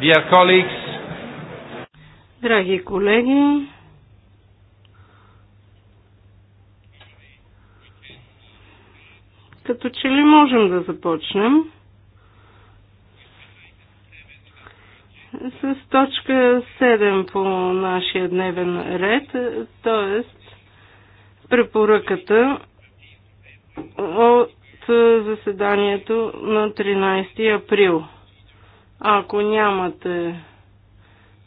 Dear colleagues, Драги колеги, като че ли можем да започнем с точка 7 по нашия дневен ред, т.е. препоръката от заседанието на 13 април. Ако нямате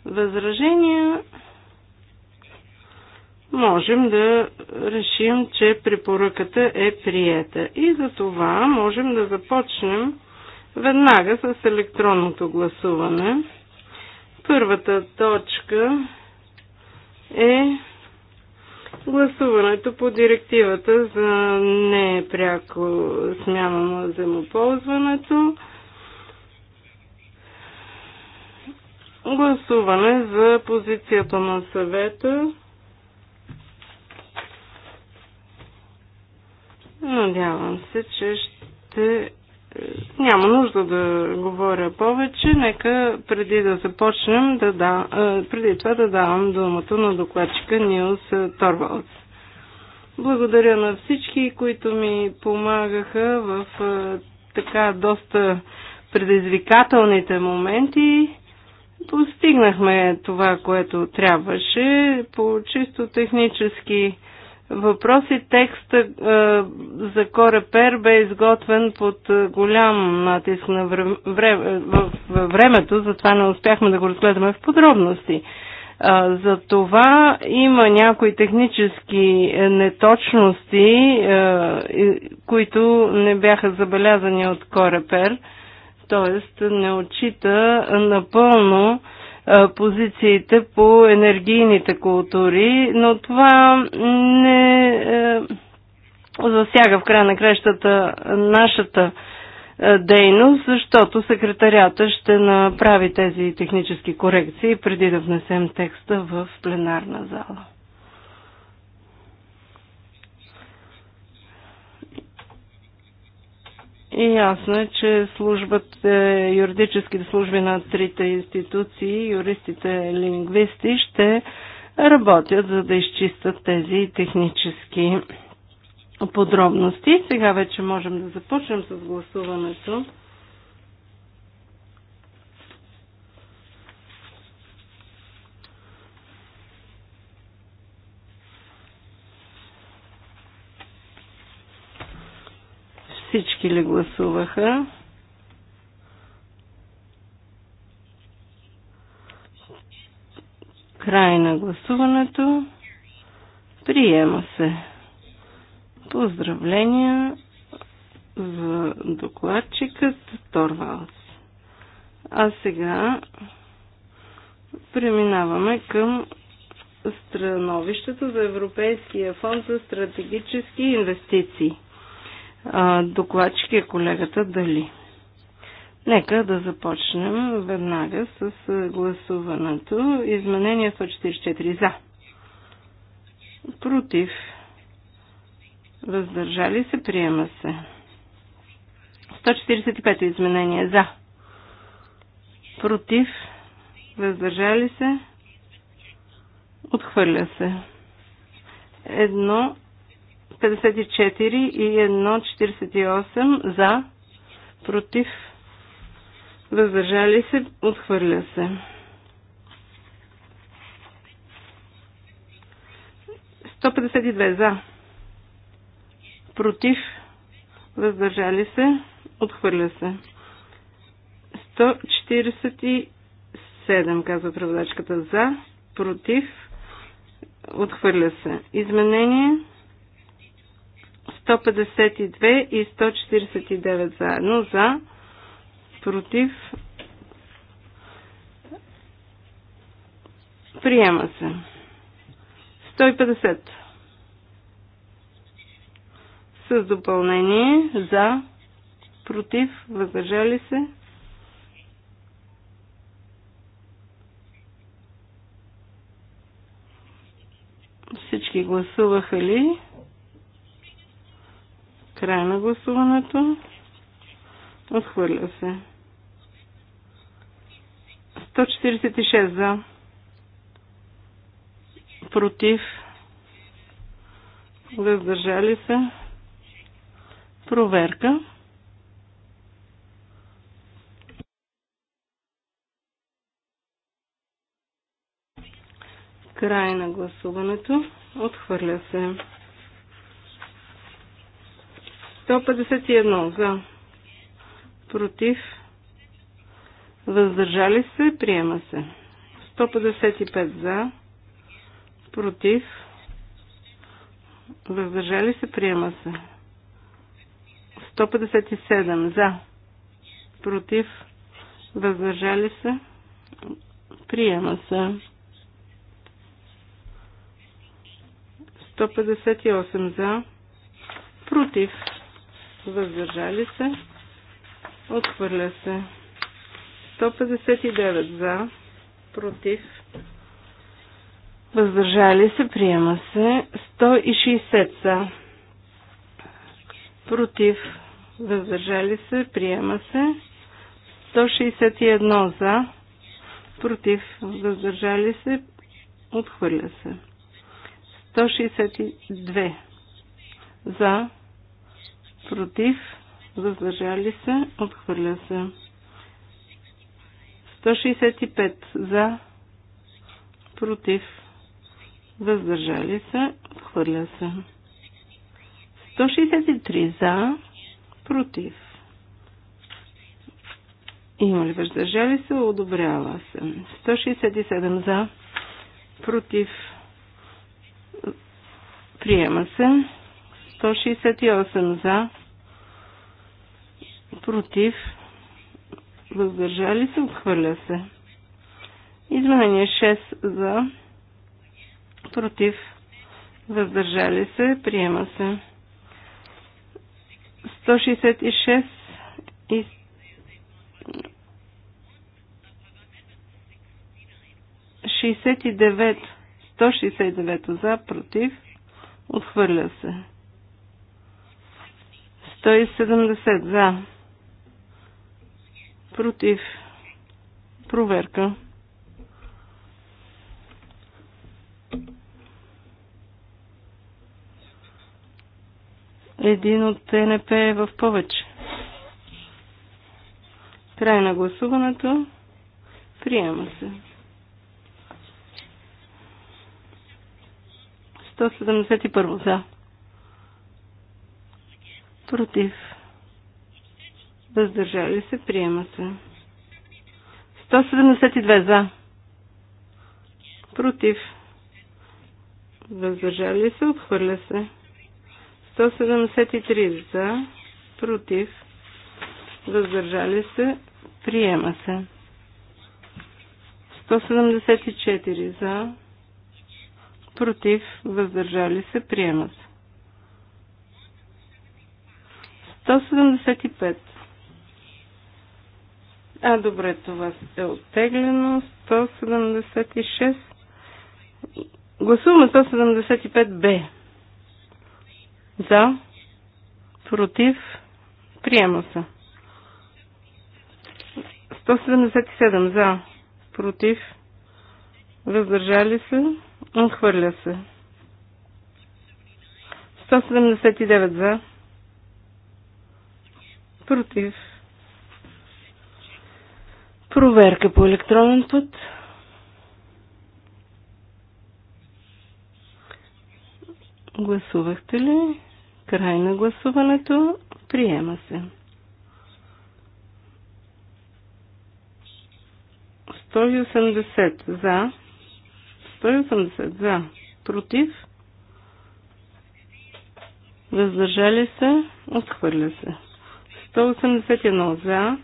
възражения, можем да решим, че препоръката е приета. И за това можем да започнем веднага с електронното гласуване. Първата точка е гласуването по директивата за непряко смяна на земоползването. Гласуване за позицията на съвета. Надявам се, че ще... Е, няма нужда да говоря повече. Нека преди да започнем, да да... Е, преди това да давам думата на докладчика Нилс Торвалдс. Благодаря на всички, които ми помагаха в е, така доста предизвикателните моменти. Постигнахме това, което трябваше по чисто технически въпроси. Текста е, за Корепер бе изготвен под е, голям натиск на време, във времето, затова не успяхме да го разгледаме в подробности. Е, за това има някои технически неточности, които не бяха забелязани от Корепер – т.е. не отчита напълно позициите по енергийните култури, но това не е, засяга в края на кращата нашата е, дейност, защото секретарята ще направи тези технически корекции преди да внесем текста в пленарна зала. И ясно е, че службата, юридическите служби на трите институции, юристите, лингвисти ще работят, за да изчистят тези технически подробности. Сега вече можем да започнем с гласуването. Всички ли гласуваха? Край на гласуването. Приема се. Поздравления за докладчикът Торвалс. А сега преминаваме към становището за Европейския фонд за стратегически инвестиции докладчик е колегата Дали. Нека да започнем веднага с гласуването. Изменение 144 за. Против. Въздържали се, приема се. 145 изменение за. Против. Въздържали се. Отхвърля се. Едно 54 и 1,48 за, против, въздържали се, отхвърля се. 152 за, против, въздържали се, отхвърля се. 147, казва преводачката, за, против, отхвърля се. Изменение 152 и 149 заедно за, против, приема се. 150 с допълнение за, против, въздържали се. Всички гласуваха ли? Край на гласуването. Отхвърля се. 146 за. Против. Въздържали се. Проверка. Край на гласуването. Отхвърля се. 151 за. Против. Въздържали се. Приема се. 155 за. Против. Въздържали се. Приема се. 157 за. Против. Въздържали се. Приема се. 158 за. Против въздържали се, отхвърля се. 159 за, против, въздържали се, приема се. 160 за, против, въздържали се, приема се. 161 за, против, въздържали се, отхвърля се. 162 за, против, въздържали се, отхвърля се. 165 за, против, въздържали се, отхвърля се. 163 за, против. Има ли въздържали се, одобрява се. 167 за, против, приема се. 168 за, против, въздържали се, отхвърля се. Изменение 6 за, против, въздържали се, приема се. 166 и Шестдесет и девет, за, против, отхвърля се. 170 за против, проверка. Един от ТНП е в повече. Край на гласуването. Приема се. 171 за. Против въздържали се, приема се. 172 за, против, въздържали се, отхвърля се. 173 за, против, въздържали се, приема се. 174 за, против, въздържали се, приема се. 175 а, добре, това е оттеглено. 176. Гласуваме 175Б. За. Против. Приема се. 177 за. Против. Въздържали се. Отхвърля се. 179 за. Против. Проверка по електронен път. Гласувахте ли? Край на гласуването. Приема се. 180 за. 180 за. Против. Въздържали се. Отхвърля се. 181 за.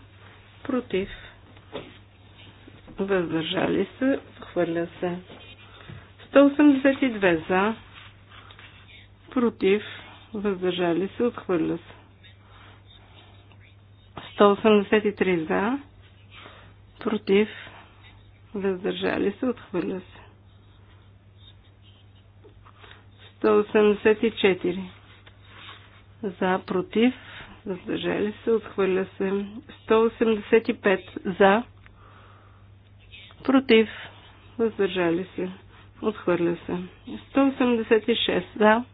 Против въздържали се, хвърля се. 182 за, против, въздържали се, отхвърля се. 183 за, против, въздържали се, отхвърля се. 184 за, против, въздържали се, отхвърля се. 185 за, против, въздържали се, отхвърля се. 186 за,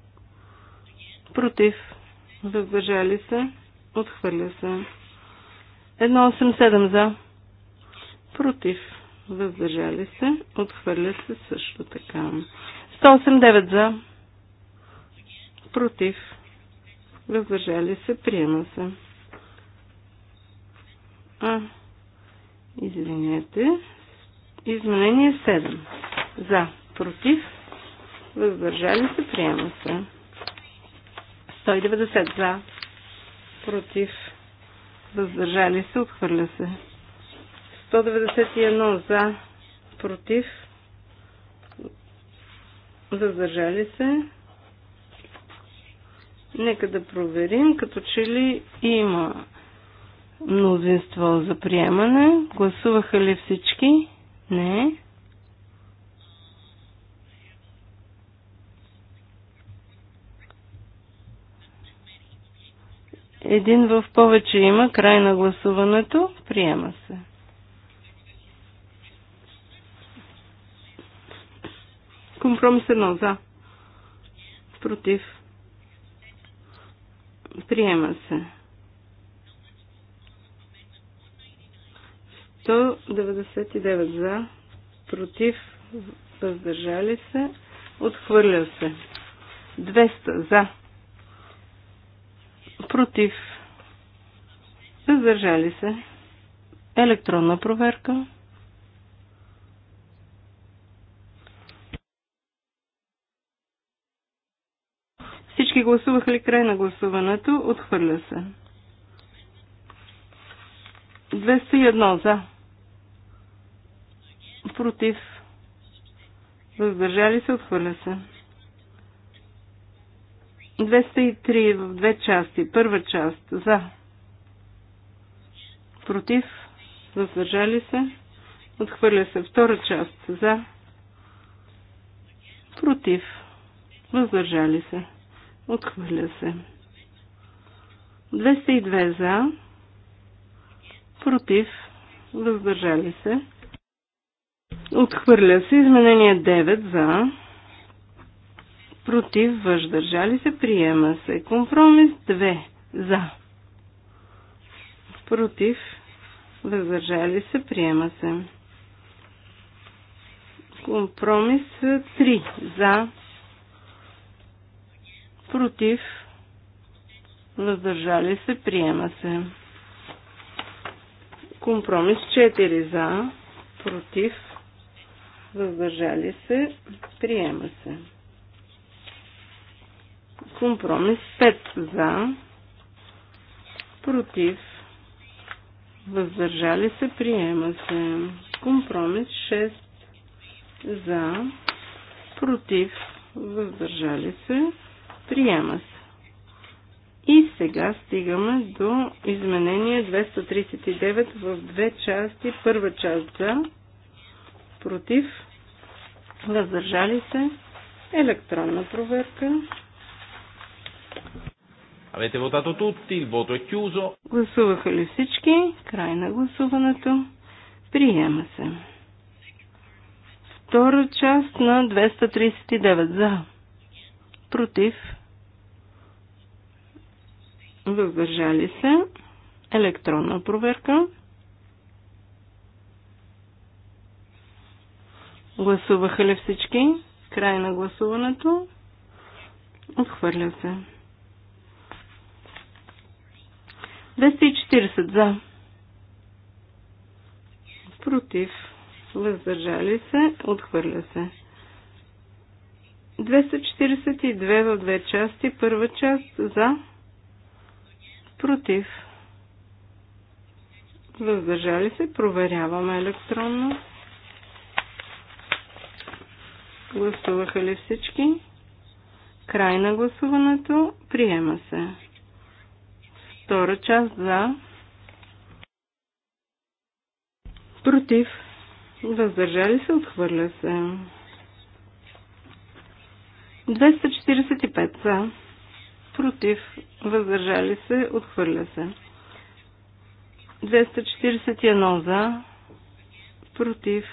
против, въздържали се, отхвърля се. 187 за, против, въздържали се, отхвърля се също така. 189 за, против, въздържали се, приема се. А, извинете, Изменение 7. За. Против. Въздържали се. Приема се. 190. За. Против. Въздържали се. Отхвърля се. 191. За. Против. Въздържали се. Нека да проверим, като че ли има мнозинство за приемане. Гласуваха ли всички? Не. Един в повече има. Край на гласуването. Приема се. Компромис едно за. Против. Приема се. 199 за, против, въздържали се, отхвърля се. 200 за, против, въздържали се, електронна проверка. Всички гласуваха ли край на гласуването? Отхвърля се. 201 за против, въздържали се, отхвърля се. 203 в две части. Първа част за, против, въздържали се, отхвърля се. Втора част за, против, въздържали се, отхвърля се. 202 за, против, въздържали се, Отхвърля се изменение 9 за. Против, въздържали се, приема се. Компромис 2 за. Против, въздържали се, приема се. Компромис 3 за. Против, въздържали се, приема се. Компромис 4 за. Против, въздържали се, приема се. Компромис 5 за, против, въздържали се, приема се. Компромис 6 за, против, въздържали се, приема се. И сега стигаме до изменение 239 в две части. Първа част за, против, въздържали се, електронна проверка. Avete votato tutti, il voto è chiuso. Гласуваха ли всички? Край на гласуването. Приема се. Втора част на 239 за. Против. Въздържали се. Електронна проверка. Гласуваха ли всички? Край на гласуването. Отхвърля се. 240 за. Против. Въздържали се. Отхвърля се. 242 в две части. Първа част за. Против. Въздържали се. Проверяваме електронно. Гласуваха ли всички? Край на гласуването. Приема се. Втора част за. Против. Въздържали се. Отхвърля се. 245 за. Против. Въздържали се. Отхвърля се. 241 за. Против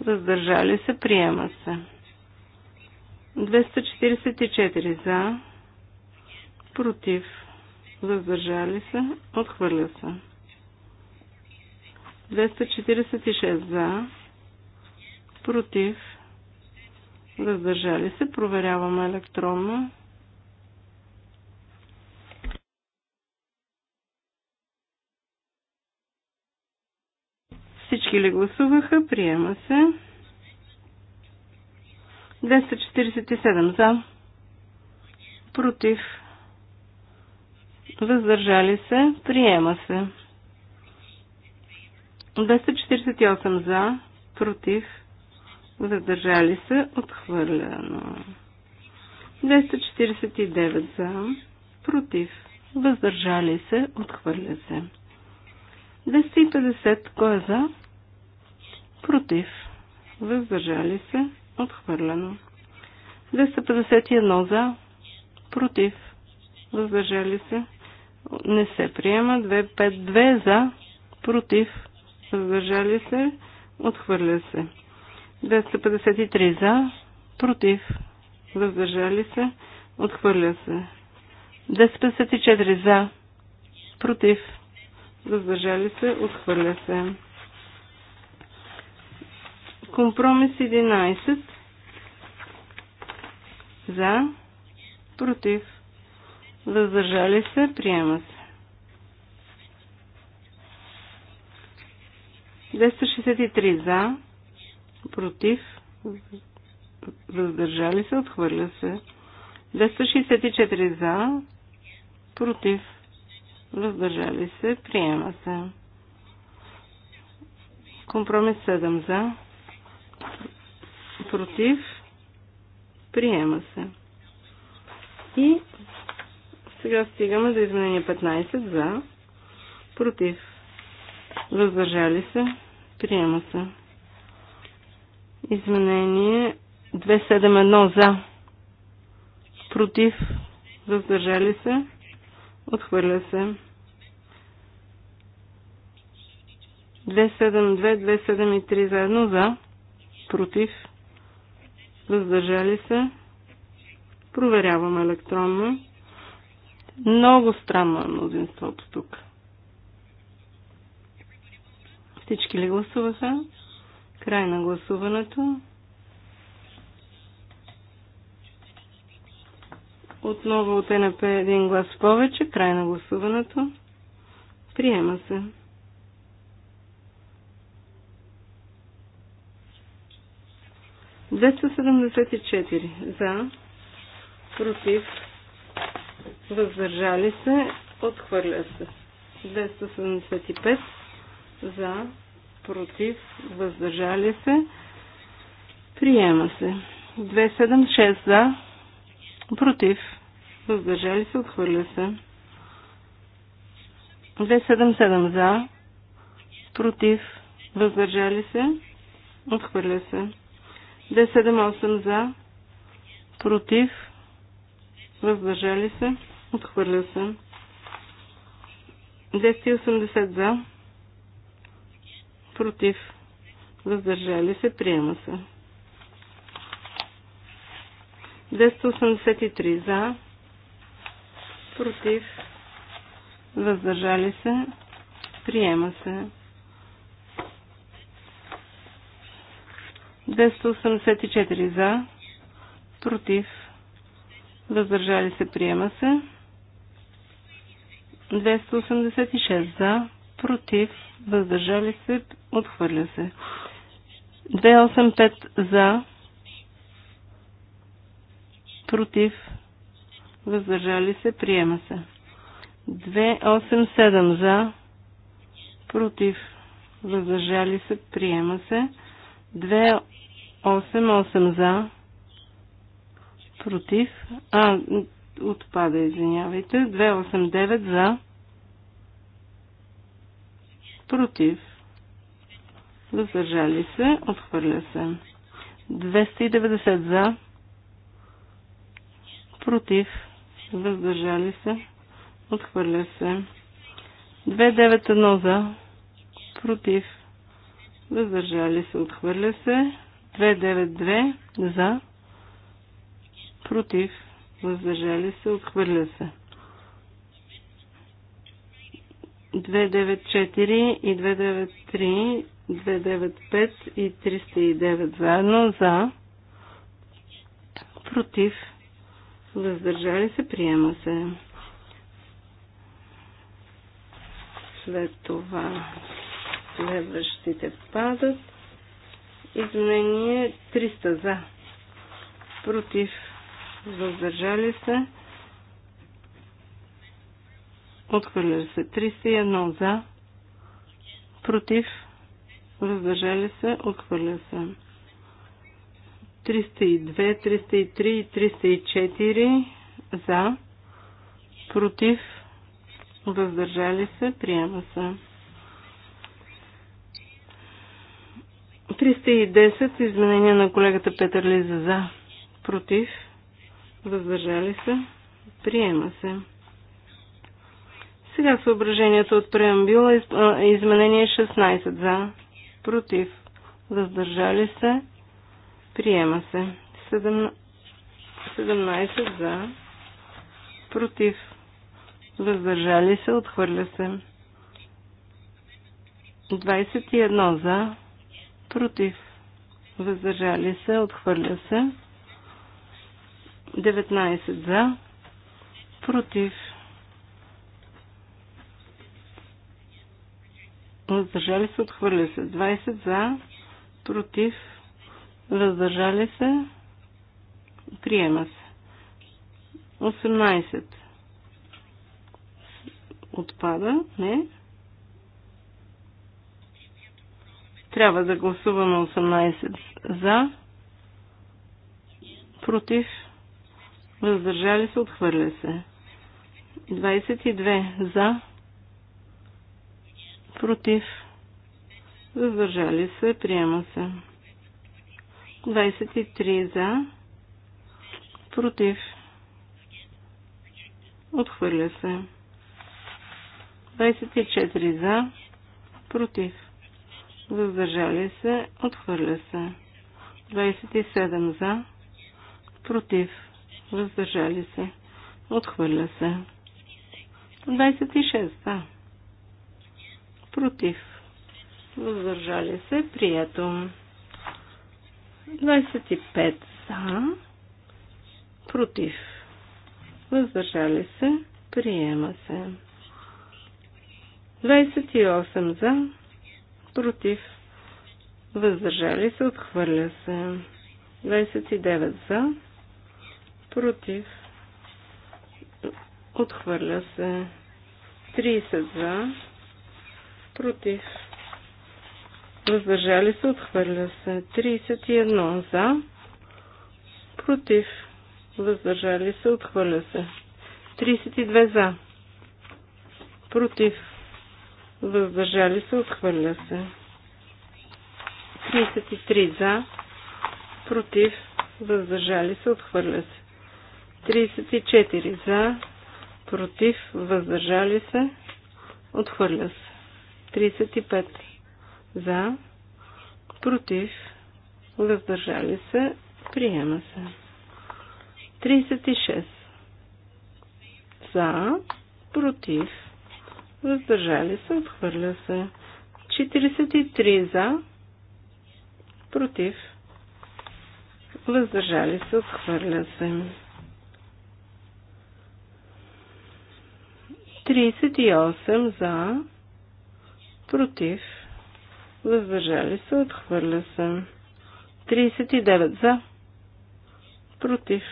въздържали се, приема се. 244 за, против, въздържали се, отхвърля се. 246 за, против, въздържали се, проверяваме електронно. Всички ли гласуваха? Приема се. 247 за. Против. Въздържали се. Приема се. 248 за. Против. Въздържали се. Отхвърляно. 249 за. Против. Въздържали се. Отхвърля се. 250 кой е за? против, въздържали се, отхвърлено. 251 за, против, въздържали се, не се приема. 252 за, против, въздържали се, отхвърля се. 253 за, против, въздържали се, отхвърля се. 254 за, против, въздържали се, отхвърля се. Компромис 11 за, против, въздържали се, приема се. 263 за, против, въздържали се, отхвърля се. 264 за, против, въздържали се, приема се. Компромис 7 за, против, приема се. И сега стигаме до изменение 15 за, против, въздържали се, приема се. Изменение 271 за, против, въздържали се, отхвърля се. 272-273 заедно за, против, въздържали се, проверявам електронно. Много странно е мнозинството тук. Всички ли гласуваха? Край на гласуването. Отново от НП един глас повече. Край на гласуването. Приема се. 274 за, против, въздържали се, отхвърля се. 275 за, против, въздържали се, приема се. 276 за, против, въздържали се, отхвърля се. 277 за, против, въздържали се, отхвърля се. 2-7-8 за, против, въздържали се, отхвърля се. 280 за, против, въздържали се, приема се. 283 за, против, въздържали се, приема се. 284 за, против, въздържали се, приема се. 286 за, против, въздържали се, отхвърля се. 285 за, против, въздържали се, приема се. 287 за, против, въздържали се, приема се. 288 за. Против. А, отпада, извинявайте. 289 за. Против. Въздържали се. Отхвърля се. 290 за. Против. Въздържали се. Отхвърля се. 291 за. Против въздържали се, отхвърля се. 292 за, против, въздържали се, отхвърля се. 294 и 293, 295 и 309 заедно за, против, въздържали се, приема се. След това Следващите падат. Изменение 300 за. Против. Въздържали се. Отхвърля се 301 за. Против. Въздържали се. Отхвърля се. 302, 303 и 304 за. Против. Въздържали се. Приема се. 310 изменение на колегата Петър Лиза за. Против. Въздържали се. Приема се. Сега съображението от преамбила изменение 16 за. Против. Въздържали се. Приема се. 17 за. Против. Въздържали се. Отхвърля се. 21 за против, въздържали се, отхвърля се. 19 за, против, въздържали се, отхвърля се. 20 за, против, въздържали се, приема се. 18 отпада, не, Трябва да гласуваме 18 за, против, въздържали се, отхвърля се. 22 за, против, въздържали се, приема се. 23 за, против, отхвърля се. 24 за, против, въздържали се, отхвърля се. 27 за, против, въздържали се, отхвърля се. 26 за, против, въздържали се, прието. 25 за, против, въздържали се, приема се. 28 за, против, въздържали се, отхвърля се. 29 за, против, отхвърля се. 30 за, против, въздържали се, отхвърля се. 31 за, против, въздържали се, отхвърля се. 32 за, против, въздържали се, отхвърля се. 33 за, против, въздържали се, отхвърля се. 34 за, против, въздържали се, отхвърля се. 35 за, против, въздържали се, приема се. 36 за, против, въздържали се, отхвърля се. 43 за, против, въздържали се, отхвърля се. 38 за, против, въздържали се, отхвърля се. 39 за, против,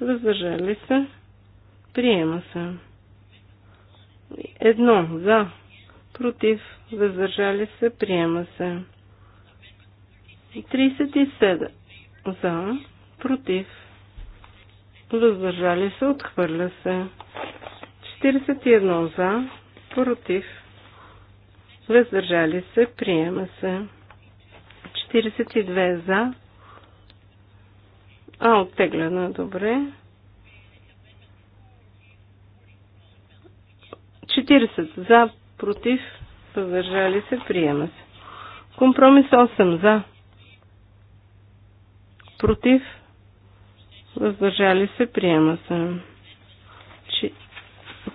въздържали се, приема се. Едно за, против, въздържали се, приема се. 37 за, против, въздържали се, отхвърля се. 41 за, против, въздържали се, приема се. 42 за, а оттегляна, добре. 40 за, против, въздържали се, приема се. Компромис 8 за, против, въздържали се, приема се.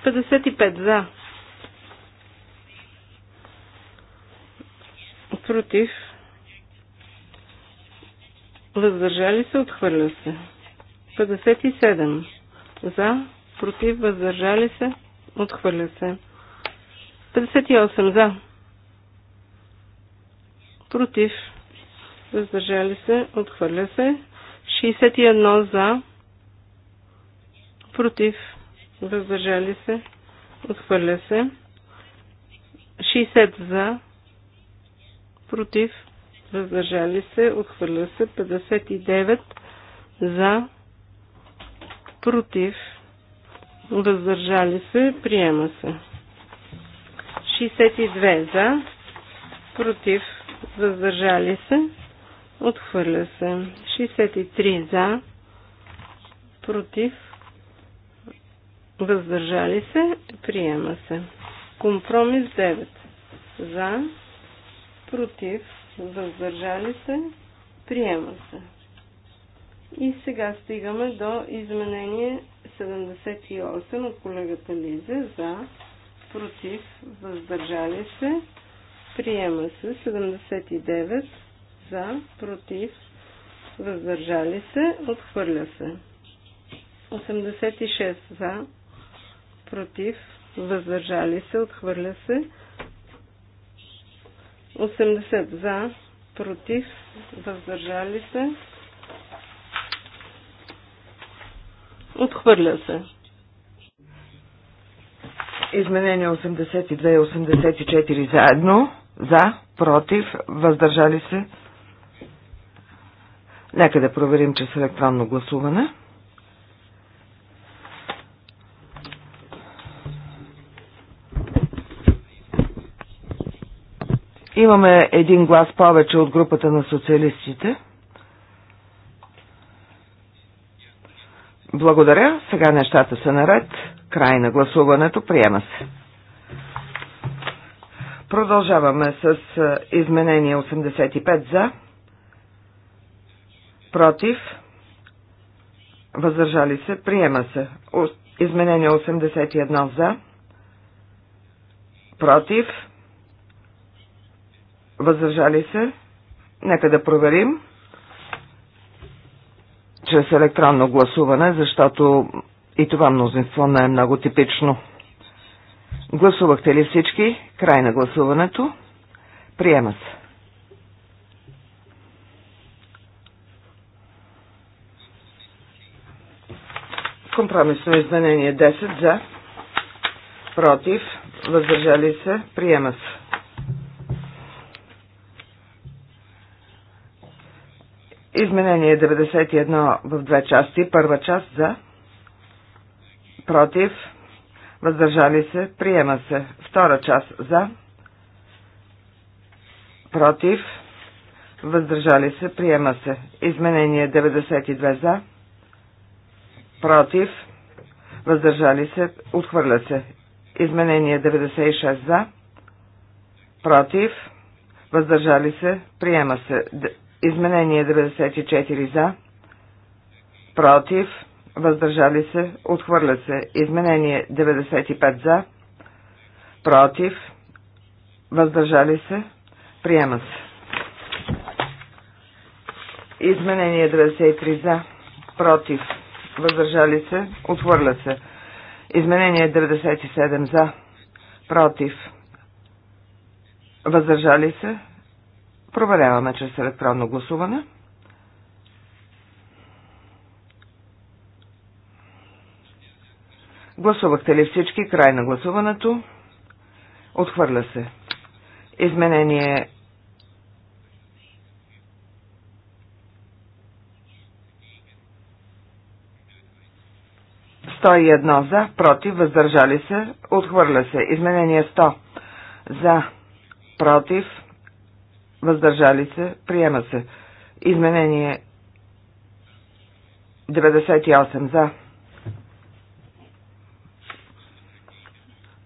55 за, против, въздържали се, отхвърля се. 57 за, против, въздържали се, Отхвърля се. 58 за. Против. Въздържали се. Отхвърля се. 61 за. Против. Въздържали се. Отхвърля се. 60 за. Против. Въздържали се. Отхвърля се. 59 за. Против въздържали се, приема се. 62 за, против, въздържали се, отхвърля се. 63 за, против, въздържали се, приема се. Компромис 9 за, против, въздържали се, приема се. И сега стигаме до изменение 78 от колегата Лиза за, против, въздържали се. Приема се 79 за, против, въздържали се, отхвърля се. 86 за, против, въздържали се, отхвърля се. 80 за, против, въздържали се. Отхвърля се. Изменение 82 и 84 заедно. За, против, въздържали се. Нека да проверим, че с електронно гласуване. Имаме един глас повече от групата на социалистите. Благодаря. Сега нещата са наред. Край на гласуването. Приема се. Продължаваме с е, изменение 85 за, против, въздържали се, приема се. Изменение 81 за, против, въздържали се. Нека да проверим чрез електронно гласуване, защото и това мнозинство не е много типично. Гласувахте ли всички? Край на гласуването. Приема се. Компромисно изменение 10 за, против, въздържали се, приема се. Изменение 91 в две части. Първа част за, против, въздържали се, приема се. Втора част за, против, въздържали се, приема се. Изменение 92 за, против, въздържали се, отхвърля се. Изменение 96 за, против, въздържали се, приема се. Изменение 94 за, против, въздържали се, отхвърля се. Изменение 95 за, против, въздържали се, приема се. Изменение 93 за, против, въздържали се, отхвърля се. Изменение 97 за, против, въздържали се, Проверяваме чрез електронно гласуване. Гласувахте ли всички? Край на гласуването. Отхвърля се. Изменение Сто и едно за, против, въздържали се, отхвърля се. Изменение 100 за, против, въздържали се, приема се. Изменение 98 за,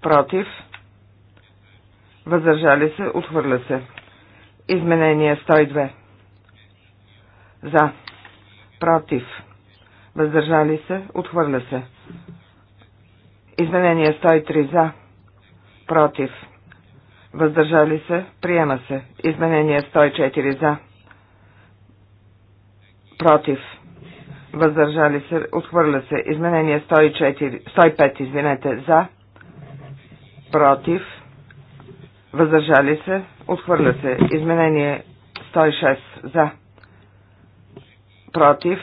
против, въздържали се, отхвърля се. Изменение 102 за, против, въздържали се, отхвърля се. Изменение 103 за, против, Въздържали се. Приема се. Изменение 104 за. Против. Въздържали се. Отхвърля се. Изменение 104, 105, извинете, за. Против. Въздържали се. Отхвърля се. Изменение 106 за. Против.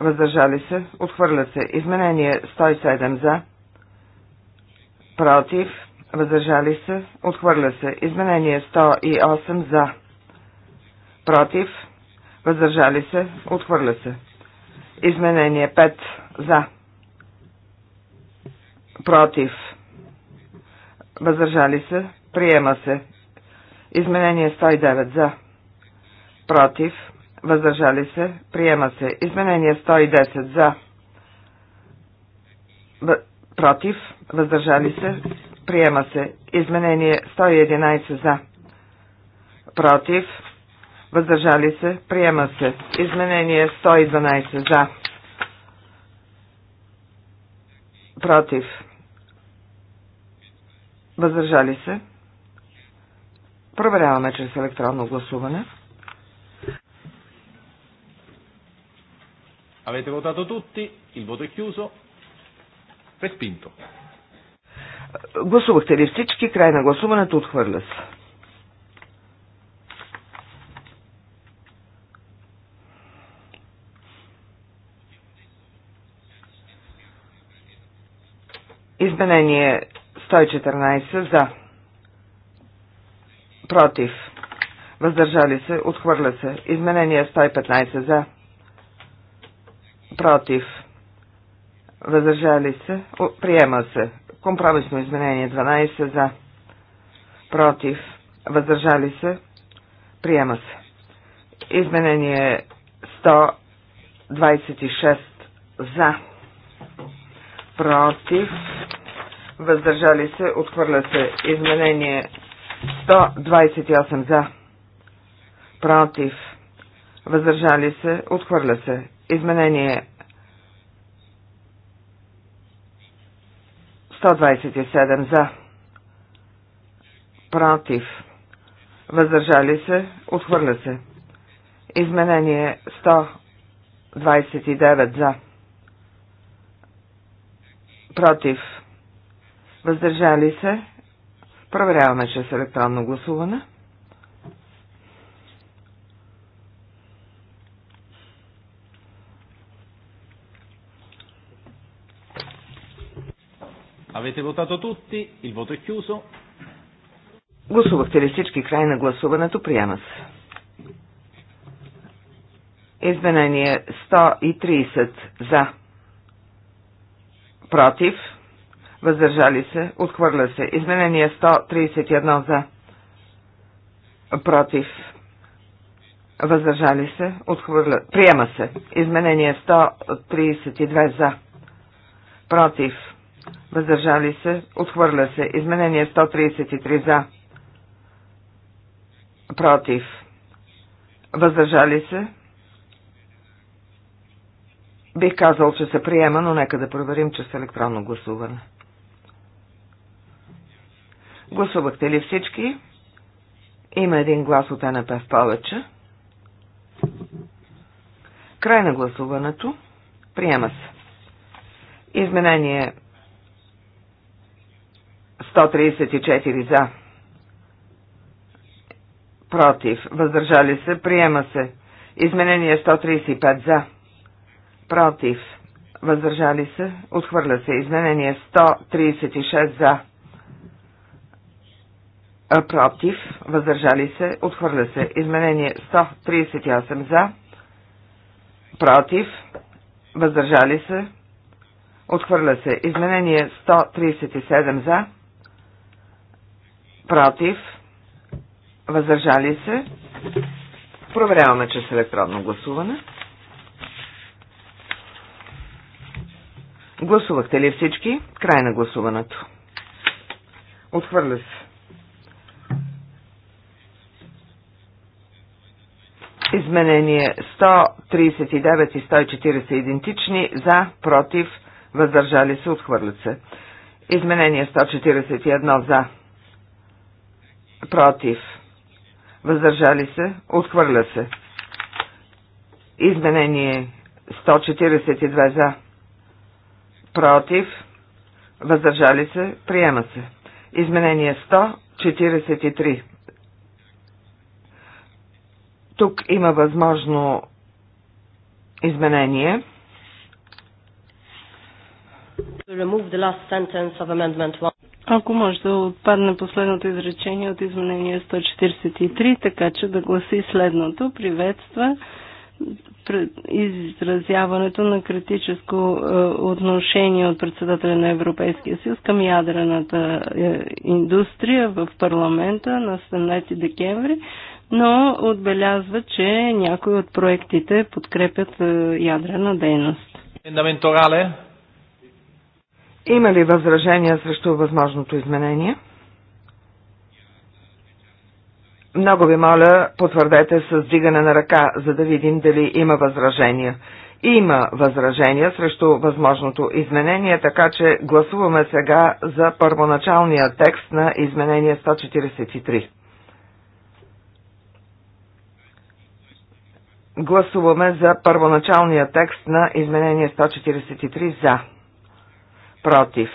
Въздържали се. Отхвърля се. Изменение 107 за. Против въздържали се, отхвърля се. Изменение 108 за, против, въздържали се, отхвърля се. Изменение 5 за, против, въздържали се, приема се. Изменение 109 за, против, въздържали се, приема се. Изменение 110 за, против, въздържали се, Приема се. Изменение 111 за. Против. Въздържали се. Приема се. Изменение 112 за. Против. Въздържали се. Проверяваме чрез електронно гласуване. Avete votato tutti, il voto è chiuso, respinto. Гласувахте ли всички? Край на гласуването отхвърля се. Изменение 114 за. Против. Въздържали се. Отхвърля се. Изменение 115 за. Против. Въздържали се. Приема се. Компромисно изменение 12 за. Против. Въздържали се. Приема се. Изменение 126 за. Против. Въздържали се. Отхвърля се. Изменение 128 за. Против. Въздържали се. Отхвърля се. Изменение 127 за. Против. Въздържали се. Отхвърля се. Изменение 129 за. Против. Въздържали се. Проверяваме чрез електронно гласуване. Avete votato tutti? Il voto è chiuso. Гласувахте ли всички край на гласуването? Приема се. Изменение 130 за. Против. Въздържали се. Отхвърля се. Изменение 131 за. Против. Въздържали се. Отхвърля. Приема се. Изменение 132 за. Против въздържали се, отхвърля се. Изменение 133 за, против, въздържали се. Бих казал, че се приема, но нека да проверим, че с електронно гласуване. Гласувахте ли всички? Има един глас от НП в повече. Край на гласуването. Приема се. Изменение 134 за. Против. Въздържали се. Приема се. Изменение 135 за. Против. Въздържали се. Отхвърля се. Изменение 136 за. Против. Въздържали се. Отхвърля се. Изменение 138 за. Против. Въздържали се. Отхвърля се. Изменение 137 за против, въздържали се. Проверяваме чрез електронно гласуване. Гласувахте ли всички? Край на гласуването. Отхвърля се. Изменение 139 и 140 идентични, за, против, въздържали се, отхвърлят се. Изменение 141 за, против, въздържали се, отхвърля се. Изменение 142 за, против, въздържали се, приема се. Изменение 143. Тук има възможно изменение. Ако може да отпадне последното изречение от изменение 143, така че да гласи следното. Приветства изразяването на критическо е, отношение от председателя на Европейския съюз към ядрената е, индустрия в парламента на 17 декември, но отбелязва, че някои от проектите подкрепят е, ядрена дейност. Има ли възражения срещу възможното изменение? Много ви моля, потвърдете с дигане на ръка, за да видим дали има възражения. Има възражения срещу възможното изменение, така че гласуваме сега за първоначалния текст на изменение 143. Гласуваме за първоначалния текст на изменение 143 за против.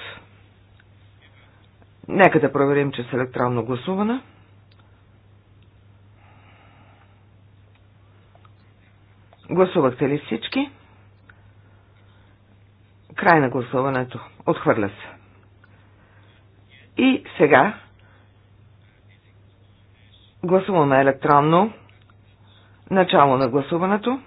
Нека да проверим, че с електронно гласуване. Гласувахте ли всички? Край на гласуването. Отхвърля се. И сега гласуваме електронно начало на гласуването.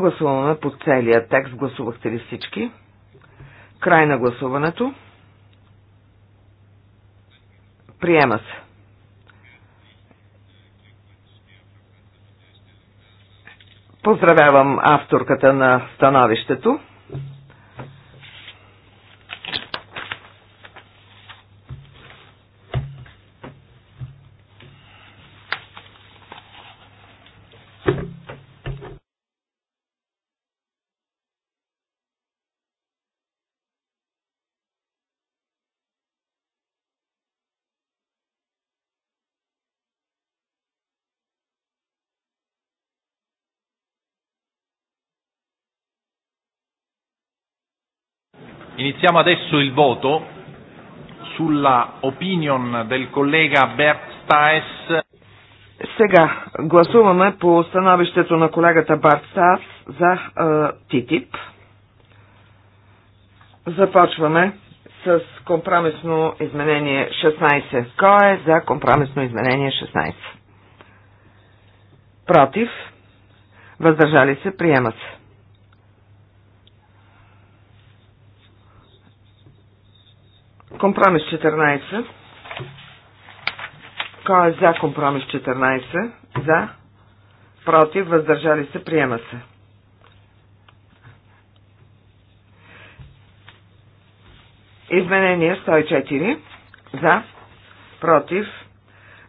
Гласуваме по целия текст. Гласувахте ли всички? Край на гласуването. Приема се. Поздравявам авторката на становището. Iniziamo adesso il voto sulla opinion del collega Bert Staes. Сега гласуваме по становището на колегата Барт Стас за е, ТИТИП. Започваме с компромисно изменение 16. Кой е за компромисно изменение 16? Против? Въздържали се? Приема се. Компромис 14. Кой е за компромис 14? За. Против. Въздържали се. Приема се. Изменение 104. За. Против.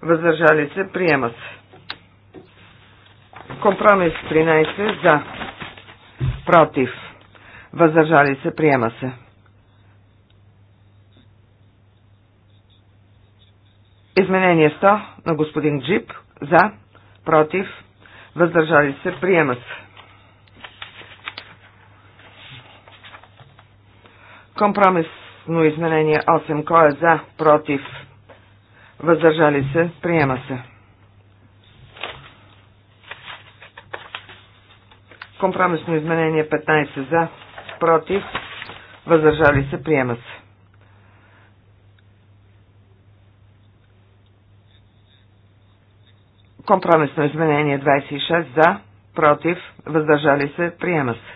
Въздържали се. Приема се. Компромис 13. За. Против. Въздържали се. Приема се. Изменение 100 на господин Джип. За, против, въздържали се, приема се. Компромисно изменение 8. Кой е за, против, въздържали се, приема се. Компромисно изменение 15 за, против, въздържали се, приема се. Компромисно изменение 26 за, против, въздържали се, приема се.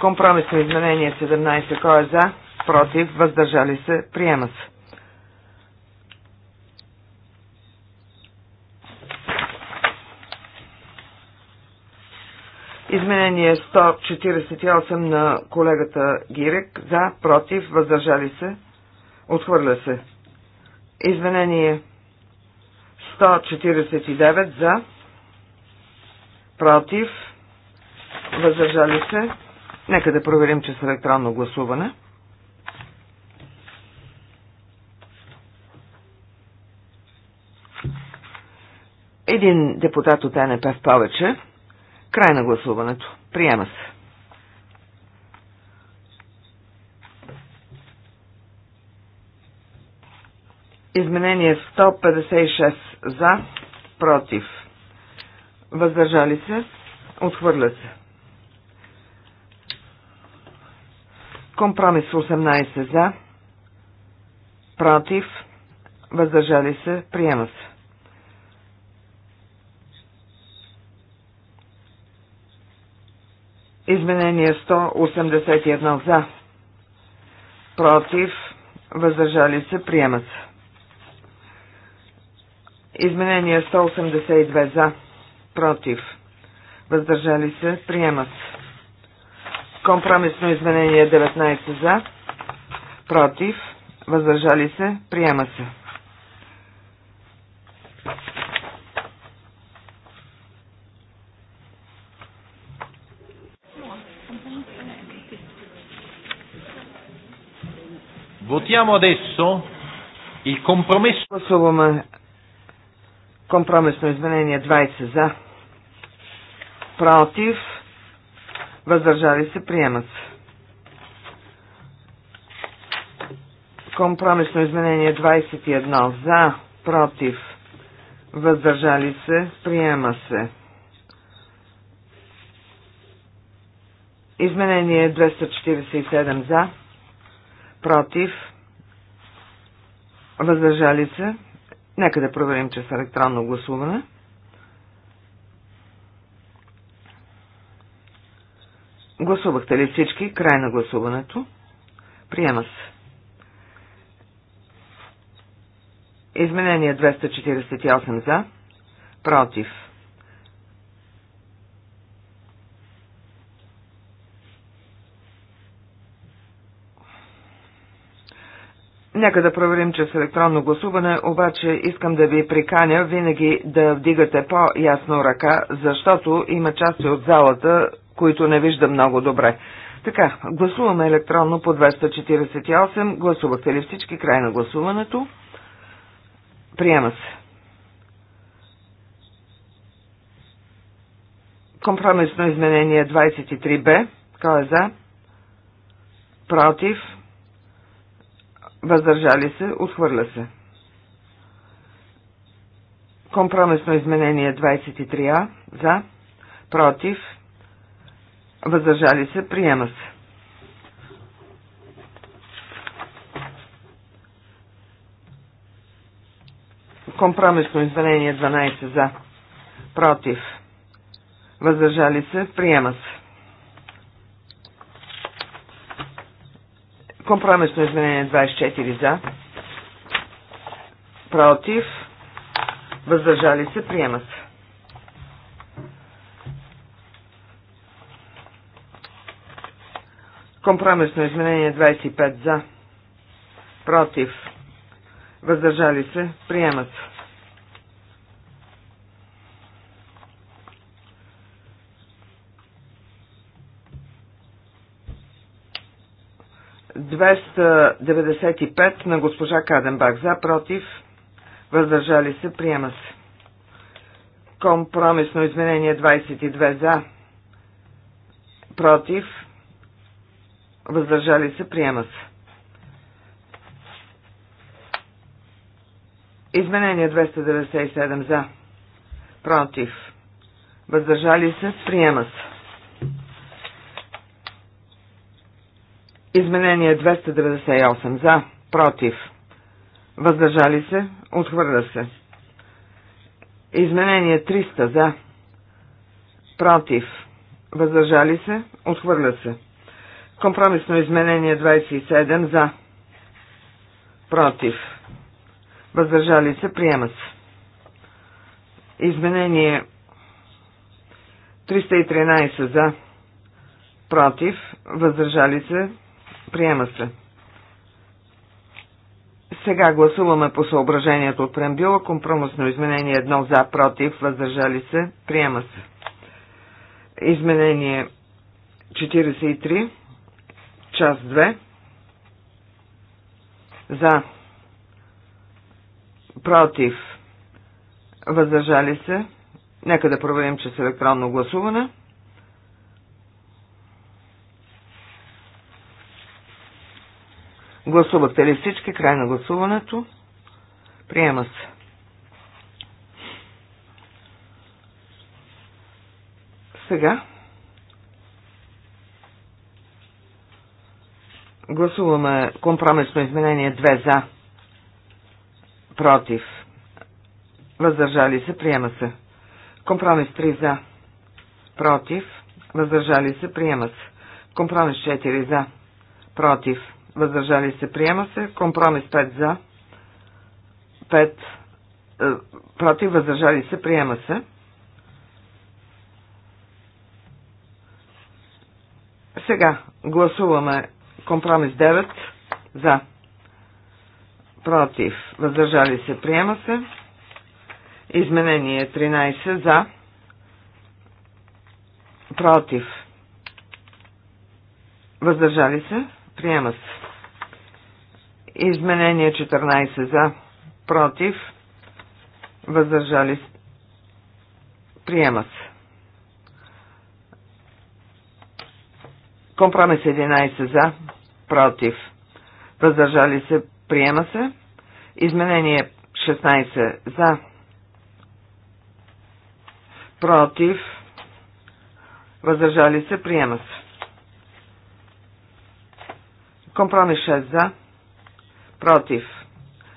Компромисно изменение 17, кой е за, против, въздържали се, приема се. Изменение 148 на колегата Гирек. За, против, въздържали се. Отхвърля се. Изменение 149 за, против, въздържали се. Нека да проверим, че с електронно гласуване. Един депутат от НП в повече. Край на гласуването. Приема се. Изменение 156 за, против, въздържали се, отхвърля се. Компромис 18 за, против, въздържали се, приема се. Изменение 181 за, против, въздържали се, приема се. Изменения 182 за, против, въздържали се, приемат. Компромисно изменение 19 за, против, въздържали се, приема се. Votiamo adesso il compromesso. Гласуваме Компромисно изменение 20 за. Против. Въздържали се. Приемат се. Компромисно изменение 21 за. Против. Въздържали се. Приема се. Изменение 247 за. Против. Въздържали се. Нека да проверим, чрез електронно гласуване. Гласувахте ли всички? Край на гласуването. Приема се. Изменение 248 за. Против Нека да проверим, че с електронно гласуване, обаче искам да ви приканя винаги да вдигате по-ясно ръка, защото има части от залата, които не вижда много добре. Така, гласуваме електронно по 248. Гласувахте ли всички край на гласуването? Приема се. Компромисно изменение 23Б. Кой е за? Против? въздържали се, отхвърля се. Компромисно изменение 23А, за, против, въздържали се, приема се. Компромисно изменение 12 за, против, въздържали се, приема се. Компромисно изменение 24 за. Против. Въздържали се. Приема се. Компромисно изменение 25 за. Против. Въздържали се. Приема се. 295 на госпожа Каденбак. За, против, въздържали се, приема се. Компромисно изменение 22 за, против, въздържали се, приема се. Изменение 297 за, против, въздържали се, приема се. Изменение 298 за, против, въздържали се, отхвърля се. Изменение 300 за, против, въздържали се, отхвърля се. Компромисно изменение 27 за, против, въздържали се, приема се. Изменение 313 за, против, въздържали се, Приема се. Сега гласуваме по съображението от прембила Компромисно изменение 1 за, против, въздържали се. Приема се. Изменение 43, част 2. За, против, въздържали се. Нека да проверим че с електронно гласуване. Гласувате ли всички? Край на гласуването. Приема се. Сега гласуваме компромисно изменение 2 за, против, въздържали се, приема се. Компромис 3 за, против, въздържали се, приема се. Компромис 4 за, против, въздържали се, приема се. Компромис 5 за, 5 е, против, въздържали се, приема се. Сега гласуваме компромис 9 за, против, въздържали се, приема се. Изменение 13 за, против, въздържали се, приема се. Изменение 14 за, против, въздържали се. Приема се. Компромис 11 за, против, въздържали се. Приема се. Изменение 16 за, против, въздържали се. Приема се. Компромис 6 за, против,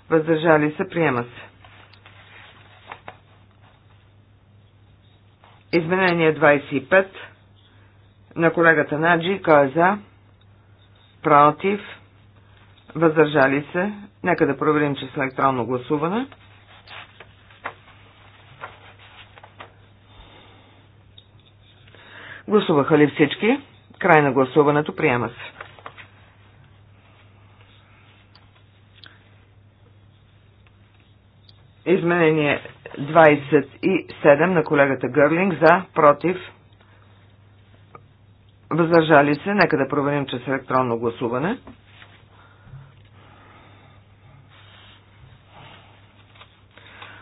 въздържали се, приема се. Изменение 25 на колегата Наджи, кой е за, против, въздържали се. Нека да проверим, че с електронно гласуване. Гласуваха ли всички? Край на гласуването приема се. Изменение 27 на колегата Гърлинг за, против, въздържали се. Нека да проверим, че с електронно гласуване.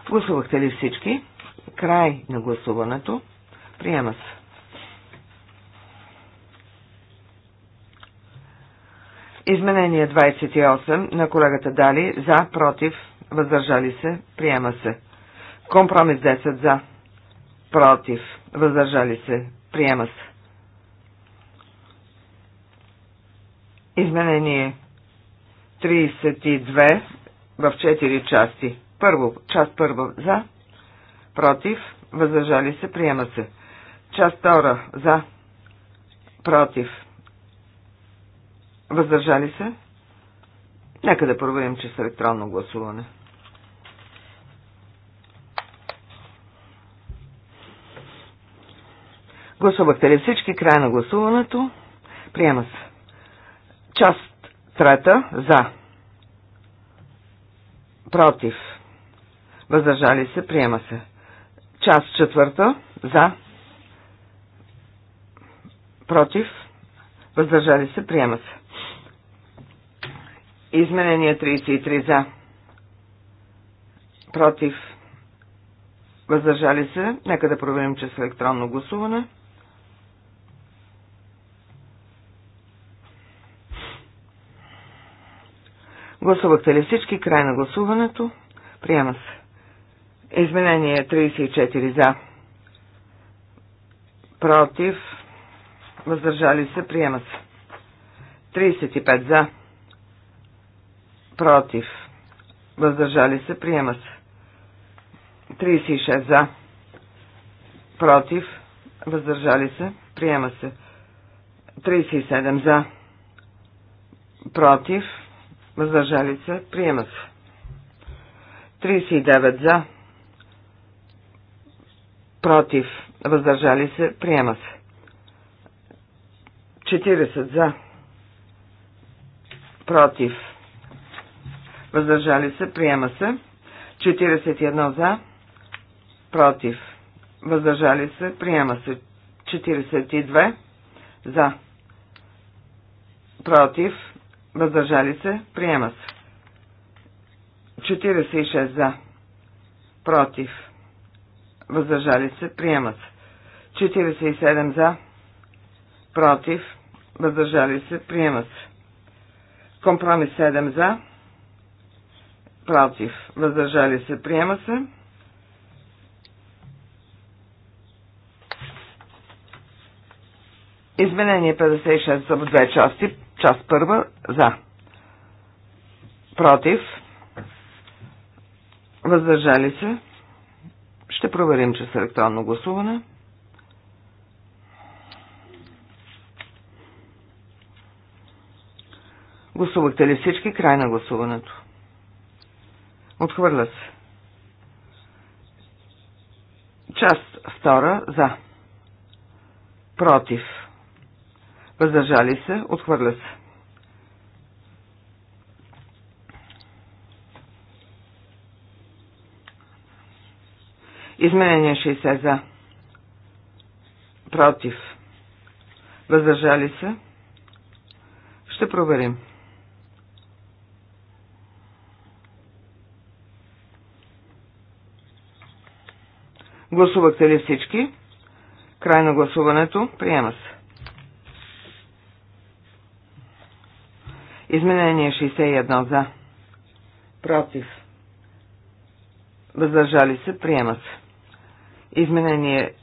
Гласувахте ли всички? Край на гласуването. Приема се. Изменение 28 на колегата Дали за, против, въздържали се, приема се. Компромис 10 за, против, въздържали се, приема се. Изменение 32 в 4 части. Първо, част първа за, против, въздържали се, приема се. Част втора за, против, въздържали се. Нека да проверим, че с електронно гласуване. Гласувахте ли всички? Край на гласуването. Приема се. Част трета за. Против. Въздържали се. Приема се. Част четвърта за. Против. Въздържали се. Приема се. Изменение 33 за. Против. Въздържали се. Нека да проверим с електронно гласуване. Гласувахте ли всички? Край на гласуването. Приема се. Изменение 34 за. Против. Въздържали се. Приема се. 35 за. Против. Въздържали се. Приема се. 36 за. Против. Въздържали се. Приема се. 37 за. Против въздържали се, приема се. 39 за, против, въздържали се, приема се. 40 за, против, въздържали се, приема се. 41 за, против, въздържали се, приема се. 42 за, против, Въздържали се. Приема се. 46 за. Против. Въздържали се. Приема се. 47 за. Против. Въздържали се. Приема се. Компромис 7 за. Против. Въздържали се. Приема се. Изменение 56 за две части. Част първа за. Против. Въздържали се. Ще проверим, че с електронно гласуване. Гласувахте ли всички? Край на гласуването. Отхвърля се. Част втора за. Против въздържали се, отхвърля се. Изменение 60 за. Против. Въздържали се. Ще проверим. Гласувахте ли всички? Край на гласуването. Приема се. Изменение 61 за. Против. Въздържали се. Приема се. Изменение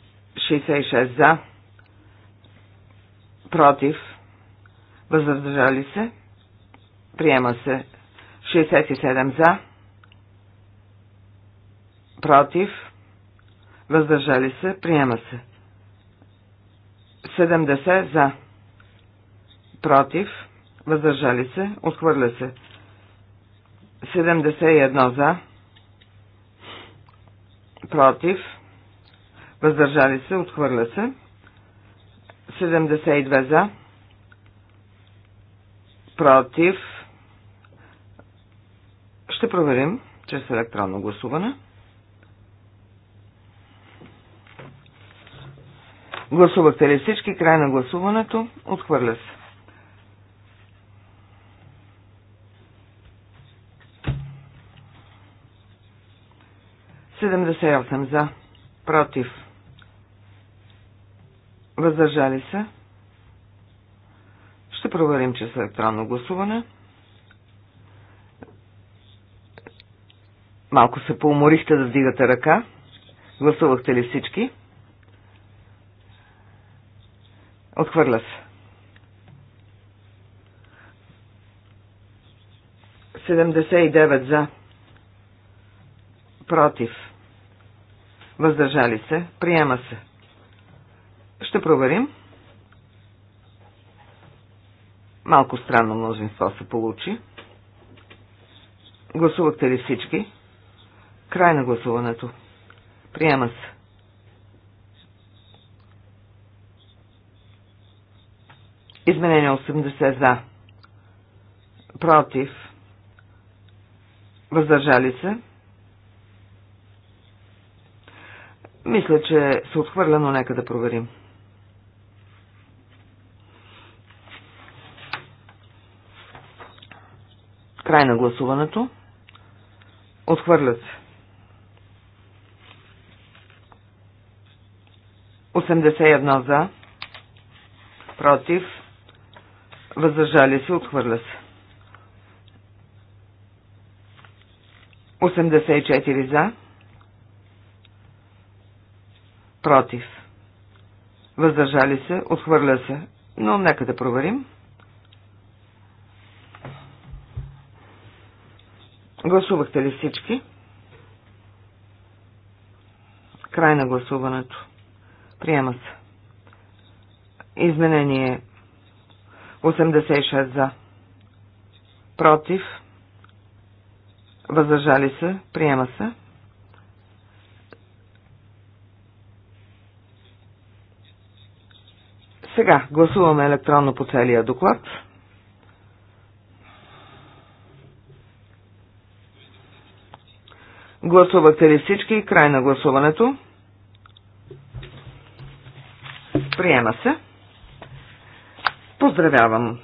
66 за. Против. Въздържали се. Приема се. 67 за. Против. Въздържали се. Приема се. 70 за. Против въздържали се, отхвърля се. 71 за, против, въздържали се, отхвърля се. 72 за, против, ще проверим чрез електронно гласуване. Гласувахте ли всички? Край на гласуването. Отхвърля се. 78 за, против, въздържали се. Ще проверим, че с електронно гласуване. Малко се поуморихте да вдигате ръка. Гласувахте ли всички? Отхвърля се. 79 за. Против. Въздържали се. Приема се. Ще проверим. Малко странно мнозинство се получи. Гласувахте ли всички? Край на гласуването. Приема се. Изменение 80 за. Против. Въздържали се. Мисля, че се отхвърля, но нека да проверим. Край на гласуването. Отхвърлят се. 81 за. Против. Въздържали се. Отхвърля се. 84 за против. Въздържали се, отхвърля се, но нека да проверим. Гласувахте ли всички? Край на гласуването. Приема се. Изменение 86 за. Против. Въздържали се. Приема се. Сега гласуваме електронно по целия доклад. Гласувате ли всички? Край на гласуването. Приема се. Поздравявам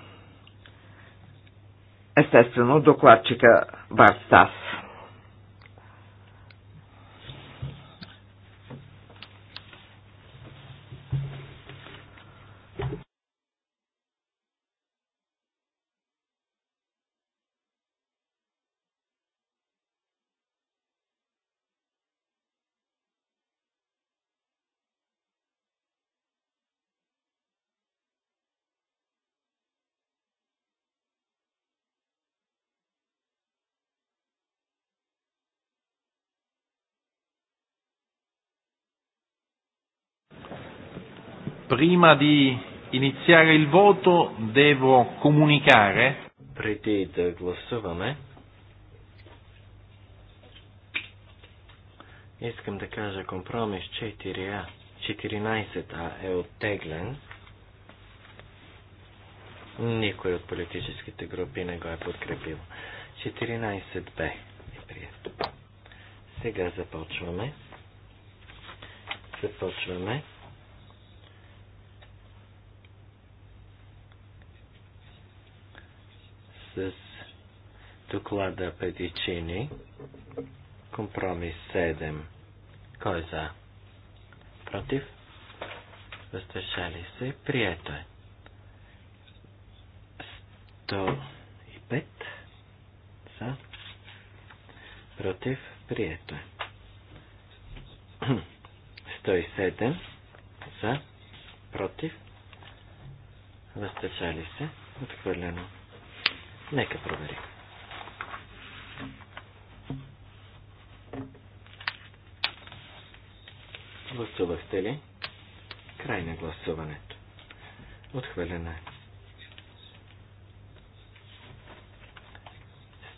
естествено докладчика Барстас. Prima di iniziare il voto devo comunicare. Преди да гласуваме, искам да кажа компромис 4А. 14А е оттеглен. Никой от политическите групи не го е подкрепил. 14Б е прият. Сега започваме. Започваме с доклада Педичини. Компромис 7. Кой е за? Против? Въздържали се? Прието е. 105 за. Против? Прието е. 107 за. Против? Въздържали се? Отхвърлено. Нека проверим. Гласувахте ли? Край на гласуването. Отхвърлена е.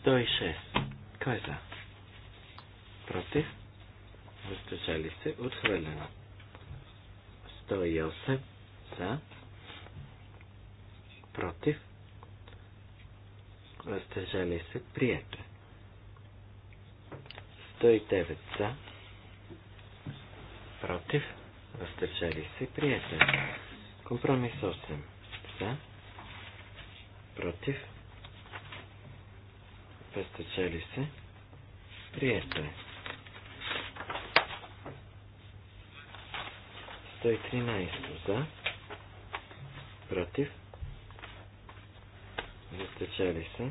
106. Кой е за? Против? Въздържали се. Отхвърлено. 108. За? Против? въздържали се, прието. 109 за, против, въздържали се, прието. Компромис 8 за, против, въздържали се, прието 113 е. за, против, Изтечели са.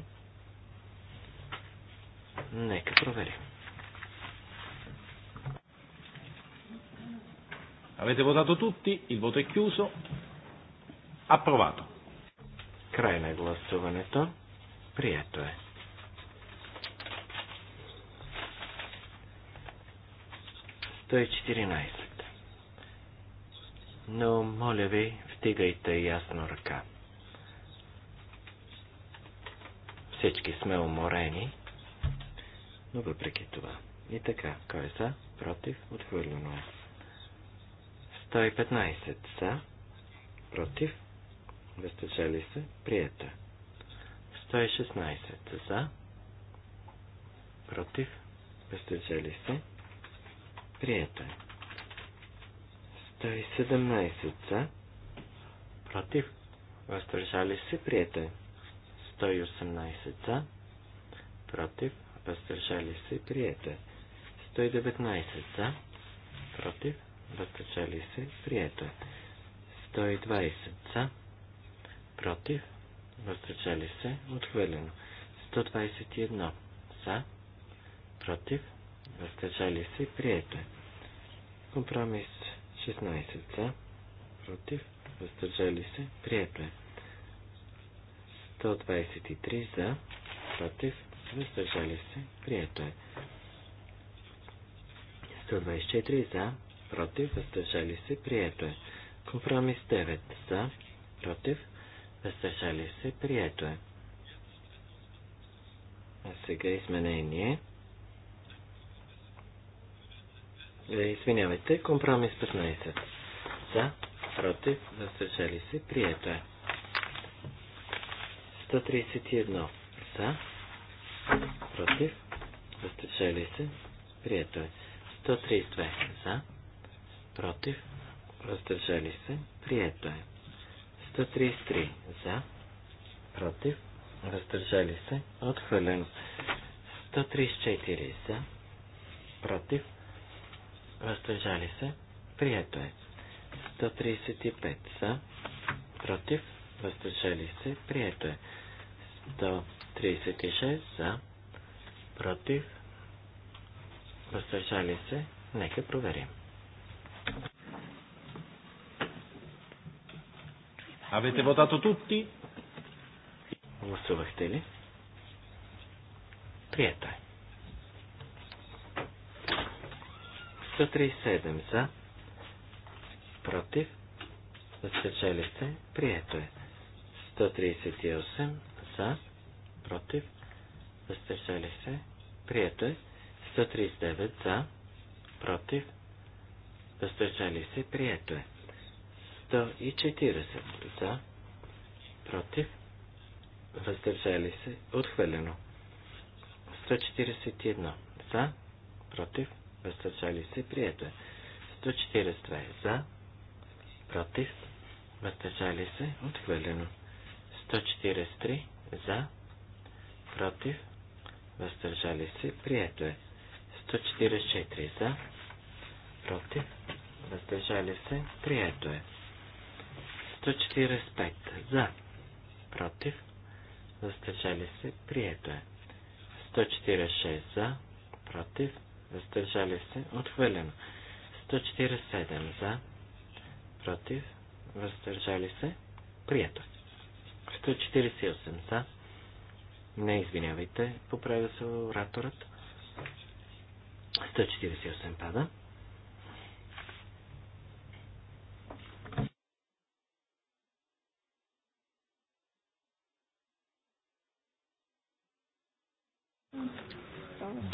Нека проверим. Avete votato tutti, il voto è chiuso, approvato. Край на гласуването. Прието е. Той 14. Но, моля ви, втигайте ясно ръката. Всички сме уморени, но въпреки това. И така, кой е за, против, отхвърлено е. 115 са, против, въздържали се, приета. 116 за, против, въздържали се, приета. 117 за, против, въздържали се, приета. 118 за, против, въздържали се, прието 119 за, против, въздържали се, прието е. 120 е. за, против, въздържали се, отхвърлено. 121 за, против, въздържали се, прието е. Компромис 16 за, против, въздържали се, приете. е. 123 за, против, въздържали се, прието е. 124 за, против, въздържали се, прието е. Компромис 9 за, против, въздържали се, прието е. А сега изменение. Е, извинявайте, компромис 15. За, против, въздържали се, прието е. 131 за, против, въздържали се, прието е. 132 за, против, въздържали се, прието е. 133 за, против, въздържали се, отхвърлено. 134 за, против, въздържали се, прието е. 135 за, против, въздържали се, прието е. 136 за, против, въздържали се, нека проверим. Авете votato tutti? Гласувахте ли? Прието е. 137 за, против, въздържали се, прието е. 138 за, против, въздържали се, прието е. 139 за, против, въздържали се, прието е. 140 за, против, въздържали се, отхвърлено. 141 за, против, въздържали се, прието е. 142 за, против, въздържали се, отхвърлено. 143 за, против, въздържали се, прието е. 144 за, против, въздържали се, прието е. 145 за, против, въздържали се, прието е. 146 за, против, въздържали се, отхвърлено. 147 за, против, въздържали се, прието. 148 са. Не извинявайте, поправя се ораторът. 148 пада.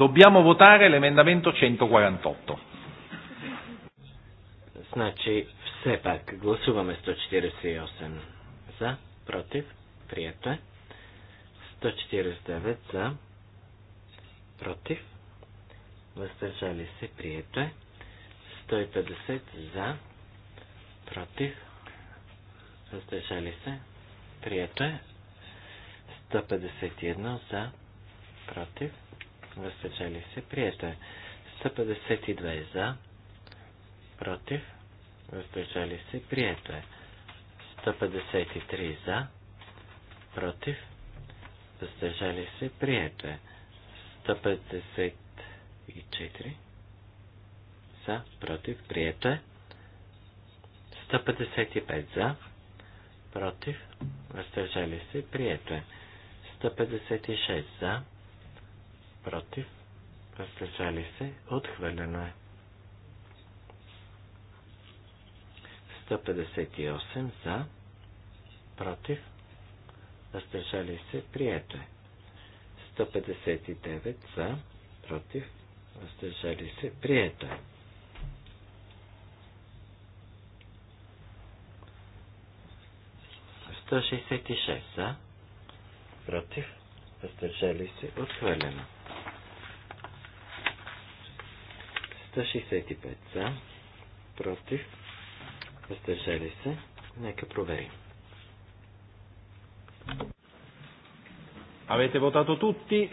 Dobbiamo votare l'emendamento 148. Значи, все пак гласуваме 148 за против, прието е. 149 за, против, въздържали се, прието е. 150 за, против, въздържали се, прието е. 151 за, против, въздържали се, прието е. 152 за, против, въздържали се, прието е. 153 за, против, въздържали се, прието е. 154 за, против, прието е. 155 за, против, въздържали се, прието е. 156 за, против, въздържали се, отхвърлено е. 158 за, против, въздържали се, прието е. 159 за, против, въздържали се, прието е. за, против, въздържали се, отхвърлено. 165 за, против, Въздържали се? Нека проверим. Авете вотато тути?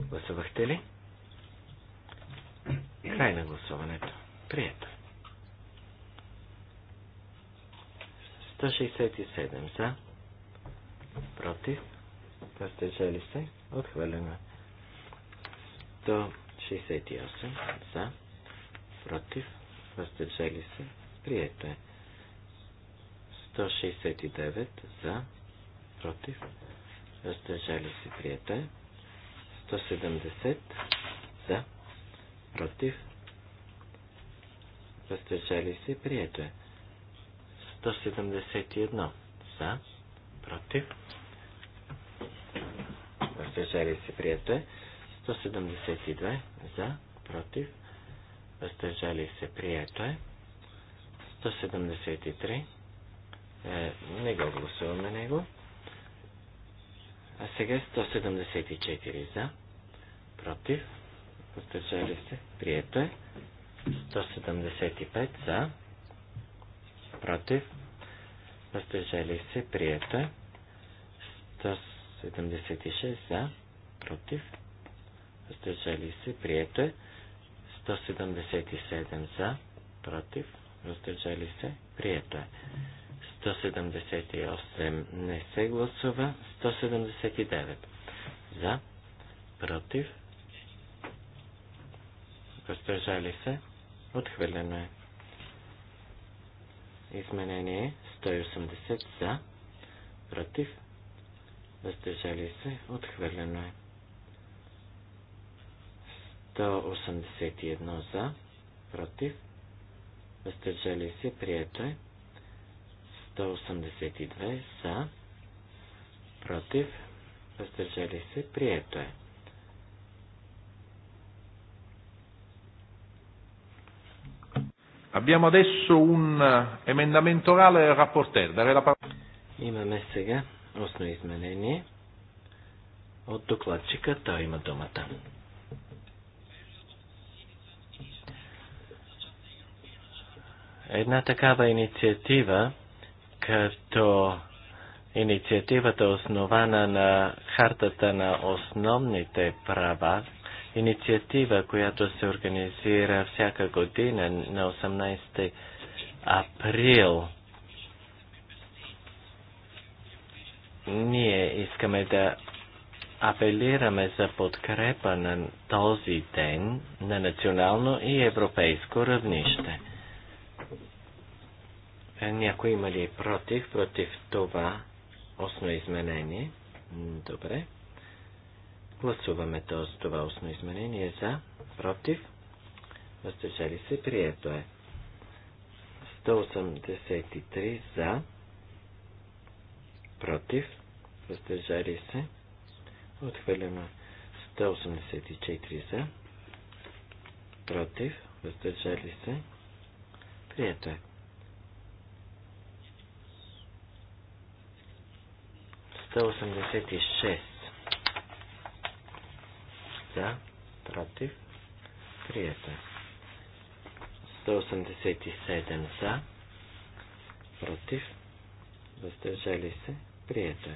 Гласувахте ли? Край на гласуването. Прието. 167 за. Против. Въздържали се. Отхвърлено. 168 за. Против. Въздържали се. Прието е. 169 за, против, въздържали се, прието е. 170 за, против, въздържали се, прието е. 171 за, против, въздържали се, прието е. 172 за, против, въздържали се, прието е. 173. Е, не го гласуваме него. А сега 174 за. Против. Въздържали се. Прието е. 175 за. Против. Въздържали се. Прието е. 176 за. Против. Въздържали се. Прието е. 177 за. Против въздържали се, прието е. 178 не се гласува, 179 за, против, въздържали се, отхвърлено е. Изменение 180 за, против, въздържали се, отхвърлено е. 181 за, против, въздържали се, прието е. 182 за, против, въздържали се, прието е. Abbiamo adesso un eh, emendamento orale rapporter. Dare la parola. Имаме сега устно изменение от докладчика. Той има думата. Една такава инициатива, като инициативата основана на хартата на основните права, инициатива, която се организира всяка година на 18 април. Ние искаме да апелираме за подкрепа на този ден на национално и европейско равнище. Е, някой има ли против, против това осно изменение? Добре. Гласуваме този, това осно изменение за, против, въздържали се, прието е. 183 за, против, въздържали се, отхвърлено 184 е. за, против, въздържали се, прието е. 186. За, против, прието. 187 е. за, против, въздържали се, прието.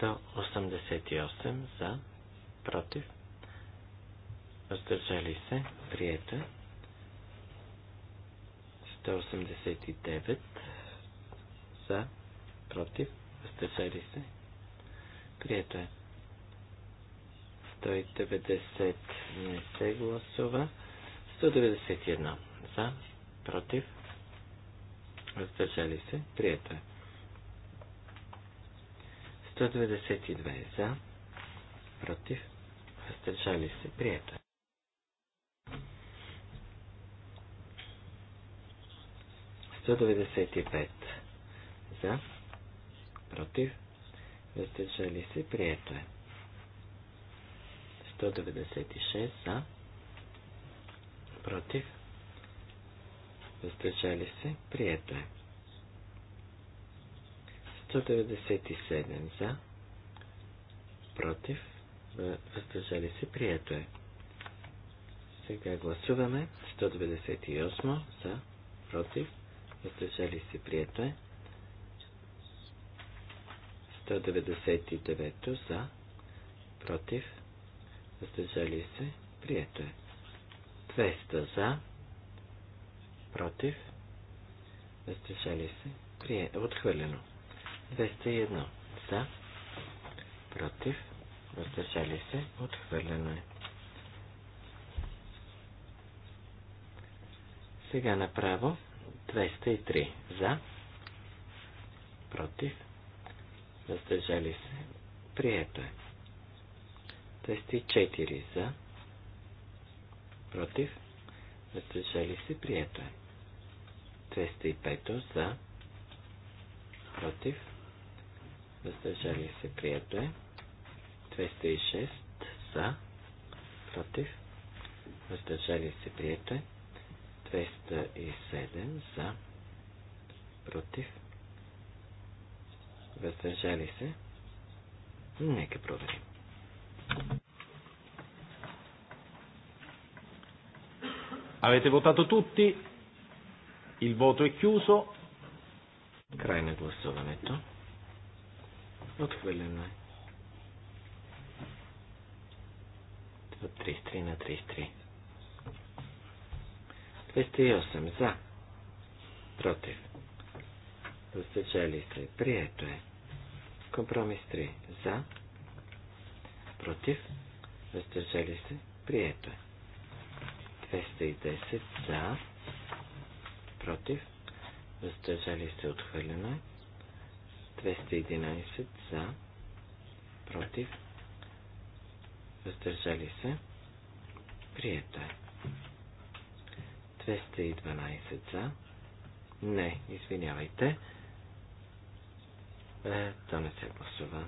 188 е. за, против, въздържали се, прието. 189 е. за, против, въздържали се. Прието е. 190 не се гласува. 191 за, против, въздържали се. Прието е. 192 за, против, въздържали се. Прието е. 195 за, против, въздържали се, прието е. 196 за, против, въздържали се, прието е. 197 за, против, въздържали се, прието е. Сега гласуваме 198 за, против, въздържали се, прието е. 199 за, против, въздържали се, прието е. 200 за, против, въздържали се, прие, отхвърлено. 201 за, против, въздържали се, отхвърлено е. Сега направо 203 за, против, въздържали се, прието е. 204 за, против, въздържали се, прието е. 205 за, против, въздържали се, прието е. 206 за, против, въздържали се, прието е. 207 за, против, въздържали се. Нека проверим. Avete votato tutti? Il voto è chiuso. Край на гласуването. Отхвърлено е. 33 на 33. 208 за. Против въздържали се, прието е. Компромис 3 за, против, въздържали се, прието е. 210 за, против, въздържали се, отхвърлено е. 211 за, против, въздържали се, прието е. 212 за, не, извинявайте, е, не се гласува.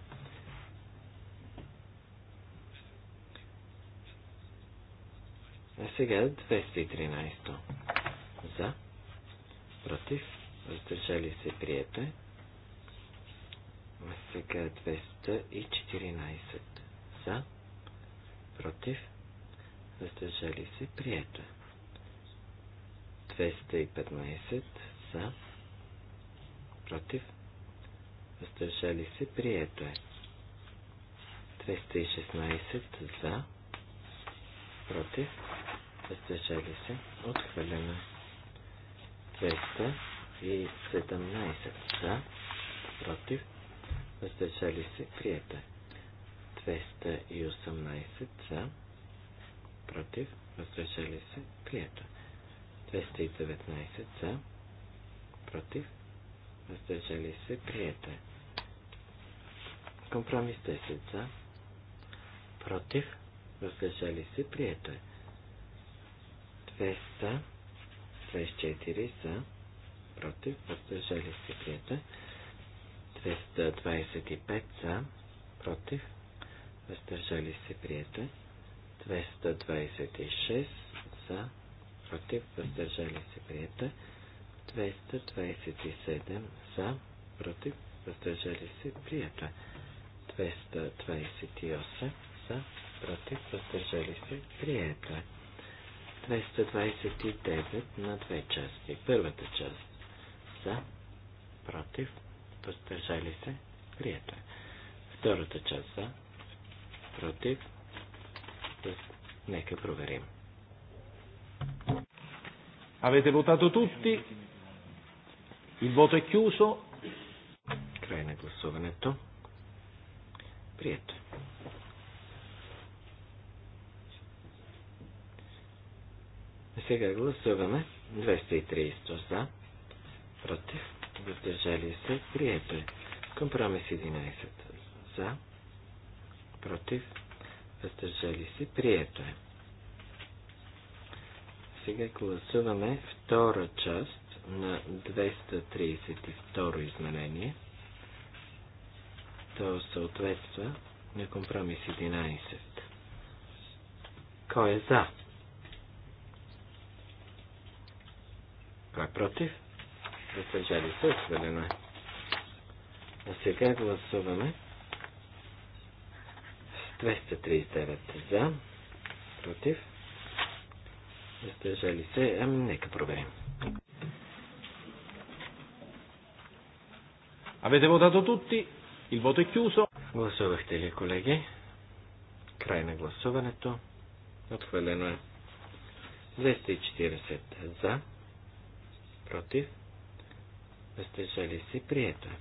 А е, сега 213. За. Против. Въздържали се прието е. А сега 214. За. Против. Въздържали се прието 215. Е. За. Против въздържали се, прието е. 216 за, против, въздържали се, отхвърлено е. 217 за, против, въздържали се, прието е. 218 за, против, въздържали се, прието е. 219 за, против, въздържали се, прието е. Компромис 10 за. Против. Въздържали се. Прието е. 200. 24 за. Против. Въздържали се. Прието е. 225 за. Против. Въздържали се. Прието е. 226 за. Против. Въздържали се. Прието е. 227 за. Против. Въздържали се. Прието е. 228 за, против, въздържали се, прието е. 229 на две части. Първата част за, против, въздържали се, прието е. Втората част за, против, нека проверим. Avete votato tutti? Il voto è chiuso. Crane, гласуването. Прието. Сега гласуваме 230 за, против, въздържали се, прието е. Компромис 11 за, против, въздържали се, прието е. Сега гласуваме втора част на 232 изменение – то съответства на компромис 11. Кой е за? Кой е против? Въздържали се, свалено е. А сега гласуваме 239 за, против, въздържали се. Ами, нека проверим. Avete votato tutti? Il voto è chiuso. Гласувахте ли, колеги? Край на гласуването. Отхвърлено е. 240 за. Против. Въздържали се. Прието е.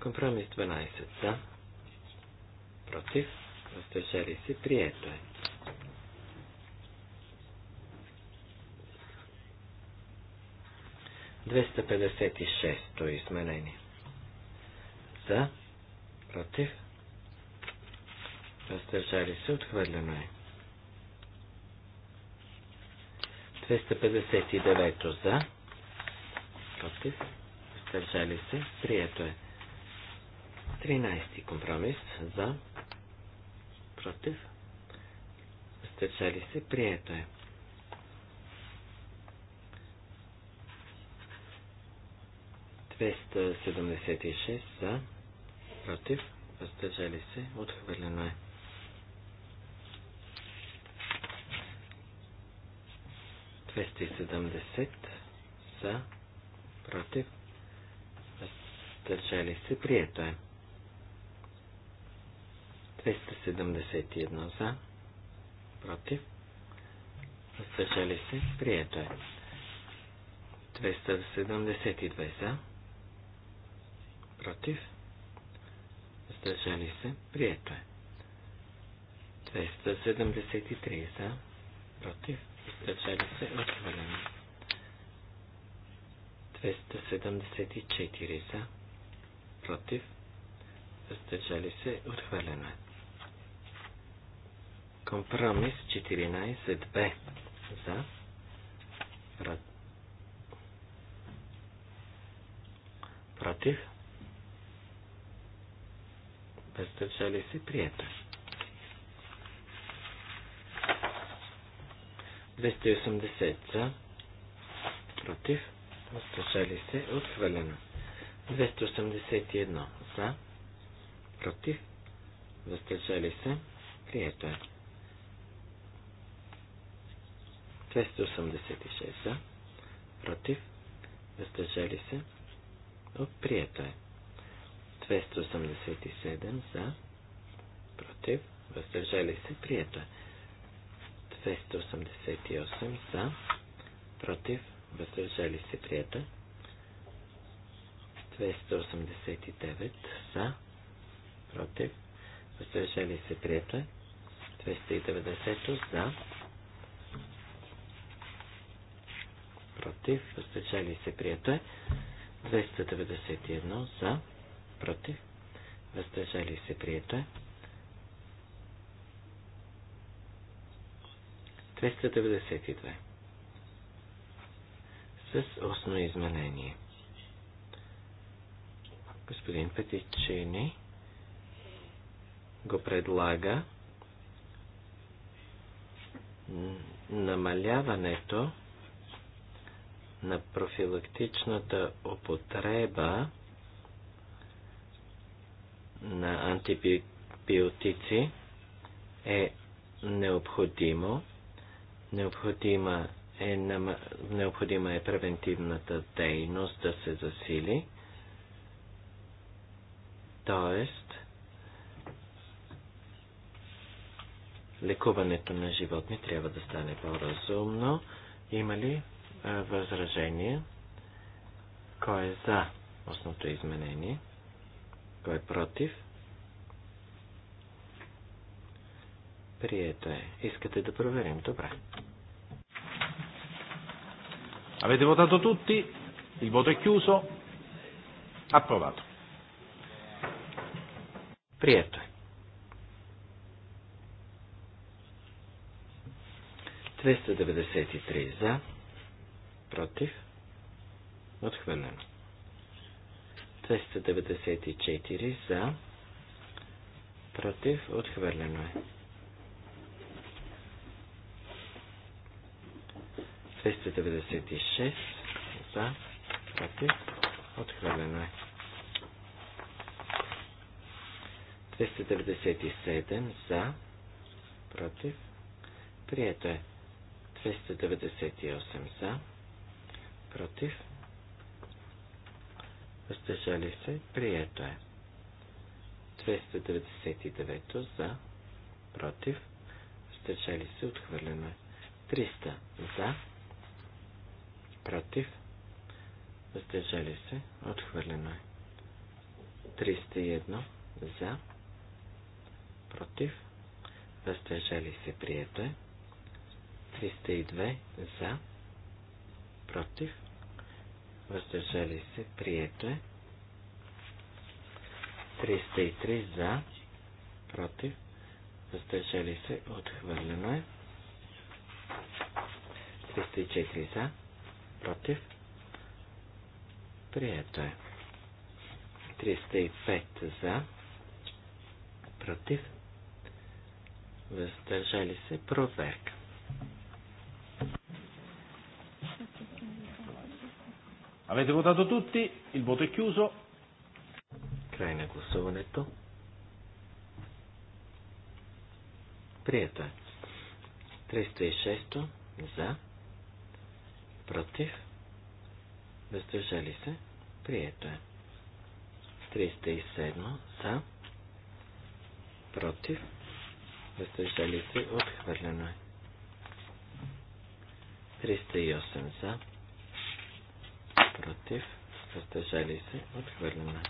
Компромис 12 за. Против. Въздържали се. Прието е. 256-то изменение. За, против, въздържали се, отхвърлено е. 259-то за, против, въздържали се, прието е. 13-ти компромис за, против, въздържали се, прието е. 276 за, против, въздържали се, отхвърлено е. Двеста за, против, въздържали се, прието е. 271 за, против, въздържали се, прието е. 272 за, против, въздържали се, прието е. 273 за, против, въздържали се, отхвърлено. 274 за, против, въздържали се, отхвърлено е. Компромис 14б за, против, въздържали се, прието. 280 за, против, въздържали се, отхвърлено. 281 за, против, въздържали се, прието е. 286 за, против, въздържали се, прието е. 287 за, против, въздържали се, прието е. 288 за, против, въздържали се, прието е. 289 за, против, въздържали се, прието е. 290 за, против, въздържали се, прието е. 291 за, против, въздържали се, прието е. 292 с осно изменение. Господин Петичини го предлага намаляването на профилактичната употреба на антибиотици е необходимо. Необходима е, необходима е превентивната дейност да се засили. Тоест, лекуването на животни трябва да стане по-разумно. Има ли възражение? Кой е за основното изменение? Кой е против? Прието е. Искате да проверим? Добре. Avete votato tutti? Il voto è chiuso? Approvato. Прието е. 293 za. Protiv. отхвърлено. 294 за, против, отхвърлено е. 296 за, против, отхвърлено е. 297 за, против, прието е. 298 за, против, въздържали се, прието е. 299 за, против, въздържали се, отхвърлено е. 300 за, против, въздържали се, отхвърлено е. 301 за, против, въздържали се, прието е. 302 за, против, въздържали се, прието е. 303 за, против, въздържали се, отхвърлено е. 304 за, против, прието е. 305 за, против, въздържали се, проверка. Avete votato tutti? Il voto è chiuso. Край на гласуването. Прието е. 306 за. Против. Въздържали се. Прието е. 307 за. Против. Въздържали се. Отхвърлено е. 308 за против, въздържали се, отхвърлена.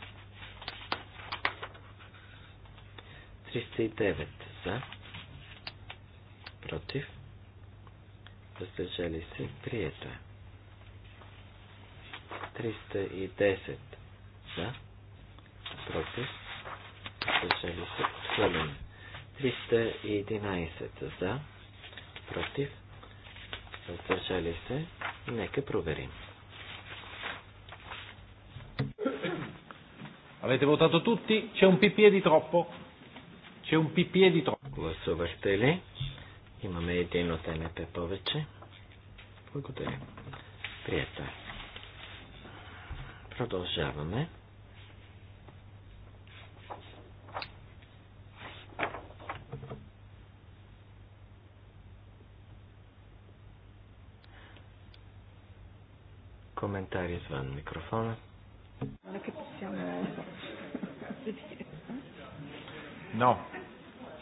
309 за, против, въздържали се, прието е. 310 за, против, въздържали се, отхвърлена. 311 за, против, въздържали се, нека проверим. Avete votato tutti? C'è un PPE di troppo? C'è un PPE di troppo. Гласувахте ли? Имаме един от НП повече. Благодаря. Прието е. Продължаваме. Коментар извън микрофона. No.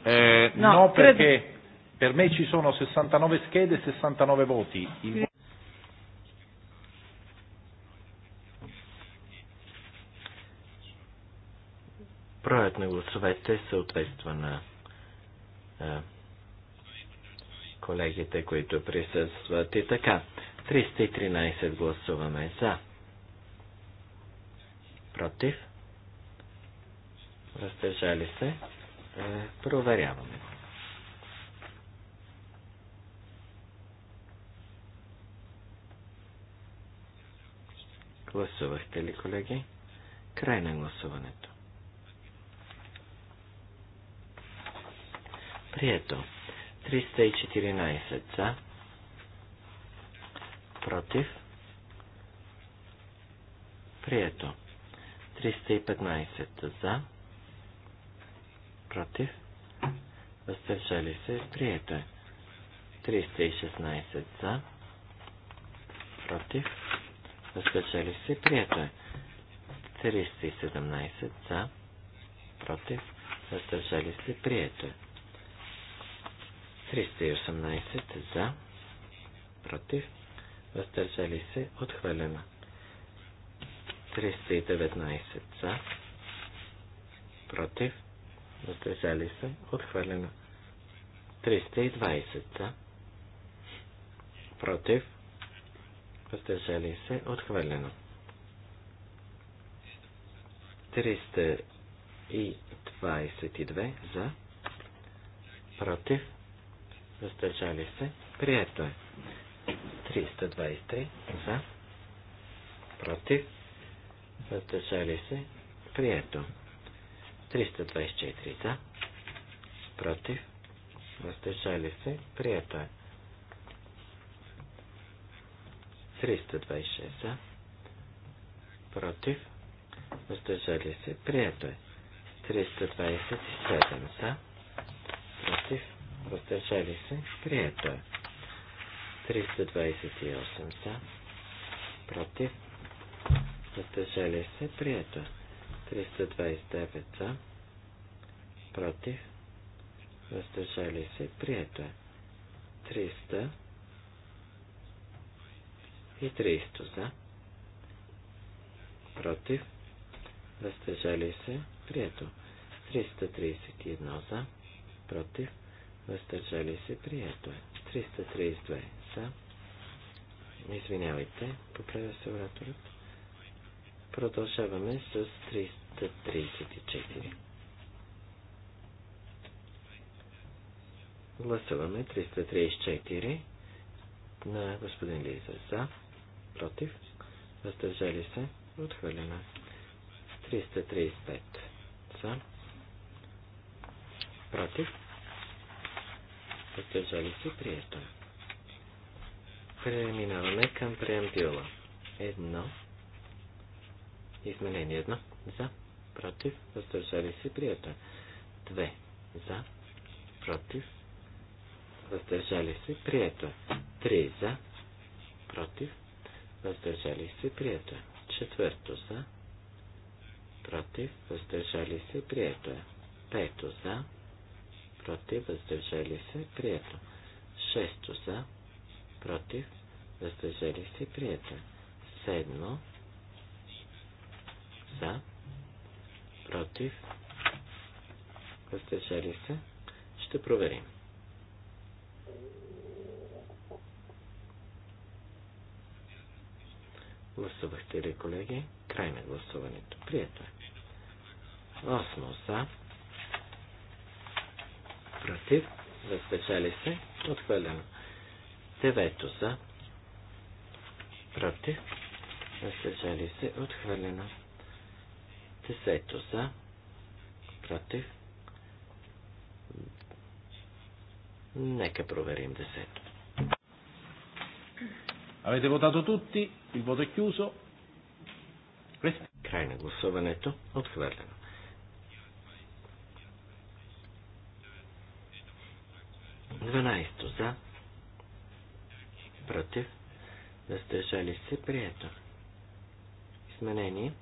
Eh, no, no perché credo... per me ci sono 69 schede e 69 voti. Il... Броят на гласовете съответства на е, колегите, които присъстват и така. 313 гласуваме за против, въздържали се, е, проверяваме. Гласувахте ли, колеги? Край на гласуването. Прието. 314 за. Против. Прието. 315 за, против, въздържали се, прието е. 316 за, против, въздържали се, прието е. 317 за, против, въздържали се, прието е. 318 за, против, въздържали се, отхвърлено. 319 за, против, въздържали се, отхвърлено. 320 за, против, въздържали се, отхвърлено. 322 за, против, въздържали се, прието е. 323 за, против, въздържали се, прието. 324 за, против, въздържали се, прието е. 326 за, против, въздържали се, прието е. 327 за, против, въздържали се, прието е. 328 за, против, въздържали се, прието. 329 за, против, въздържали се, прието е. 300 и 300 за, против, въздържали се, прието. 331 за, против, въздържали се, прието е. 332 за, извинявайте, поправя се вратурата. Продължаваме с 334. Гласуваме 334 на господин Лиза за, против, въздържали се, отхвърлена. 335 за, против, въздържали се, прието. Е. Преминаваме към преамбюла. Едно Изменение 1. За. Против. Въздържали се. Прията. 2. За. Против. Въздържали се. Прието. 3. Е. За. Против. Въздържали се. Прието. Е. Е. Четвърто. За. Против. Въздържали се. Прието. Пето. За. Против. Въздържали се. Прието. Шесто. За. Против. Въздържали се. Прието. Седмо за, против, въздържали се, ще проверим. Гласувахте ли, колеги? Край на гласуването. Прието е. Осмо за. Против. Въздържали се. Отхвърлено. Девето за. Против. Въздържали се. Отхвърлено. Десето за. Против. Нека проверим десето. Avete votato tutti? Il voto è chiuso. Край на гласуването. Отхвърлено. Дванайсто за. Против. Въздържали се. Прието. Изменение.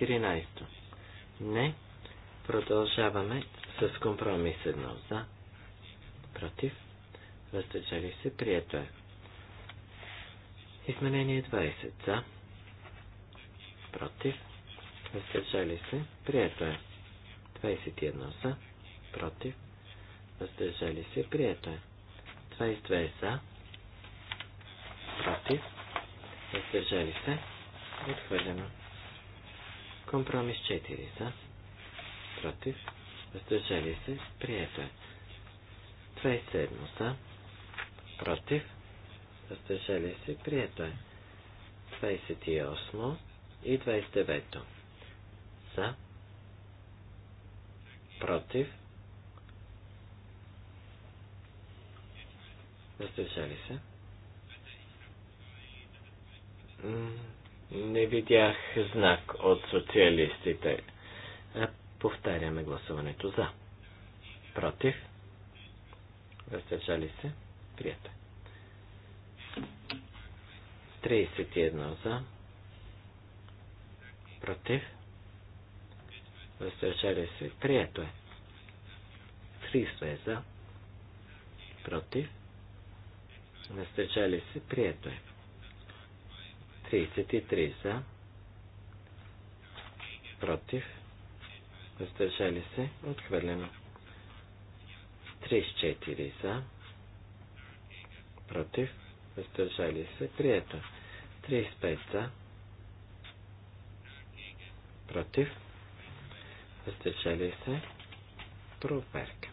14. Не. Продължаваме с компромис 1 за. Против. Въздържали се. Прието е. Изменение 20 за. Против. Въздържали се. Прието е. 21 за. Против. Въздържали се. Прието е. 22 за. Против. Въздържали се. Отхвърлено. Компромис 4 за. Против. Въздържали се. Прието е. 27 за. Против. Въздържали се. Прието е. 28 и 29 за. Против. Въздържали се. Не видях знак от социалистите. Повтаряме гласуването за. Против. Въздържали се. Приятел. 31 за. Против. Въздържали се. Прието е. 30 е за. Против. Въздържали се. Прието е. 33 за, против, въздържали се, отхвърлено. 34 за, против, въздържали се, прието. 35 за, против, въздържали се, проверка.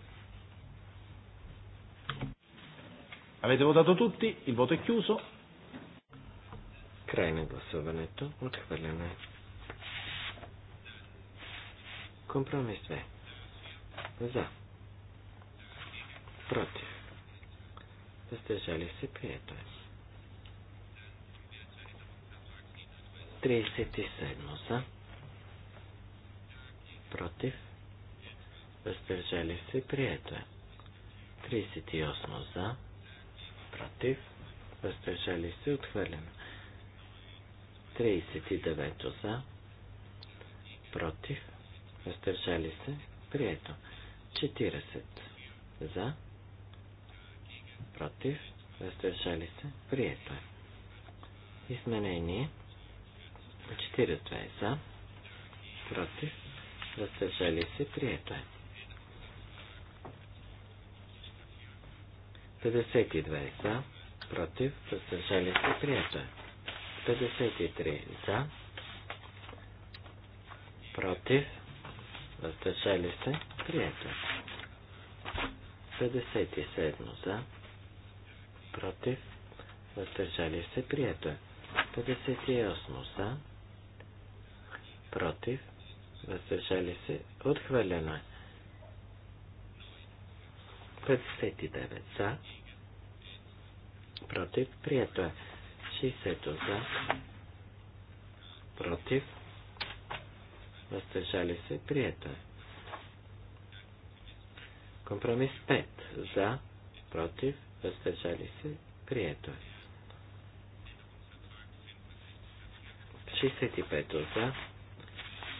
Avete votato tutti, il voto è chiuso. Край на гласуването. е. Компромис 2. За. Против. Въздържали се. Прието е. 37 за. Против. Въздържали се. Прието е. 38 за. Против. Въздържали се. Отхвърлено. 39 за, против, въздържали се, прието. 40 за, против, въздържали се, прието е. Изменение 42 за, против, въздържали се, прието е. 52 за, против, въздържали се, прието е. 53 за, против, въздържали се, прието. 57 за, против, въздържали се, прието. 58 за, против, въздържали се, отхвърлено е. 59 за, против, прието е. 60 за, против, въздържали се, прието е. Компромис 5 за, против, въздържали се, прието е. 65 за,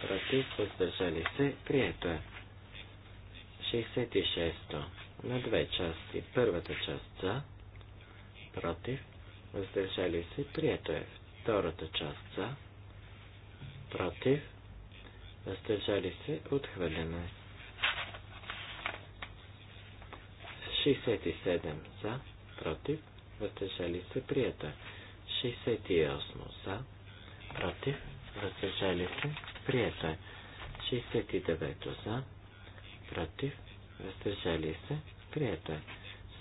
против, въздържали се, прието е. 66 на две части. Първата част за, против, въздържали се, прието е. Втората част за, против, въздържали се, отхвърлено е. 67 за, против, въздържали се, прието е. 68 за, против, въздържали се, прието е. 69 за, против, въздържали се, прието е.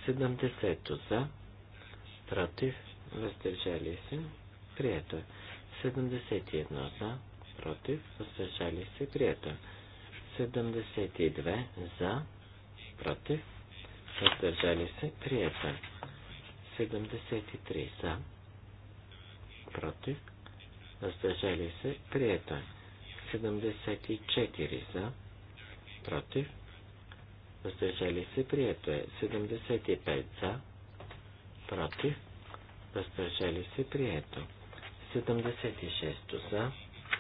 70 за, против, въздържали се, прието е. 71 за, против, въздържали се, прието е. 72 за, против, въздържали се, прието е. 73 за, против, въздържали се, прието е. 74 за, против, въздържали се, прието е. 75 за, против, въздържали се, прието. 76 за,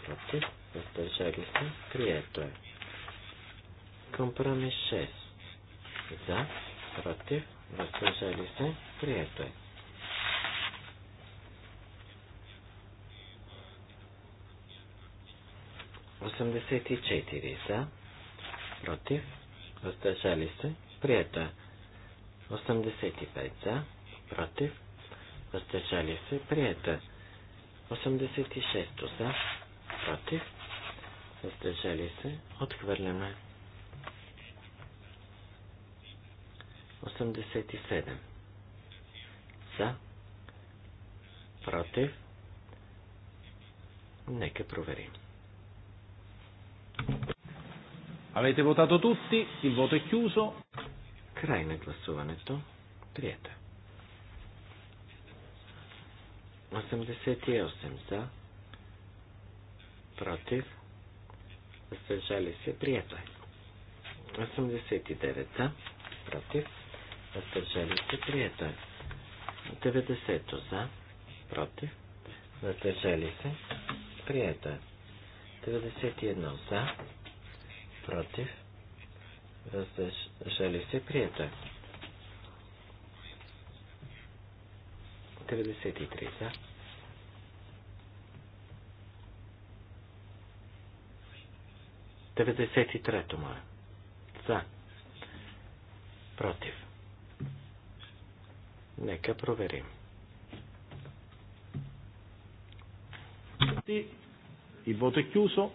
против, въздържали се, прието е. Компромис 6 за, против, въздържали се, прието е. Осемдесет и четири за, против, въздържали се, прието е. 85 за, против, въздържали се, приета. 86-то е. за, против, въздържали се, отхвърляме. 87 за, против, нека проверим. Avete votato tutti, il voto è chiuso. Край на гласуването. Приятел. 88 за, против, въздържали се, прието е. 89 за, против, въздържали се, прието е. 90 за, против, въздържали се, прието е. 91 за, против, въздържали се, прието е. 93 за. Деветдесет и трето мое. За. Против. Нека проверим. И voto è chiuso.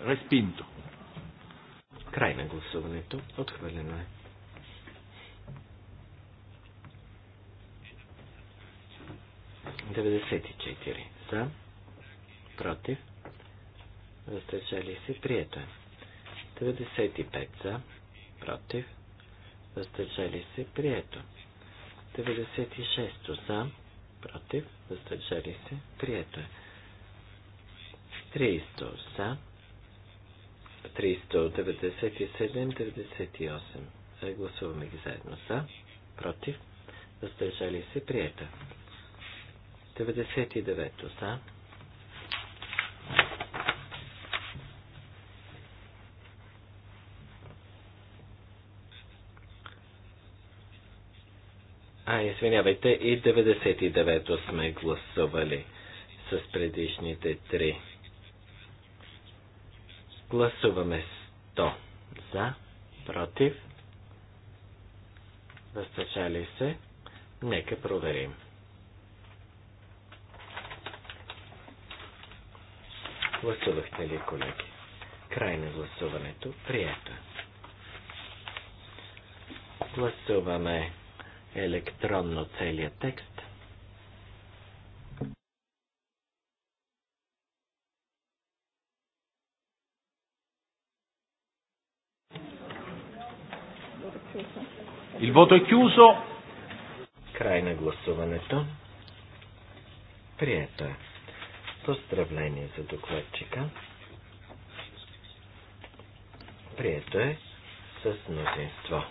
Respinto. Край на гласуването. Отхвърлено е. 94 за, против, въздържали се, прието е. 95 за, против, въздържали се, прието. 96 за, против, въздържали се, прието е. 300 за, 397-98. Гласуваме ги заедно за, против, въздържали се, прието. 99-то да? А, извинявайте, и 99-то сме гласували с предишните три. Гласуваме 100 за, против, въздържали се. Нека проверим. Гласувахте ли, колеги? Край на гласуването. Прието. Гласуваме електронно целия текст. Il voto è chiuso. Край на гласуването. Прието е. Поздравление за докладчика. Прието е с мнозинство.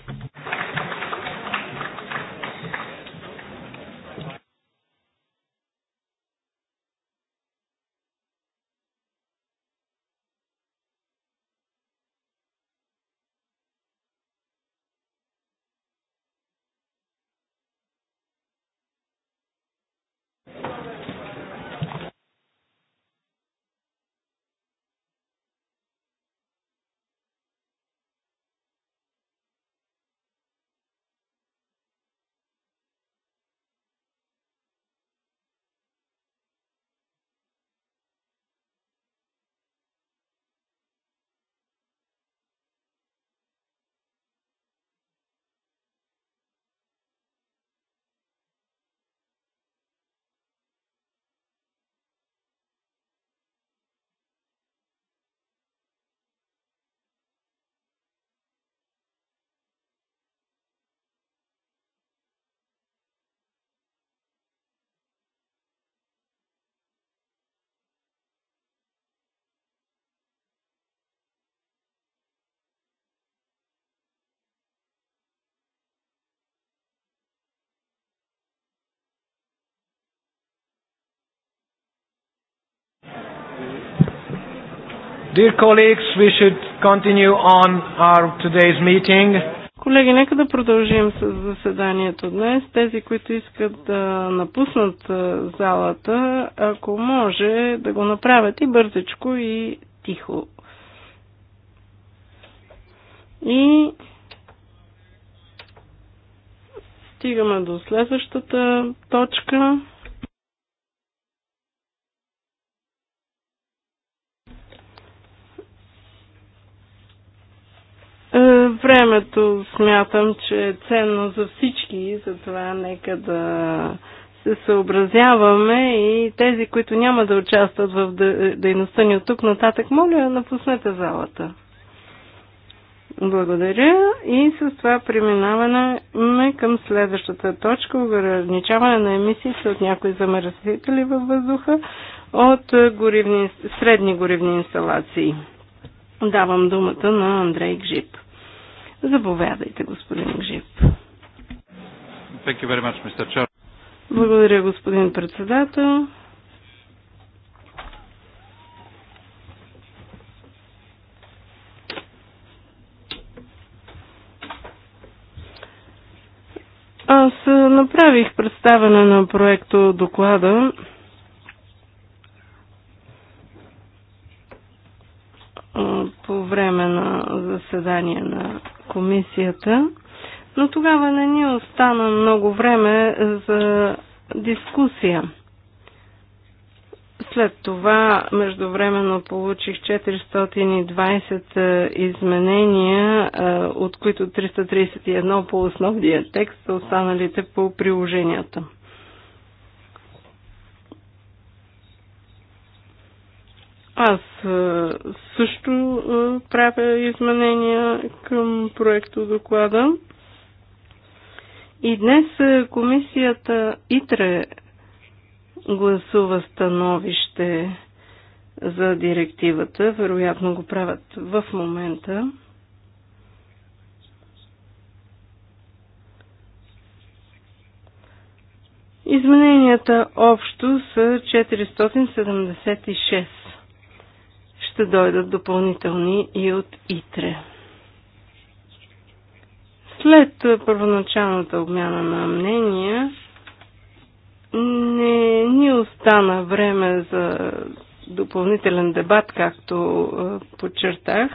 Dear colleagues, we should continue on our today's meeting. Колеги, нека да продължим с заседанието днес. Тези, които искат да напуснат залата, ако може да го направят и бързичко, и тихо. И стигаме до следващата точка. Е, времето смятам, че е ценно за всички затова нека да се съобразяваме и тези, които няма да участват в дейността ни от тук нататък, моля, напуснете залата. Благодаря и с това преминаваме към следващата точка ограничаване на емисиите от някои замърсители във въздуха от горивни, средни горивни инсталации. Давам думата на Андрей Гжип. Заповядайте, господин Гжип. Much, Благодаря, господин председател. Аз направих представяне на проекто доклада. по време на заседание на комисията, но тогава не ни остана много време за дискусия. След това, междувременно, получих 420 изменения, от които 331 по основния текст, останалите по приложенията. Аз също правя изменения към проекто доклада. И днес комисията ИТРЕ гласува становище за директивата. Вероятно го правят в момента. Измененията общо са 476 ще дойдат допълнителни и от ИТРЕ. След първоначалната обмяна на мнения, не ни остана време за допълнителен дебат, както е, подчертах.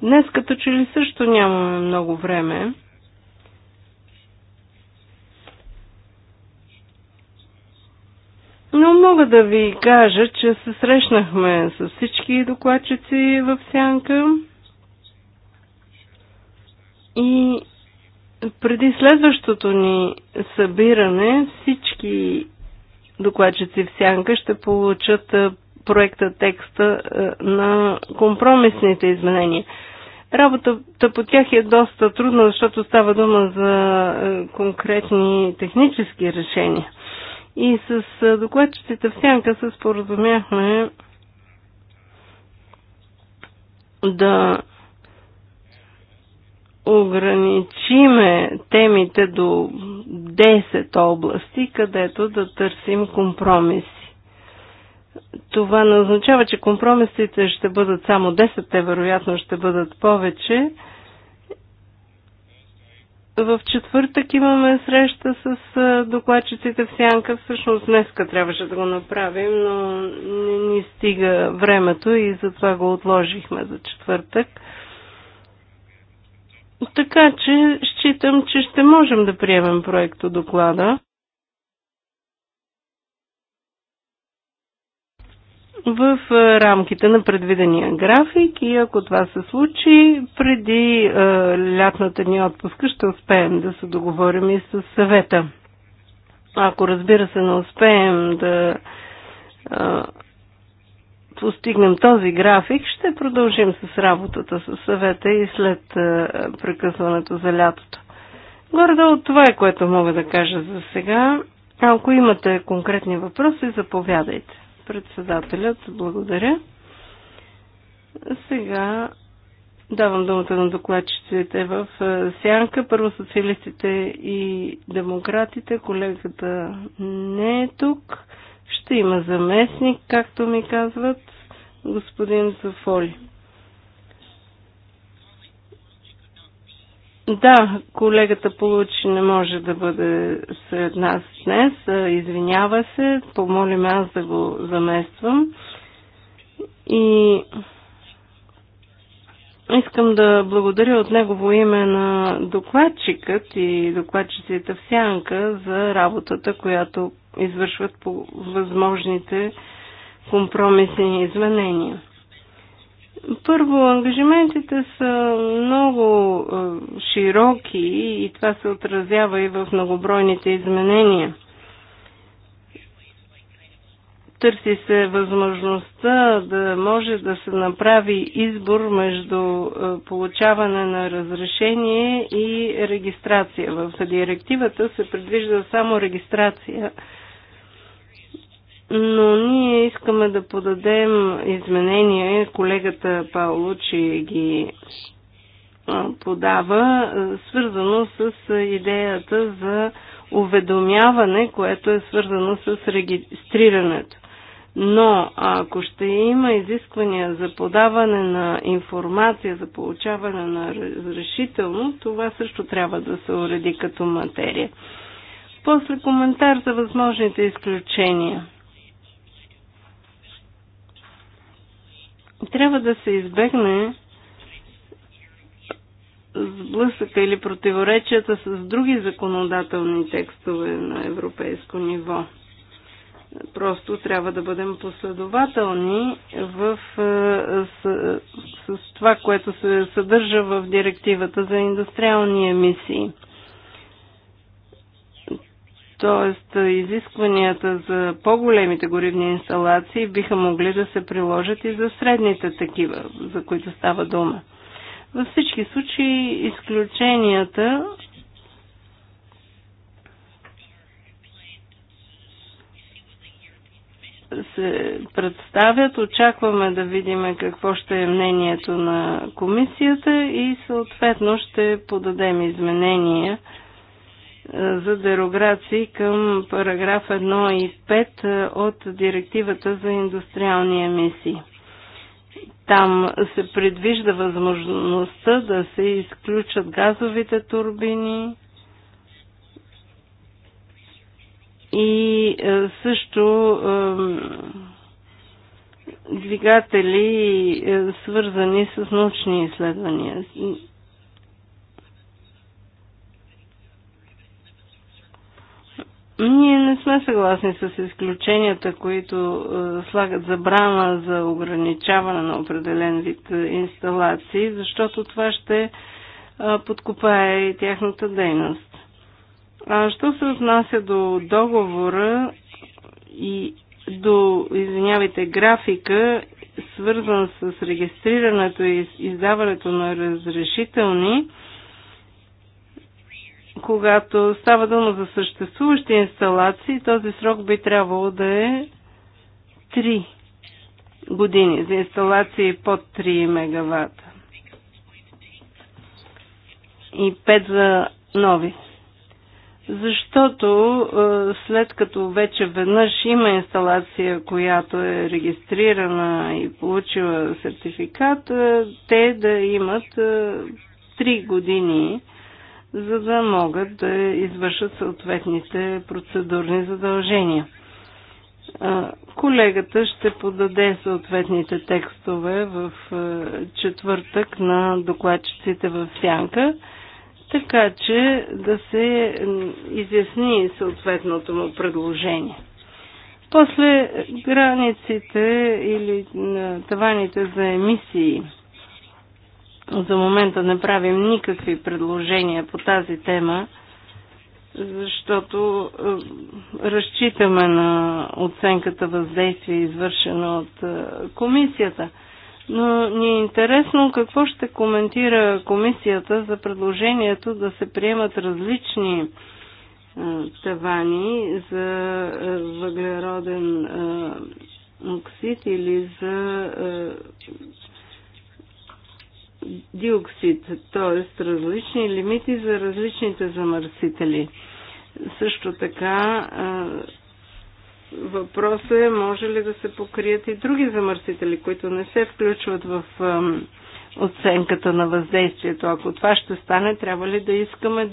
Днес като че ли също нямаме много време. Но мога да ви кажа, че се срещнахме с всички докладчици в Сянка и преди следващото ни събиране всички докладчици в Сянка ще получат проекта текста на компромисните изменения. Работата по тях е доста трудна, защото става дума за конкретни технически решения. И с докладчиците в сянка се споразумяхме да ограничиме темите до 10 области, където да търсим компромиси. Това не означава, че компромисите ще бъдат само 10, те вероятно ще бъдат повече, в четвъртък имаме среща с докладчиците в Сянка. Всъщност днеска трябваше да го направим, но не ни стига времето и затова го отложихме за четвъртък. Така че считам, че ще можем да приемем проекто доклада. в е, рамките на предвидения график и ако това се случи, преди е, лятната ни отпуска ще успеем да се договорим и с съвета. Ако разбира се не успеем да е, постигнем този график, ще продължим с работата с съвета и след е, прекъсването за лятото. горе от това е което мога да кажа за сега. Ако имате конкретни въпроси, заповядайте. Председателят, благодаря. Сега давам думата на докладчиците в е, сянка. Първо социалистите и демократите. Колегата не е тук. Ще има заместник, както ми казват господин Зафоли. Да, колегата получи, не може да бъде сред нас днес. Извинява се, помолим аз да го замествам. И искам да благодаря от негово име на докладчикът и докладчиците в Сянка за работата, която извършват по възможните компромисни изменения. Първо, ангажиментите са много широки и това се отразява и в многобройните изменения. Търси се възможността да може да се направи избор между получаване на разрешение и регистрация. В директивата се предвижда само регистрация но ние искаме да подадем изменения. Колегата Паулучи ги подава, свързано с идеята за уведомяване, което е свързано с регистрирането. Но ако ще има изисквания за подаване на информация, за получаване на разрешително, това също трябва да се уреди като материя. После коментар за възможните изключения. трябва да се избегне сблъсъка или противоречията с други законодателни текстове на европейско ниво. Просто трябва да бъдем последователни в, е, с, с това, което се съдържа в директивата за индустриални емисии. Т.е. изискванията за по-големите горивни инсталации биха могли да се приложат и за средните такива, за които става дума. Във всички случаи, изключенията се представят. Очакваме да видим какво ще е мнението на комисията и съответно ще подадем изменения за дерограции към параграф 1 и 5 от директивата за индустриални емисии. Там се предвижда възможността да се изключат газовите турбини и също двигатели, свързани с научни изследвания. Ние не сме съгласни с изключенията, които е, слагат забрана за ограничаване на определен вид е, инсталации, защото това ще е, подкопае и тяхната дейност. А що се отнася до договора и до, извинявайте, графика, свързан с регистрирането и издаването на разрешителни, когато става дума за съществуващи инсталации, този срок би трябвало да е 3 години за инсталации под 3 мегавата и 5 за нови. Защото е, след като вече веднъж има инсталация, която е регистрирана и получила сертификат, е, те да имат 3 е, години за да могат да извършат съответните процедурни задължения. Колегата ще подаде съответните текстове в четвъртък на докладчиците в Сянка, така че да се изясни съответното му предложение. После границите или таваните за емисии – за момента не правим никакви предложения по тази тема, защото е, разчитаме на оценката въздействие, извършена от е, комисията. Но ни е интересно какво ще коментира комисията за предложението да се приемат различни е, тавани за въглероден оксид или за диоксид, т.е. различни лимити за различните замърсители. Също така въпросът е може ли да се покрият и други замърсители, които не се включват в оценката на въздействието. Ако това ще стане, трябва ли да искаме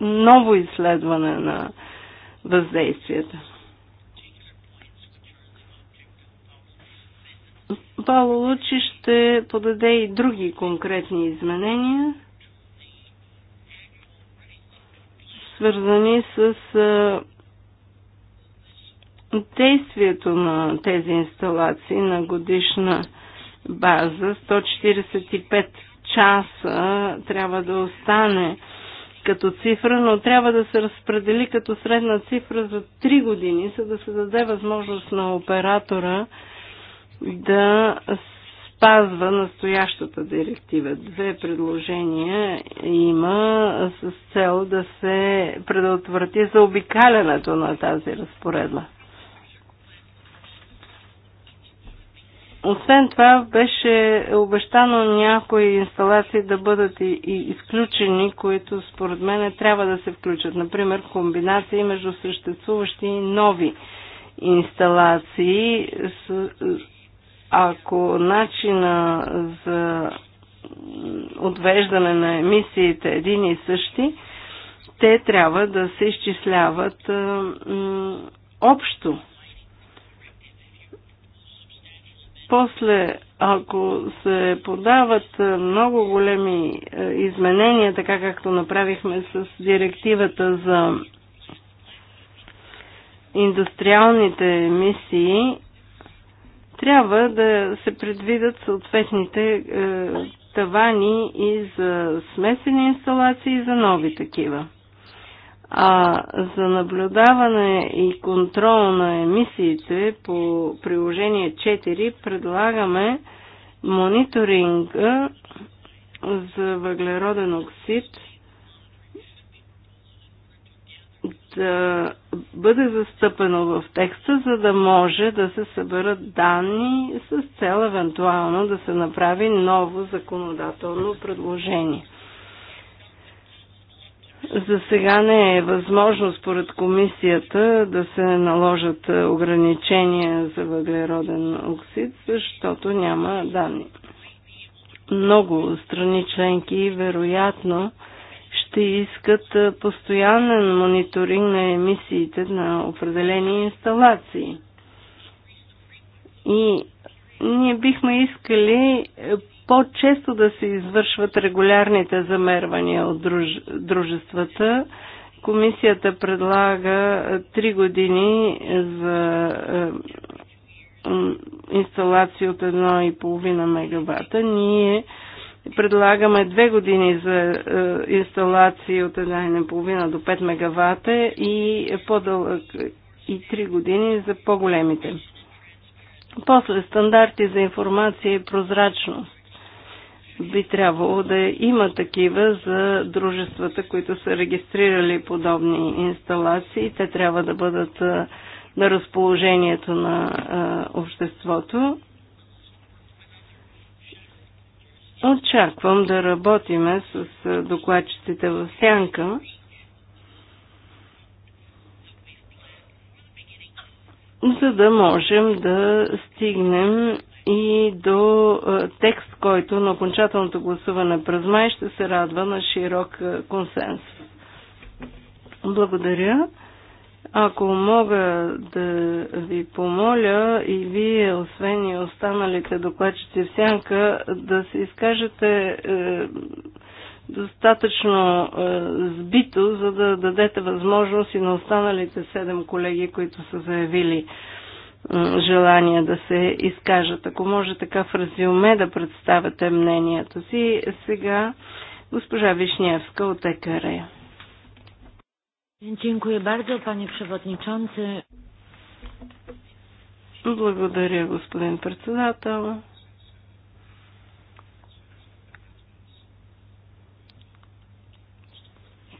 ново изследване на въздействията? Лучи ще подаде и други конкретни изменения, свързани с действието на тези инсталации на годишна база. 145 часа трябва да остане като цифра, но трябва да се разпредели като средна цифра за 3 години, за да се даде възможност на оператора да спазва настоящата директива. Две предложения има с цел да се предотврати за обикалянето на тази разпоредба. Освен това беше обещано някои инсталации да бъдат и, и изключени, които според мен трябва да се включат. Например, комбинации между съществуващи и нови инсталации с, ако начина за отвеждане на емисиите е един и същи, те трябва да се изчисляват общо. После, ако се подават много големи изменения, така както направихме с директивата за индустриалните емисии, трябва да се предвидат съответните е, тавани и за смесени инсталации и за нови такива. А за наблюдаване и контрол на емисиите по приложение 4 предлагаме мониторинга за въглероден оксид – да бъде застъпено в текста, за да може да се съберат данни с цел евентуално да се направи ново законодателно предложение. За сега не е възможно според комисията да се наложат е, ограничения за въглероден оксид, защото няма данни. Много страни членки вероятно те искат постоянен мониторинг на емисиите на определени инсталации. И ние бихме искали е, по-често да се извършват регулярните замервания от друж... дружествата. Комисията предлага 3 е, години за е, инсталации от 1,5 мегавата. Ние Предлагаме две години за е, инсталации от 1,5 до 5 мегавата и по-дълъг и 3 години за по-големите. После стандарти за информация и прозрачност. Би трябвало да има такива за дружествата, които са регистрирали подобни инсталации. Те трябва да бъдат е, на разположението на е, обществото Очаквам да работиме с докладчиците в сянка. за да можем да стигнем и до текст, който на окончателното гласуване през май ще се радва на широк консенсус. Благодаря. Ако мога да ви помоля и вие, освен и останалите докладчици в сянка, да се изкажете е, достатъчно е, сбито, за да дадете възможност и на останалите седем колеги, които са заявили е, желание да се изкажат. Ако може така в резюме да представяте мненията си, сега госпожа Вишневска от ЕКРЕ. Dziękuję bardzo, panie przewodniczący. Благодаря, господин председател.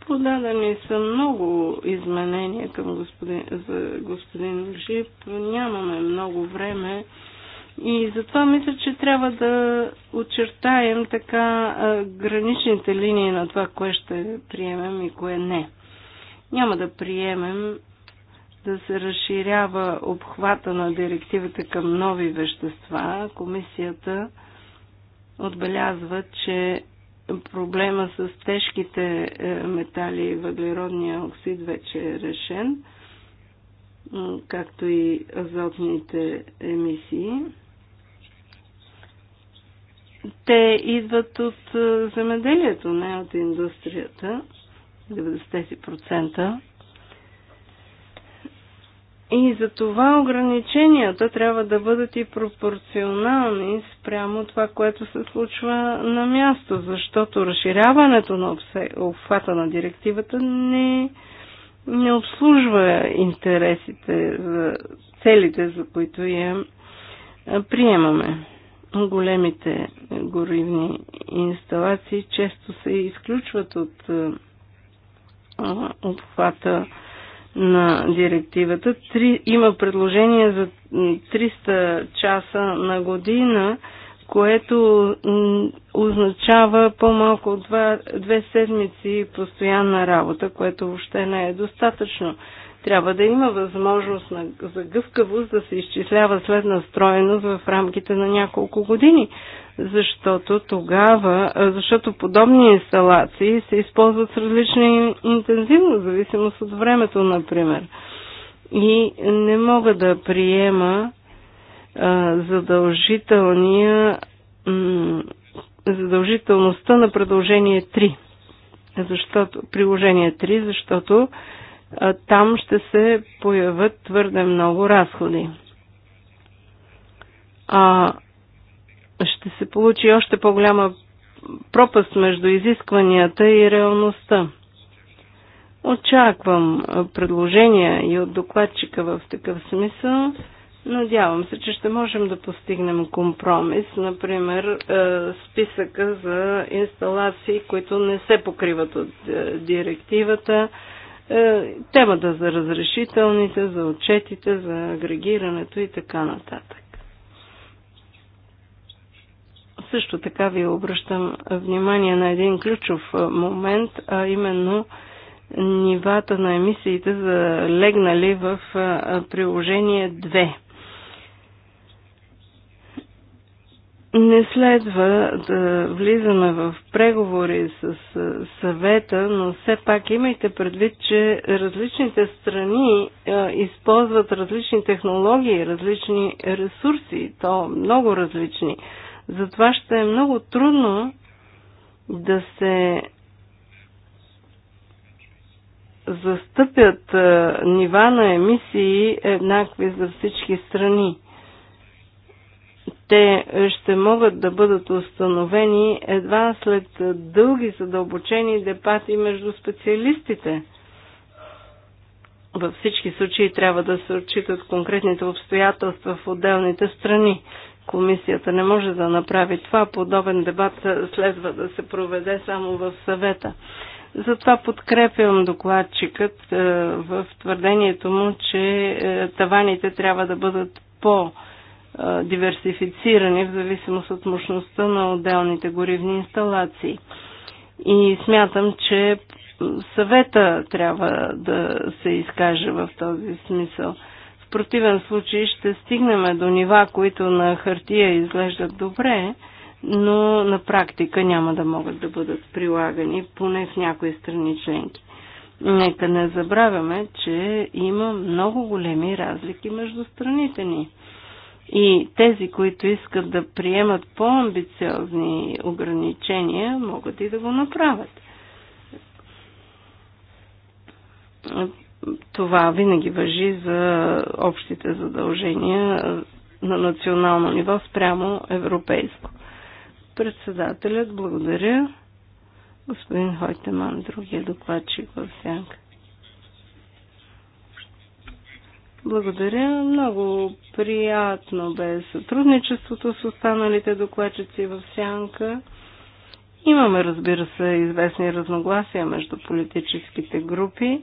Подадени са много изменения към господин, за господин Жип. Нямаме много време. И затова мисля, че трябва да очертаем така граничните линии на това, кое ще приемем и кое не. Няма да приемем да се разширява обхвата на директивата към нови вещества. Комисията отбелязва, че проблема с тежките е, метали и въглеродния оксид вече е решен, както и азотните емисии. Те идват от е, земеделието, не от индустрията. 90%. И за това ограниченията трябва да бъдат и пропорционални спрямо това, което се случва на място, защото разширяването на обхвата на директивата не, не обслужва интересите, за целите, за които я приемаме. Големите горивни инсталации често се изключват от обхвата на директивата. Три, има предложение за 300 часа на година, което означава по-малко от две седмици постоянна работа, което въобще не е достатъчно. Трябва да има възможност на, за гъвкавост да се изчислява след настроеност в рамките на няколко години, защото тогава, защото подобни инсталации се използват с различна интензивност, в зависимост от времето, например. И не мога да приема а, задължителния задължителността на предложение 3. Защото, приложение 3, защото там ще се появят твърде много разходи. А ще се получи още по-голяма пропаст между изискванията и реалността. Очаквам предложения и от докладчика в такъв смисъл. Надявам се, че ще можем да постигнем компромис, например списъка за инсталации, които не се покриват от директивата, е, темата за разрешителните, за отчетите, за агрегирането и така нататък. Също така ви обръщам внимание на един ключов е, момент, а именно нивата на емисиите залегнали в е, приложение 2. Не следва да влизаме в преговори с съвета, но все пак имайте предвид, че различните страни използват различни технологии, различни ресурси, то много различни. Затова ще е много трудно да се застъпят нива на емисии еднакви за всички страни те ще могат да бъдат установени едва след дълги задълбочени депати между специалистите. Във всички случаи трябва да се отчитат конкретните обстоятелства в отделните страни. Комисията не може да направи това. Подобен дебат следва да се проведе само в съвета. Затова подкрепям докладчикът е, в твърдението му, че е, таваните трябва да бъдат по- диверсифицирани в зависимост от мощността на отделните горивни инсталации. И смятам, че съвета трябва да се изкаже в този смисъл. В противен случай ще стигнем до нива, които на хартия изглеждат добре, но на практика няма да могат да бъдат прилагани, поне в някои страни членки. Нека не забравяме, че има много големи разлики между страните ни. И тези, които искат да приемат по-амбициозни ограничения, могат и да го направят. Това винаги въжи за общите задължения на национално ниво спрямо европейско. Председателят, благодаря. Господин Хойтеман, другия докладчик в сянка. Благодаря. Много приятно бе сътрудничеството с останалите докладчици в Сянка. Имаме, разбира се, известни разногласия между политическите групи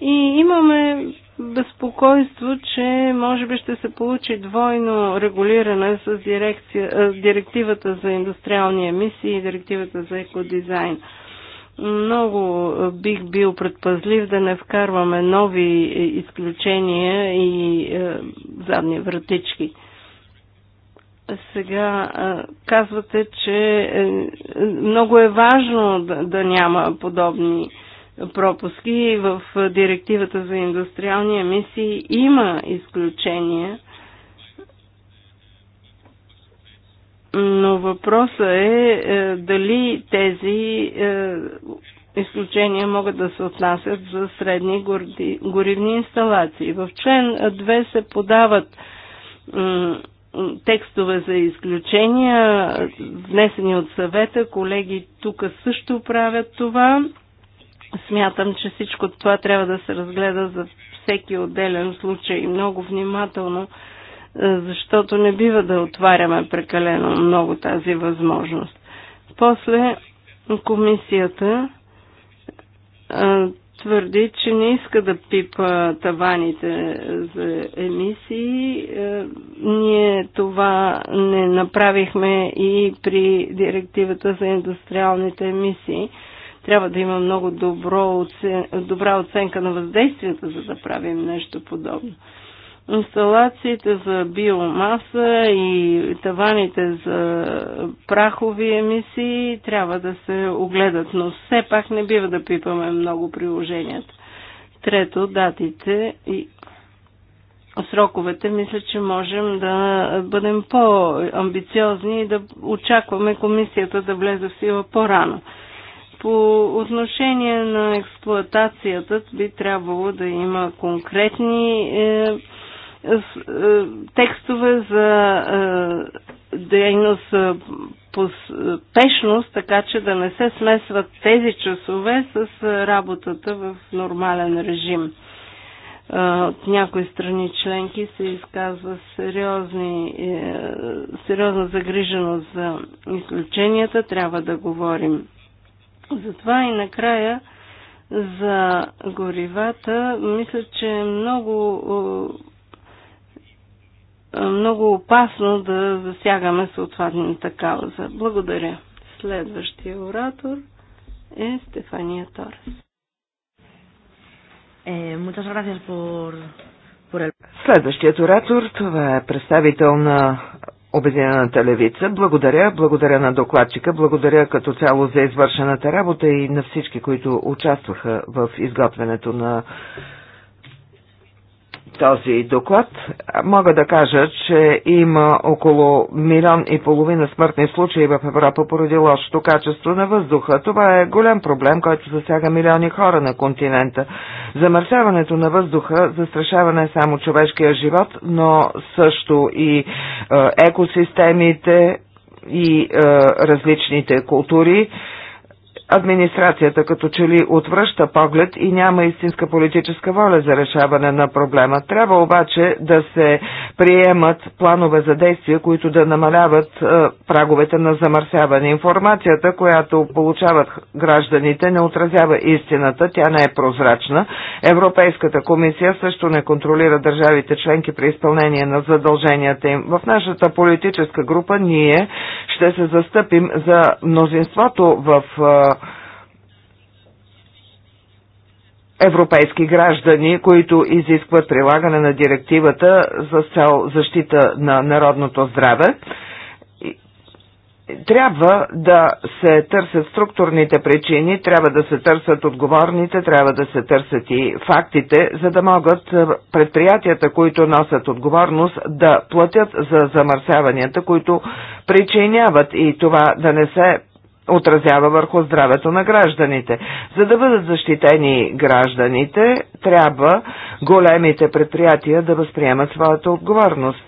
и имаме безпокойство, че може би ще се получи двойно регулиране с дирекция, директивата за индустриални емисии и директивата за екодизайн. Много бих бил предпазлив да не вкарваме нови изключения и е, задни вратички. Сега е, казвате, че е, много е важно да, да няма подобни пропуски. В директивата за индустриални емисии има изключения Но въпросът е, е дали тези е, изключения могат да се отнасят за средни горивни инсталации. В член 2 се подават текстове за изключения, внесени от съвета. Колеги тук също правят това. Смятам, че всичко това трябва да се разгледа за всеки отделен случай много внимателно е, защото не бива да отваряме прекалено много тази възможност. После комисията е, твърди, че не иска да пипа таваните за емисии. Е, ние това не направихме и при директивата за индустриалните емисии. Трябва да има много добро, добра оценка на въздействията, за да правим нещо подобно. Инсталациите за биомаса и таваните за прахови емисии трябва да се огледат, но все пак не бива да пипаме много приложенията. Трето, датите и сроковете, мисля, че можем да бъдем по-амбициозни и да очакваме комисията да влезе в сила по-рано. По отношение на експлоатацията би трябвало да има конкретни е, е, текстове за е, дейност е, по спешност, така че да не се смесват тези часове с работата в нормален режим. От някои страни членки се изказва сериозни, сериозна загриженост за изключенията. Трябва да говорим затова и накрая за горивата, мисля, че е много е, много опасно да засягаме съответната кауза. Благодаря. Следващия оратор е Стефания Торес. Е, muchas gracias por, por el... Следващият оратор, това е представител на Обединената левица. Благодаря, благодаря на докладчика, благодаря като цяло за извършената работа и на всички, които участваха в изготвянето на този доклад. Мога да кажа, че има около милион и половина смъртни случаи в Европа поради лошото качество на въздуха. Това е голям проблем, който засяга милиони хора на континента. Замърсяването на въздуха застрашава не само човешкия живот, но също и е, екосистемите и е, различните култури Администрацията като че ли отвръща поглед и няма истинска политическа воля за решаване на проблема. Трябва обаче да се приемат планове за действия, които да намаляват е, праговете на замърсяване. Информацията, която получават гражданите, не отразява истината, тя не е прозрачна. Европейската комисия също не контролира държавите членки при изпълнение на задълженията им. В нашата политическа група ние ще се застъпим за мнозинството в е, европейски граждани, които изискват прилагане на директивата за цел защита на народното здраве. Трябва да се търсят структурните причини, трябва да се търсят отговорните, трябва да се търсят и фактите, за да могат предприятията, които носят отговорност, да платят за замърсяванията, които причиняват и това да не се отразява върху здравето на гражданите. За да бъдат защитени гражданите, трябва големите предприятия да възприемат своята отговорност.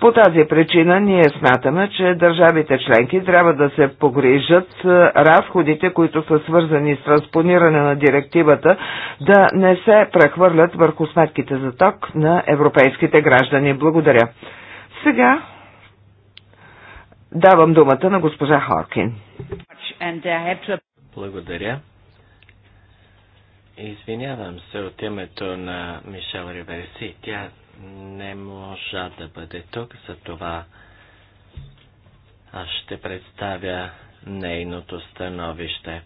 По тази причина ние смятаме, че държавите членки трябва да се погрижат е, разходите, които са свързани с транспониране на директивата, да не се прехвърлят върху сметките за ток на европейските граждани. Благодаря. Сега давам думата на госпожа Хоркин. Благодаря. Извинявам се от името на Мишел Риверси. Тя не можа да бъде тук, за това аз ще представя нейното становище.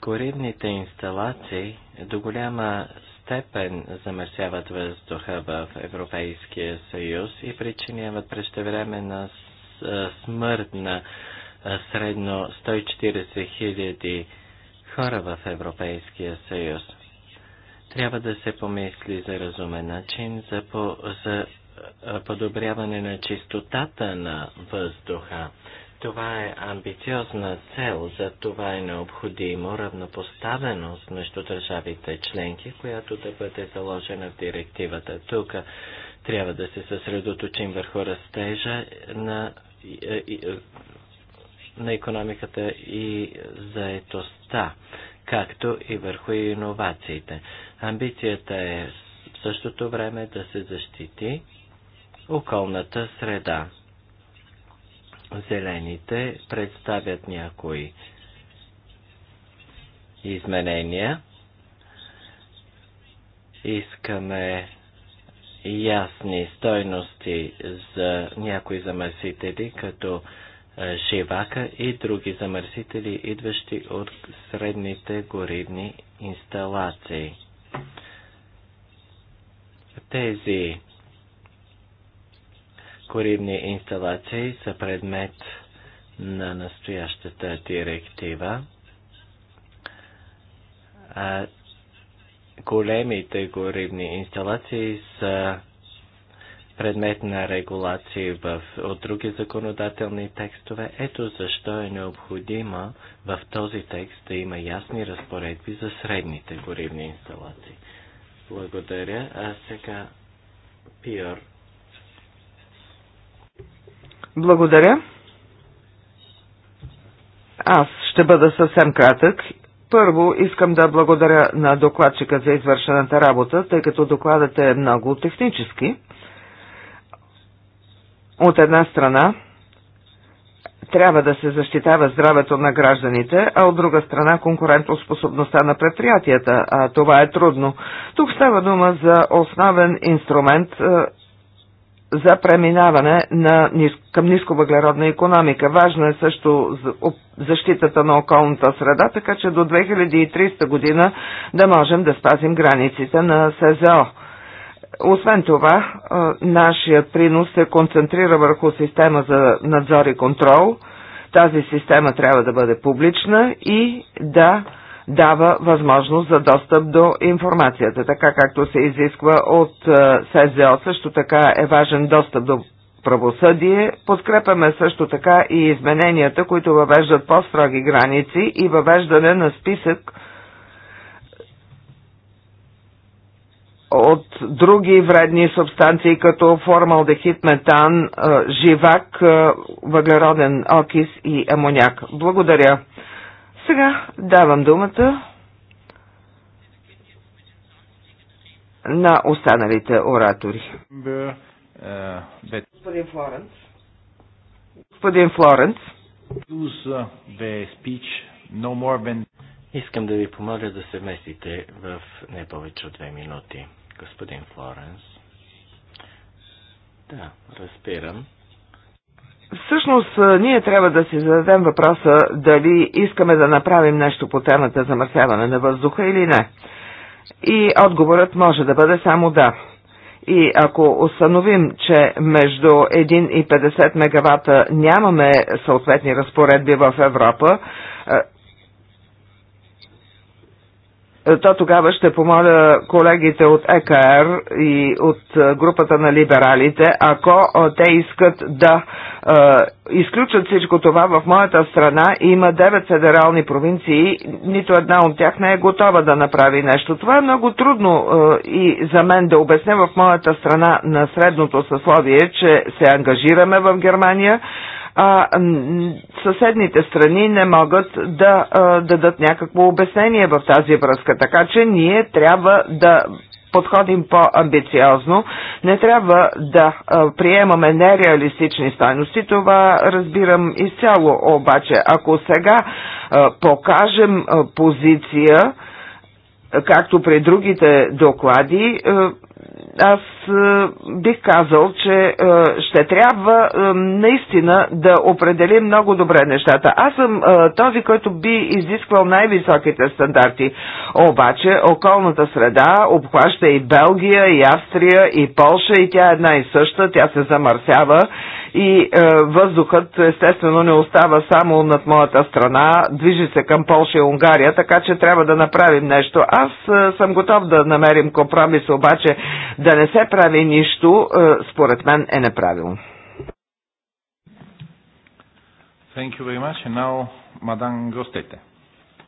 Коридните инсталации до голяма степен замърсяват въздуха в Европейския съюз и причиняват преждевременна смърт на средно 140 хиляди хора в Европейския съюз. Трябва да се помисли за разумен начин за, по, за подобряване на чистотата на въздуха. Това е амбициозна цел, за това е необходимо равнопоставеност между държавите членки, която да бъде заложена в директивата. Тук трябва да се съсредоточим върху растежа на на економиката и заетостта, както и върху иновациите. Амбицията е в същото време да се защити околната среда. Зелените представят някои изменения. Искаме ясни стойности за някои замърсители, като е, живака и други замърсители, идващи от средните горивни инсталации. Тези горивни инсталации са предмет на настоящата директива. А големите горивни инсталации са предмет на регулации в, от други законодателни текстове. Ето защо е необходимо в този текст да има ясни разпоредби за средните горивни инсталации. Благодаря. А сега Пиор. Благодаря. Аз ще бъда съвсем кратък първо искам да благодаря на докладчика за извършената работа, тъй като докладът е много технически. От една страна трябва да се защитава здравето на гражданите, а от друга страна конкурентоспособността на предприятията, а това е трудно. Тук става дума за основен инструмент е, за преминаване на, към нисковъглеродна економика. Важно е също защитата на околната среда, така че до 2300 година да можем да спазим границите на СЗО. Освен това, нашият принос се концентрира върху система за надзор и контрол. Тази система трябва да бъде публична и да дава възможност за достъп до информацията, така както се изисква от СЗО. Също така е важен достъп до правосъдие. Подкрепяме също така и измененията, които въвеждат по-строги граници и въвеждане на списък от други вредни субстанции, като формалдехид, метан, живак, въглероден окис и амоняк. Благодаря. Сега давам думата на останалите оратори. Господин Флоренц. Господин Флоренц. Искам да ви помоля да се вместите в не повече от две минути господин Флоренс. Да, разбирам. Всъщност, ние трябва да си зададем въпроса дали искаме да направим нещо по темата замърсяване на въздуха или не. И отговорът може да бъде само да. И ако установим, че между 1 и 50 мегавата нямаме съответни разпоредби в Европа, е, то тогава ще помоля колегите от ЕКР и от е, групата на либералите, ако е, те искат да е, изключат всичко това. В моята страна има 9 федерални провинции, нито една от тях не е готова да направи нещо. Това е много трудно е, и за мен да обясня в моята страна на средното съсловие, че се ангажираме в Германия а съседните страни не могат да а, дадат някакво обяснение в тази връзка. Така че ние трябва да подходим по-амбициозно. Не трябва да а, приемаме нереалистични стойности. Това разбирам изцяло. Обаче, ако сега а, покажем а, позиция, както при другите доклади, аз е, бих казал, че е, ще трябва е, наистина да определим много добре нещата. Аз съм този, който би изисквал най-високите стандарти. Обаче околната среда обхваща и Белгия, и Австрия, и Полша, и тя е една и съща, тя се замърсява и е, въздухът естествено не остава само над моята страна, движи се към Полша и Унгария, така че трябва да направим нещо. Аз е, съм готов да намерим компромис, обаче да не се прави нищо, е, според мен е неправилно. Thank you very much. And now, Madame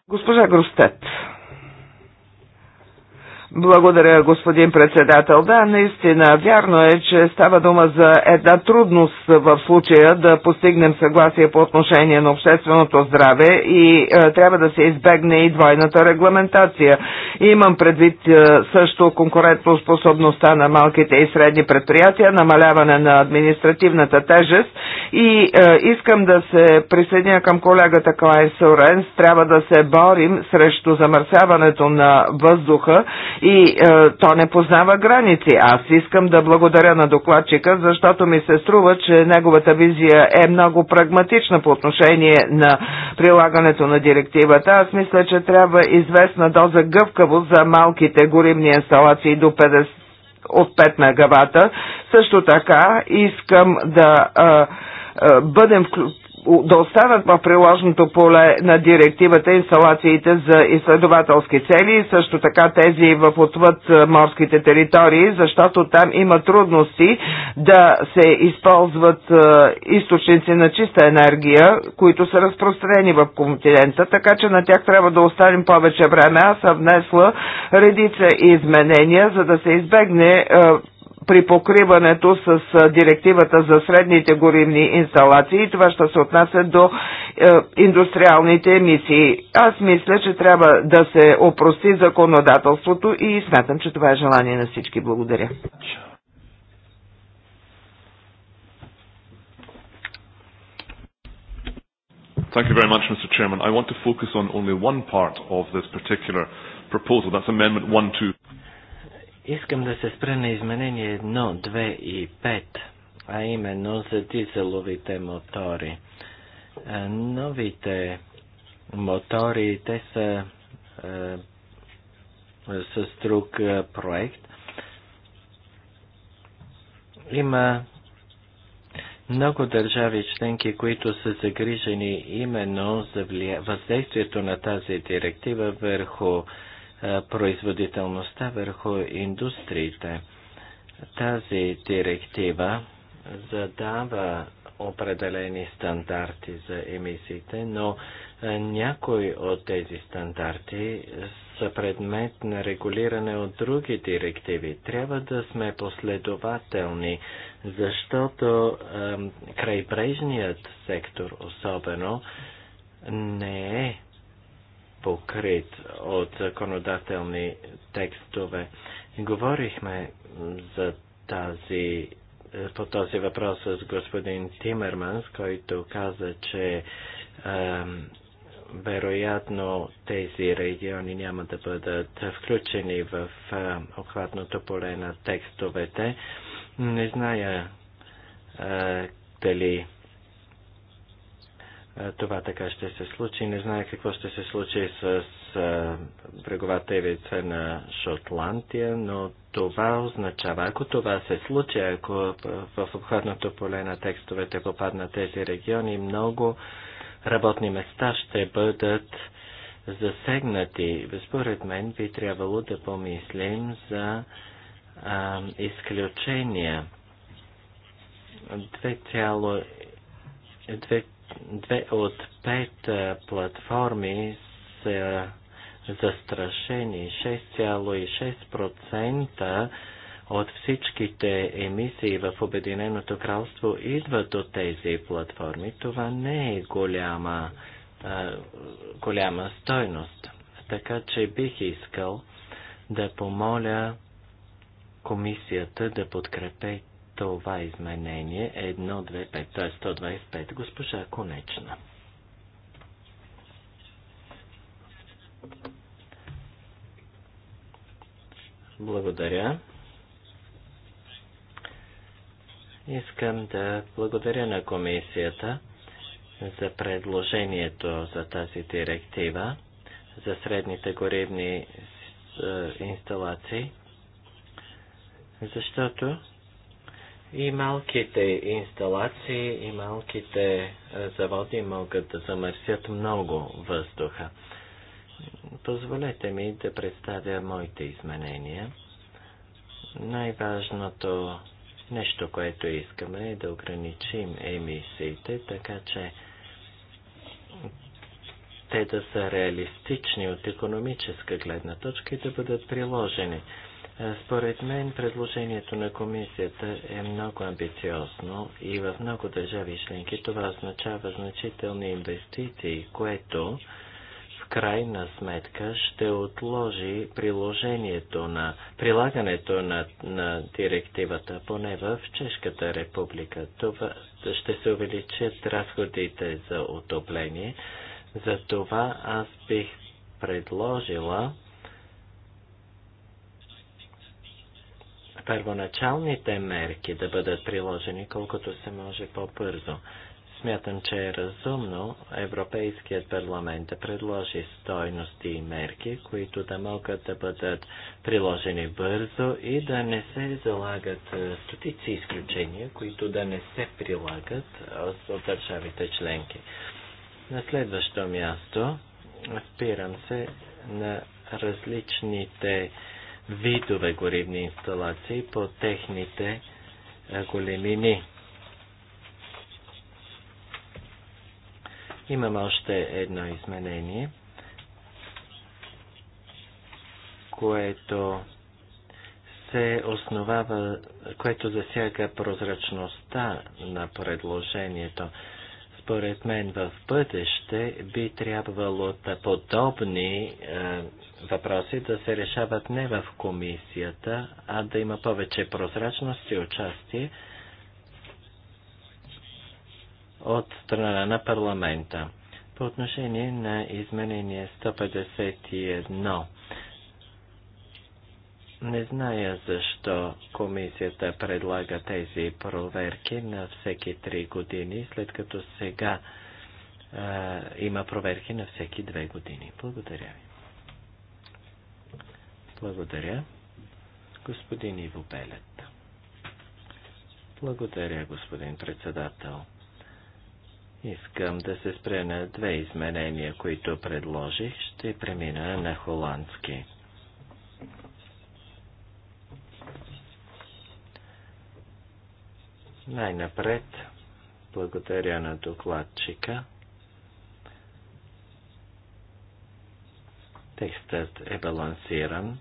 Госпожа Гростет. Благодаря, господин председател. Да, наистина, вярно е, че става дума за една трудност в случая да постигнем съгласие по отношение на общественото здраве и е, трябва да се избегне и двойната регламентация. Имам предвид е, също конкурентоспособността на малките и средни предприятия, намаляване на административната тежест и е, искам да се присъединя към колегата Клайн Соренс. Трябва да се борим срещу замърсяването на въздуха и е, то не познава граници. Аз искам да благодаря на докладчика, защото ми се струва, че неговата визия е много прагматична по отношение на прилагането на директивата. Аз мисля, че трябва известна доза гъвкавост за малките горивни инсталации до 50 от 5 мегавата. Също така искам да а, е, а, е, бъдем да останат в приложното поле на директивата инсталациите за изследователски цели, също така тези в отвъд е, морските територии, защото там има трудности да се използват е, източници на чиста енергия, които са разпространени в континента, така че на тях трябва да оставим повече време. Аз съм внесла редица изменения, за да се избегне е, при покриването с директивата за средните горивни инсталации и това ще се отнася до е, индустриалните емисии. Аз мисля, че трябва да се опрости законодателството и смятам, че това е желание на всички. Благодаря. Thank you very much, Mr. Chairman. I want to focus on only one part of this particular proposal. That's Amendment 1 2. Искам да се спра на изменение 1, 2 и 5, а именно за дизеловите мотори. Е, новите мотори, те са е, с друг е, проект. Има много държави членки, които са загрижени именно за влия... въздействието на тази директива върху е, производителността върху индустриите. Тази директива задава определени стандарти за емисиите, но някои от тези стандарти са предмет на регулиране от други директиви. Трябва да сме последователни, защото е, крайбрежният сектор особено не е покрит от законодателни текстове. Говорихме за тази, по този въпрос с господин Тимерманс, който каза, че е, вероятно тези региони няма да бъдат включени в е, обхватното поле на текстовете. Не зная е, дали е, това така ще се случи. Не знае какво ще се случи с е, бреговата ивица на Шотландия, но това означава, ако това се случи, ако в обходното поле на текстовете попаднат тези региони, много работни места ще бъдат засегнати. Според мен би трябвало да помислим за а, изключения. 2,5 Две от пет платформи са застрашени. 6,6% от всичките емисии в Обединеното кралство идват от тези платформи. Това не е голяма, а, голяма стойност. Така че бих искал да помоля комисията да подкрепи това изменение е 125, т.е. 125, госпожа Конечна. Благодаря. Искам да благодаря на комисията за предложението за тази директива за средните горивни е, инсталации, защото и малките инсталации, и малките е, заводи могат да замърсят много въздуха. Позволете ми да представя моите изменения. Най-важното нещо, което искаме е да ограничим емисиите, така че те да са реалистични от економическа гледна точка и да бъдат приложени. Е, според мен предложението на комисията е много амбициозно и в много държави членки това означава значителни инвестиции, което в крайна сметка ще отложи приложението на, прилагането на, на директивата, поне в Чешката република. Това ще се увеличат разходите за отопление. Затова аз бих предложила първоначалните мерки да бъдат приложени колкото се може по-бързо. Смятам, че е разумно Европейският парламент да предложи стойности и мерки, които да могат да бъдат приложени бързо и да не се залагат е, стотици изключения, които да не се прилагат от държавите членки. На следващо място спирам се на различните видове горивни инсталации по техните големини. Имам още едно изменение, което се основава, което засяга прозрачността на предложението. Според мен в бъдеще би трябвало да подобни е, въпроси да се решават не в комисията, а да има повече прозрачност и участие от страна на парламента. По отношение на изменение 151 не зная защо комисията предлага тези проверки на всеки три години, след като сега а, е, има проверки на всеки две години. Благодаря ви. Благодаря. Господин Иво Белет. Благодаря, господин председател. Искам да се спре на две изменения, които предложих. Ще премина на холандски. Най-напред благодаря на докладчика. Текстът е балансиран.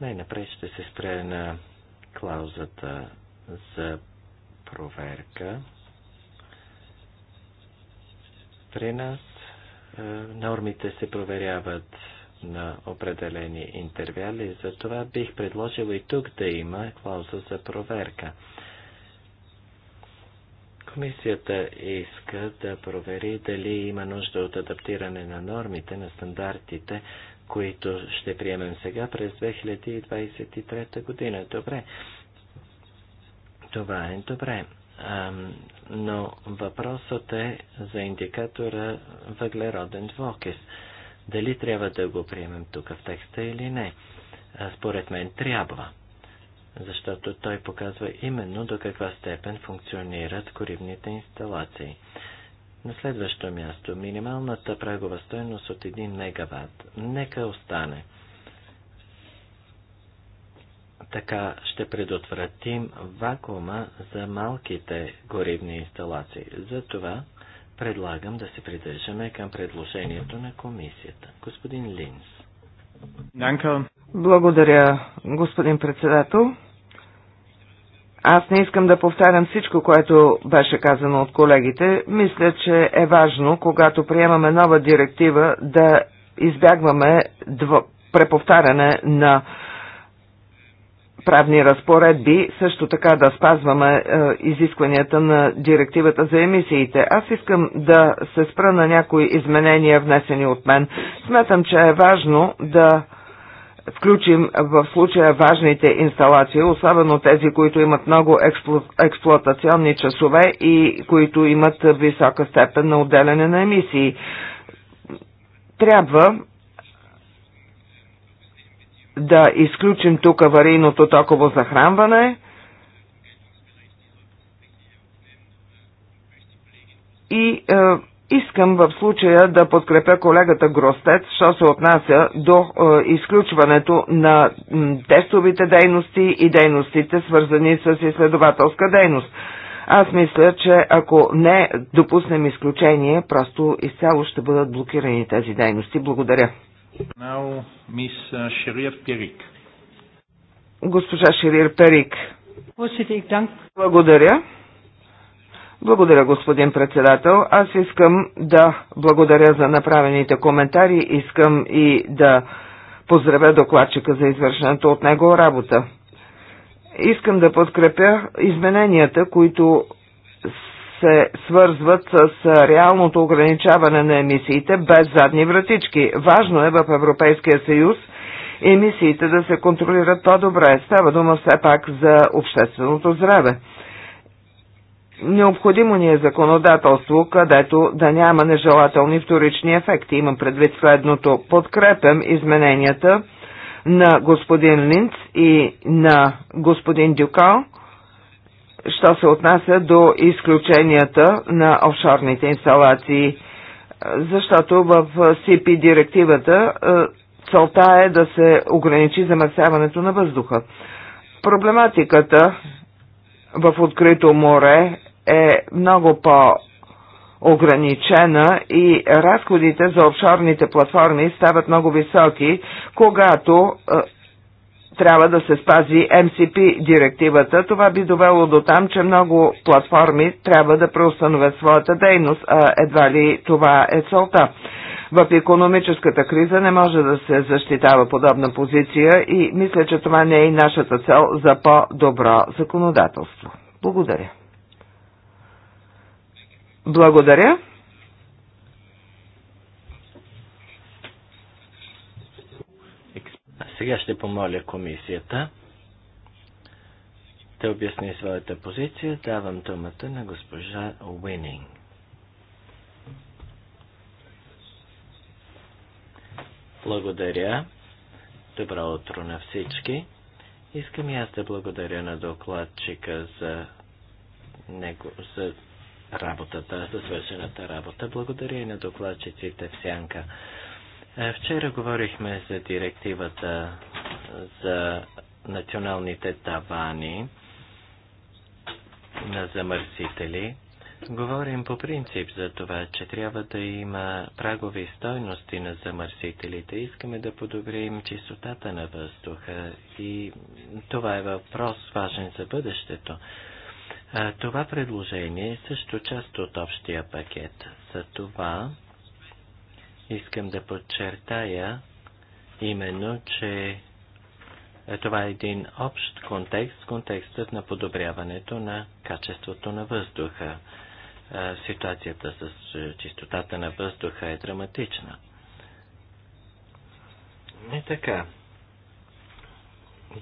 Най-напред ще се спре на клаузата за проверка. При нас е, нормите се проверяват на определени интервяли, затова бих предложил и тук да има клауза за проверка. Комисията иска да провери дали има нужда от адаптиране на нормите, на стандартите, които ще приемем сега през 2023 година. Добре. Това е добре. но въпросът е за индикатора въглероден двокис. Дали трябва да го приемем тук в текста или не? Според мен трябва, защото той показва именно до каква степен функционират горивните инсталации. На следващо място, минималната прагова стоеност от 1 мегаватт. Нека остане. Така ще предотвратим вакуума за малките горивни инсталации. Затова предлагам да се придържаме към предложението на комисията. Господин Линс. Благодаря, господин председател. Аз не искам да повтарям всичко, което беше казано от колегите. Мисля, че е важно, когато приемаме нова директива, да избягваме дво... преповтаряне на правни разпоредби, също така да спазваме е, изискванията на директивата за емисиите. Аз искам да се спра на някои изменения, внесени от мен. Смятам, че е важно да включим в случая важните инсталации, особено тези, които имат много експло... експлуатационни часове и които имат висока степен на отделяне на емисии. Трябва да изключим тук аварийното токово захранване и е, Искам в случая да подкрепя колегата Гростец, що се отнася до е, изключването на м, тестовите дейности и дейностите, свързани с изследователска дейност. Аз мисля, че ако не допуснем изключение, просто изцяло ще бъдат блокирани тези дейности. Благодаря. Now, uh, Госпожа Шерир Перик. Благодаря. Благодаря, господин председател. Аз искам да благодаря за направените коментари. Искам и да поздравя докладчика за извършената от него работа. Искам да подкрепя измененията, които се свързват с реалното ограничаване на емисиите без задни вратички. Важно е в Европейския съюз емисиите да се контролират по-добре. Става дума все пак за общественото здраве. Необходимо ни е законодателство, където да няма нежелателни вторични ефекти. Имам предвид следното. Подкрепям измененията на господин Линц и на господин Дюкал – що се отнася до изключенията на офшорните инсталации, е, защото в CP директивата е, целта е да се ограничи замърсяването на въздуха. Проблематиката в открито море е много по- ограничена и разходите за офшорните платформи стават много високи, когато е, трябва да се спази MCP директивата. Това би довело до там, че много платформи трябва да преустановят своята дейност, а едва ли това е целта. В економическата криза не може да се защитава подобна позиция и мисля, че това не е и нашата цел за по-добро законодателство. Благодаря. Благодаря. Сега ще помоля комисията да обясни своята позиция. Давам думата на госпожа Уининг. Благодаря. Добро утро на всички. Искам и аз да благодаря на докладчика за, него, за работата, за свършената работа. Благодаря и на докладчиците в Сянка. Е, вчера говорихме за директивата за националните тавани на замърсители. Говорим по принцип за това, че трябва да има прагови стойности на замърсителите. Искаме да подобрим чистотата на въздуха и това е въпрос важен за бъдещето. Това предложение е също част от общия пакет. За това Искам да подчертая именно, че е, това е един общ контекст, контекстът на подобряването на качеството на въздуха. Е, ситуацията с е, чистотата на въздуха е драматична. Не така.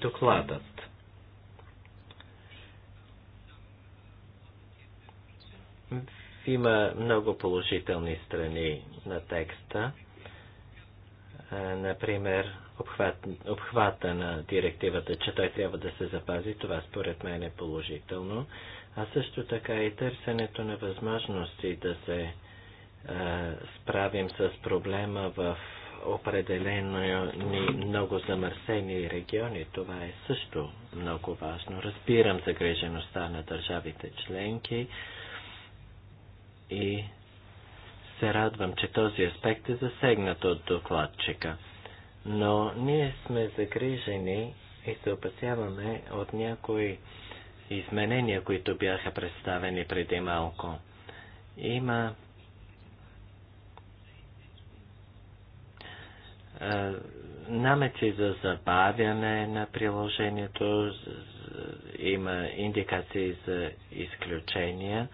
Докладът. Има много положителни страни на текста. Е, например, обхват, обхвата на директивата, че той трябва да се запази, това според мен е положително, а също така и търсенето на възможности да се е, справим с проблема в определено ни много замърсени региони. Това е също много важно. Разбирам загрежеността на държавите членки и се радвам, че този аспект е засегнат от докладчика. Но ние сме загрижени и се опасяваме от някои изменения, които бяха представени преди малко. Има намеци за забавяне на приложението, има индикации за изключения.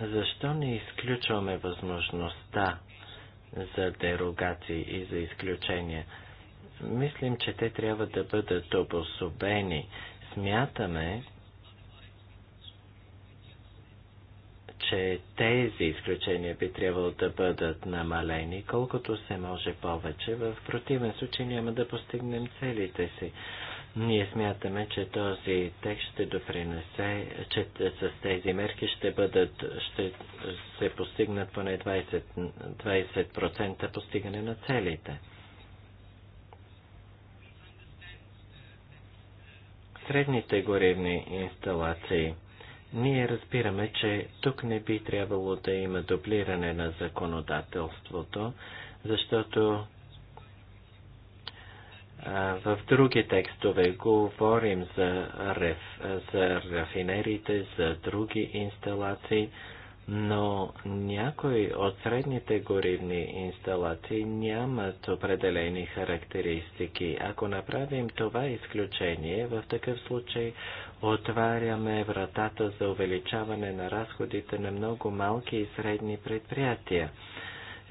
Защо не изключваме възможността за дерогации и за изключения? Мислим, че те трябва да бъдат обособени. Смятаме, че тези изключения би трябвало да бъдат намалени колкото се може повече. В противен случай няма да постигнем целите си. Ние смятаме, че този текст ще допринесе, че с тези мерки ще, бъдат, ще се постигнат поне 20%, 20 постигане на целите. Средните горивни инсталации. Ние разбираме, че тук не би трябвало да има дублиране на законодателството, защото в други текстове говорим за, реф, за рафинерите, за други инсталации, но някои от средните горивни инсталации нямат определени характеристики. Ако направим това изключение, в такъв случай отваряме вратата за увеличаване на разходите на много малки и средни предприятия.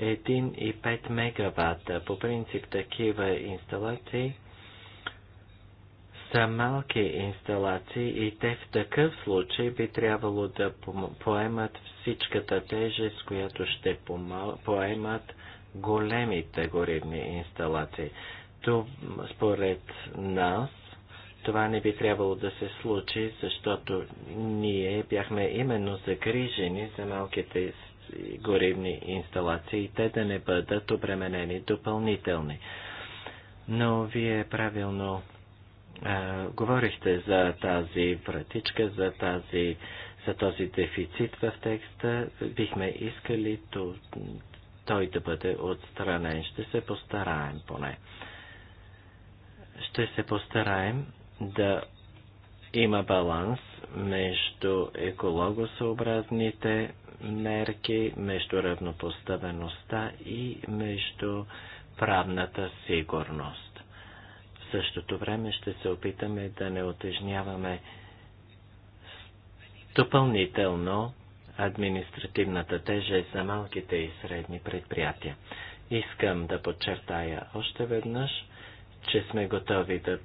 1,5 мегаватта. По принцип такива инсталации са малки инсталации и те в такъв случай би трябвало да поемат всичката тежест, която ще поемат големите горивни инсталации. То, според нас, това не би трябвало да се случи, защото ние бяхме именно загрижени за малките горивни инсталации те да не бъдат обременени допълнителни. Но вие правилно а, говорихте за тази вратичка, за, тази, за този дефицит в текста. Бихме искали то, той да бъде отстранен. Ще се постараем поне. Ще се постараем да има баланс между екологосъобразните мерки между равнопоставеността и между правната сигурност. В същото време ще се опитаме да не отежняваме допълнително административната тежест за малките и средни предприятия. Искам да подчертая още веднъж, че сме готови да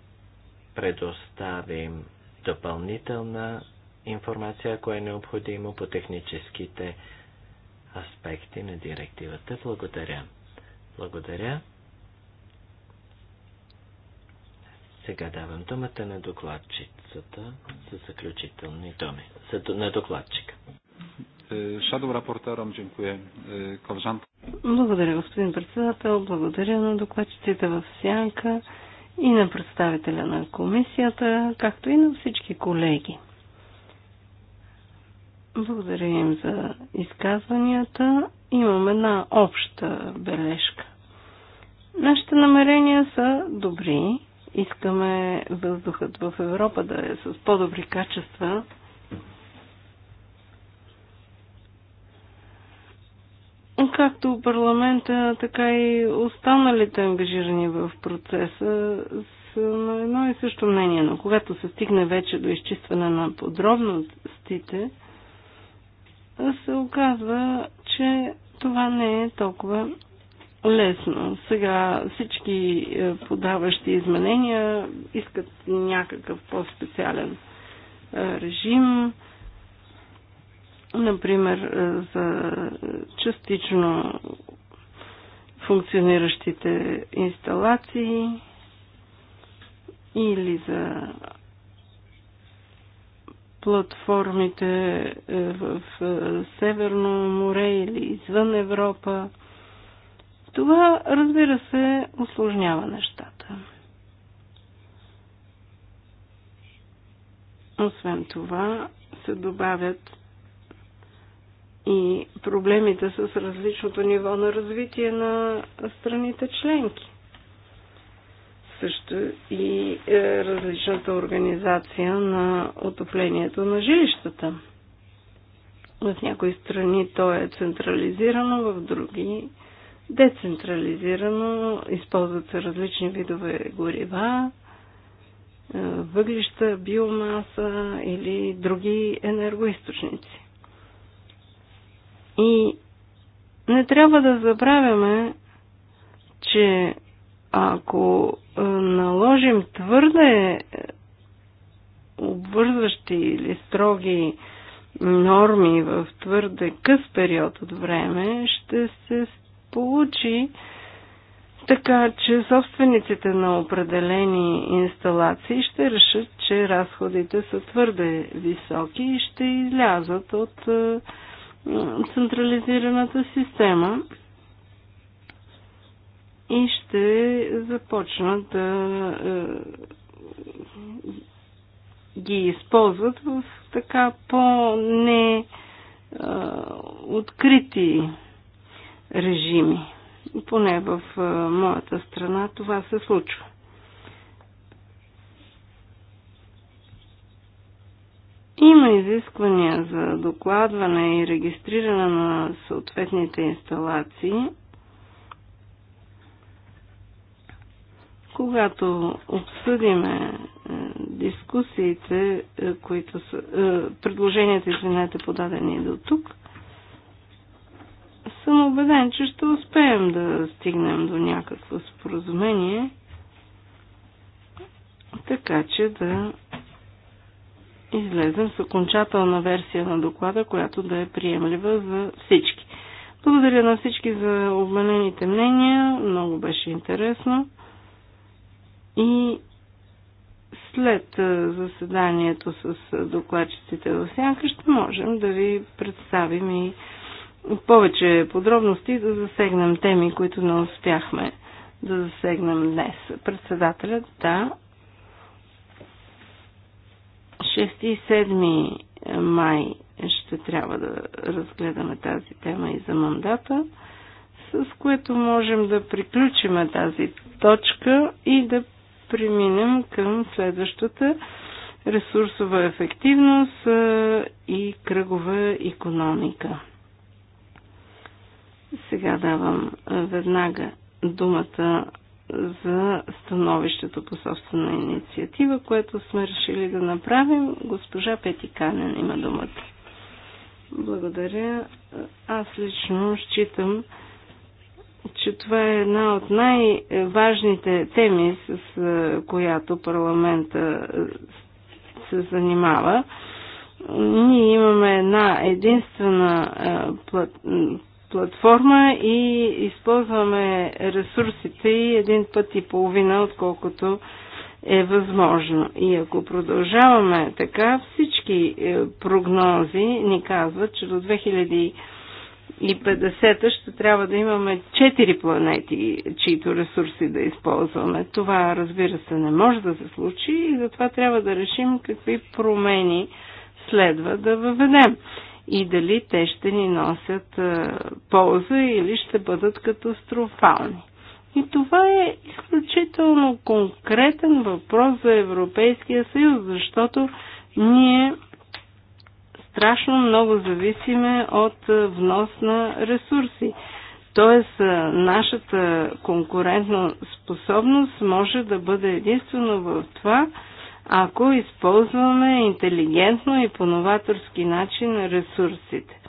предоставим допълнителна информация, ако е необходимо по техническите аспекти на директивата. Благодаря. Благодаря. Сега давам думата на докладчицата за заключителни думи. За, на докладчика. Шадов е, рапортерам, дякую. Е, Колжанка. Благодаря, господин председател. Благодаря на докладчиците в Сянка и на представителя на комисията, както и на всички колеги. Благодаря им за изказванията. Имам една обща бележка. Нашите намерения са добри. Искаме въздухът в Европа да е с по-добри качества. Както парламента, така и останалите ангажирани в процеса са на едно и също мнение, но когато се стигне вече до изчистване на подробностите, се оказва, че това не е толкова лесно. Сега всички е, подаващи изменения искат някакъв по-специален е, режим, например е, за частично функциониращите инсталации или за платформите е, в е, Северно море или извън Европа. Това, разбира се, осложнява нещата. Освен това, се добавят и проблемите с различното ниво на развитие на страните членки също и е, различната организация на отоплението на жилищата. В някои страни то е централизирано, в други децентрализирано, използват се различни видове горива, е, въглища, биомаса или други енергоисточници. И не трябва да забравяме, че ако е, наложим твърде обвързващи или строги норми в твърде къс период от време, ще се получи така, че собствениците на определени инсталации ще решат, че разходите са твърде високи и ще излязат от е, централизираната система и ще започнат да е, ги използват в така по-не е, открити режими. Поне в е, моята страна това се случва. Има изисквания за докладване и регистриране на съответните инсталации – Когато обсъдиме е, дискусиите, е, които са, е, предложенията, извинете, подадени до тук, съм убеден, че ще успеем да стигнем до някакво споразумение, така че да излезем с окончателна версия на доклада, която да е приемлива за всички. Благодаря на всички за обменените мнения, много беше интересно. И след заседанието с докладчиците в Сянка ще можем да ви представим и повече подробности да засегнем теми, които не успяхме да засегнем днес. Председателят, да. 6 и 7 май ще трябва да разгледаме тази тема и за мандата, с което можем да приключим тази точка и да преминем към следващата ресурсова ефективност и кръгова економика. Сега давам веднага думата за становището по собствена инициатива, което сме решили да направим. Госпожа Пети Канен има думата. Благодаря. Аз лично считам, че това е една от най-важните теми, с която парламента се занимава. Ние имаме една единствена платформа и използваме ресурсите и един път и половина, отколкото е възможно. И ако продължаваме така, всички е, прогнози ни казват, че до 2000 2050 ще трябва да имаме 4 планети, чието ресурси да използваме. Това, разбира се, не може да се случи и затова трябва да решим какви промени следва да въведем и дали те ще ни носят е, полза или ще бъдат катастрофални. И това е изключително конкретен въпрос за Европейския съюз, защото ние страшно много зависиме от е, внос на ресурси. Тоест, е, нашата конкурентна способност може да бъде единствено в това, ако използваме интелигентно и по новаторски начин ресурсите.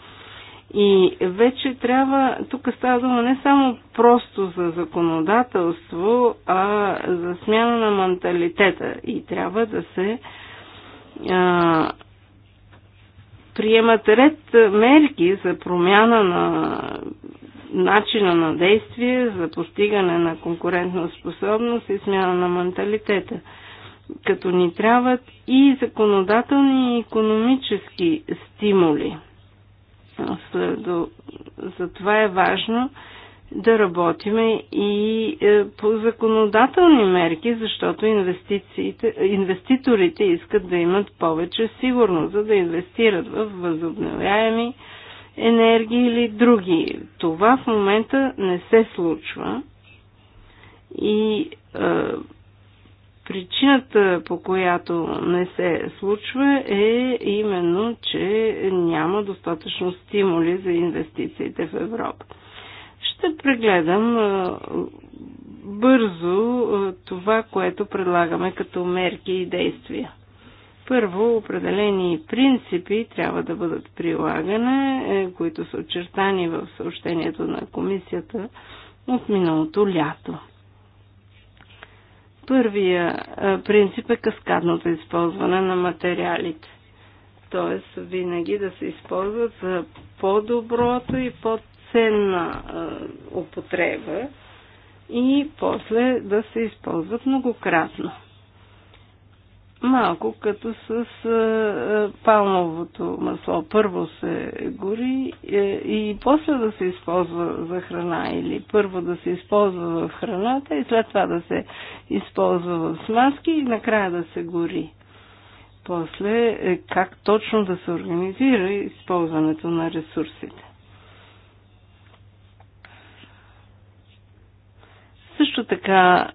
И вече трябва, тук става дума не само просто за законодателство, а за смяна на менталитета. И трябва да се а, приемат ред мерки за промяна на начина на действие, за постигане на конкурентна способност и смяна на менталитета. Като ни трябват и законодателни и економически стимули. Затова е важно да работиме и е, по законодателни мерки, защото инвеститорите искат да имат повече сигурност, за да инвестират в възобновяеми енергии или други. Това в момента не се случва и е, причината по която не се случва е именно, че няма достатъчно стимули за инвестициите в Европа да прегледам бързо това, което предлагаме като мерки и действия. Първо, определени принципи трябва да бъдат прилагане, е, които са очертани в съобщението на комисията от миналото лято. Първия принцип е каскадното използване на материалите. Тоест, винаги да се използват за по-доброто и по ценна употреба и после да се използват многократно. Малко като с палмовото масло. Първо се гори е, и после да се използва за храна или първо да се използва в храната и след това да се използва в смазки и накрая да се гори. После е как точно да се организира използването на ресурсите. Също така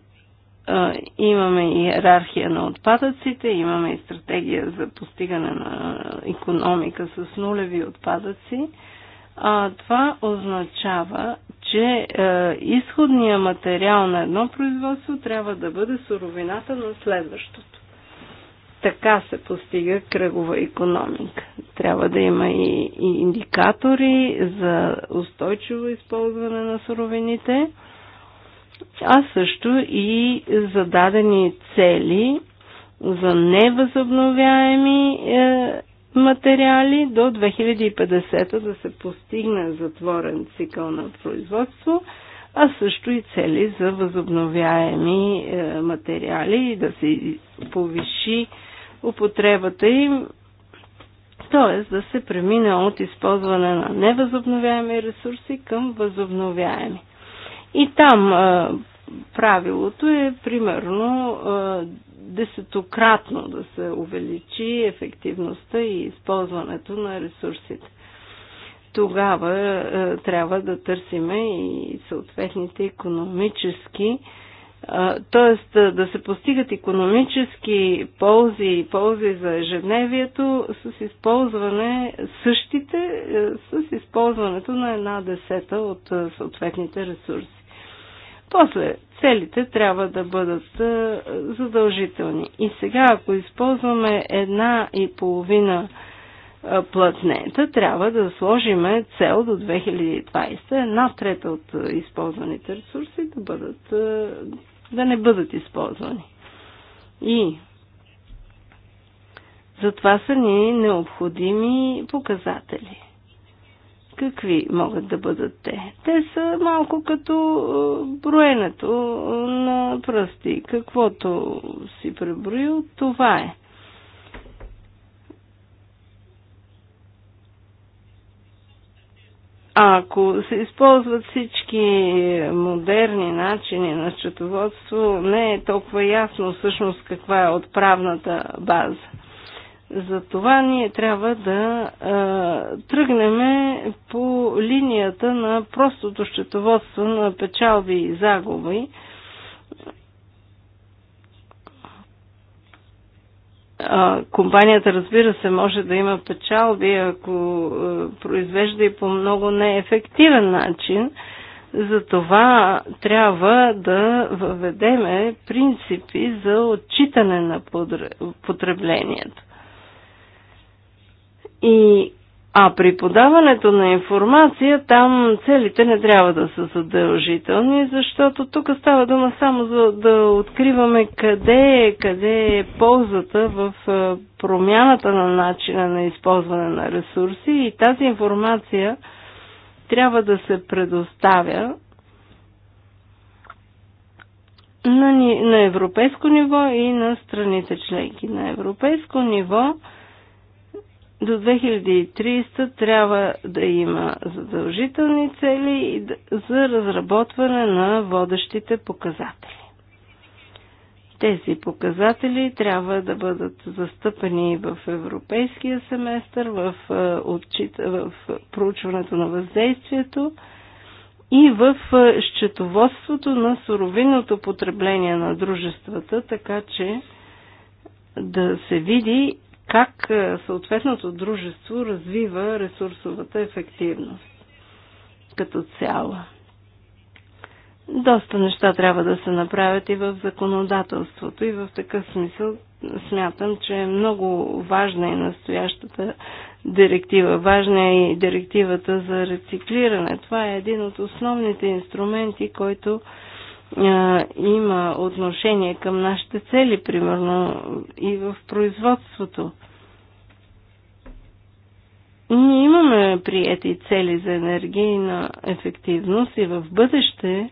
имаме и иерархия на отпадъците, имаме и стратегия за постигане на економика с нулеви отпадъци. А, това означава, че е, изходният материал на едно производство трябва да бъде суровината на следващото. Така се постига кръгова економика. Трябва да има и, и индикатори за устойчиво използване на суровините а също и зададени цели за невъзобновяеми е, материали до 2050 да се постигне затворен цикъл на производство, а също и цели за възобновяеми е, материали и да се повиши употребата им, т.е. да се премине от използване на невъзобновяеми ресурси към възобновяеми. И там а, правилото е примерно а, десетократно да се увеличи ефективността и използването на ресурсите. Тогава а, трябва да търсиме и съответните економически т.е. да се постигат економически ползи и ползи за ежедневието с използване същите, с използването на една десета от съответните ресурси. После целите трябва да бъдат е, задължителни. И сега, ако използваме една и половина е, платнета, трябва да сложиме цел до 2020 една трета от е, използваните ресурси да, бъдат, да не бъдат използвани. И затова са ни необходими показатели. Какви могат да бъдат те? Те са малко като е, броенето е, на пръсти. Каквото си преброил, това е. А ако се използват всички модерни начини на счетоводство, не е толкова ясно всъщност каква е отправната база. За това ние трябва да а, тръгнем по линията на простото счетоводство на печалби и загуби. А, компанията, разбира се, може да има печалби, ако а, произвежда и по много неефективен начин. Затова трябва да въведеме принципи за отчитане на потреблението и, а при подаването на информация там целите не трябва да са задължителни, защото тук става дума само за да откриваме къде е, къде е ползата в промяната на начина на използване на ресурси и тази информация трябва да се предоставя на, на европейско ниво и на страните членки. На европейско ниво до 2030 трябва да има задължителни цели за разработване на водещите показатели. Тези показатели трябва да бъдат застъпени в европейския семестър, в, е, отчит, в проучването на въздействието и в е, счетоводството на суровинното потребление на дружествата, така че да се види как е, съответното дружество развива ресурсовата ефективност като цяло. Доста неща трябва да се направят и в законодателството, и в такъв смисъл смятам, че е много важна и настоящата директива. Важна е и директивата за рециклиране. Това е един от основните инструменти, който а, има отношение към нашите цели, примерно и в производството. Ние имаме приети цели за енергийна ефективност и в бъдеще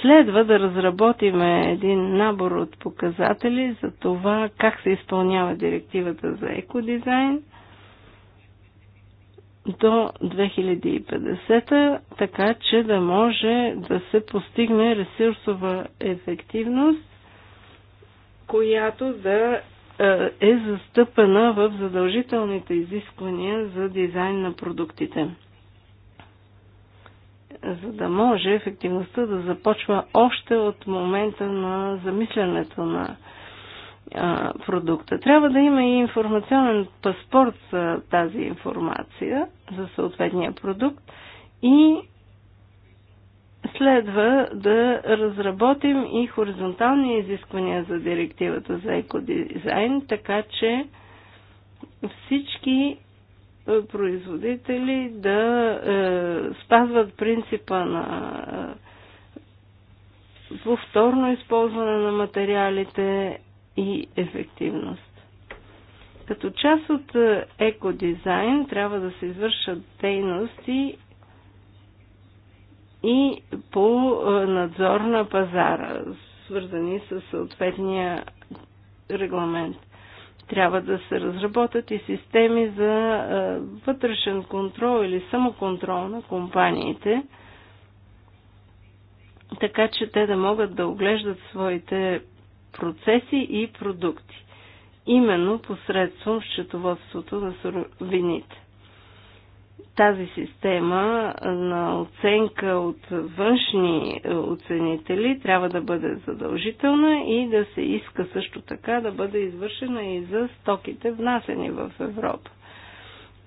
следва да разработиме един набор от показатели за това как се изпълнява директивата за екодизайн до 2050, така че да може да се постигне ресурсова ефективност, която да е, е застъпена в задължителните изисквания за дизайн на продуктите. За да може ефективността да започва още от момента на замислянето на продукта. Трябва да има и информационен паспорт за тази информация, за съответния продукт и следва да разработим и хоризонтални изисквания за директивата за екодизайн, така че всички производители да е, спазват принципа на е, повторно използване на материалите, и ефективност. Като част от е, екодизайн трябва да се извършат дейности и по е, надзор на пазара, свързани с съответния регламент. Трябва да се разработят и системи за е, вътрешен контрол или самоконтрол на компаниите, така че те да могат да оглеждат своите процеси и продукти, именно посредством счетоводството на суровините. Тази система на оценка от външни оценители трябва да бъде задължителна и да се иска също така да бъде извършена и за стоките внасени в Европа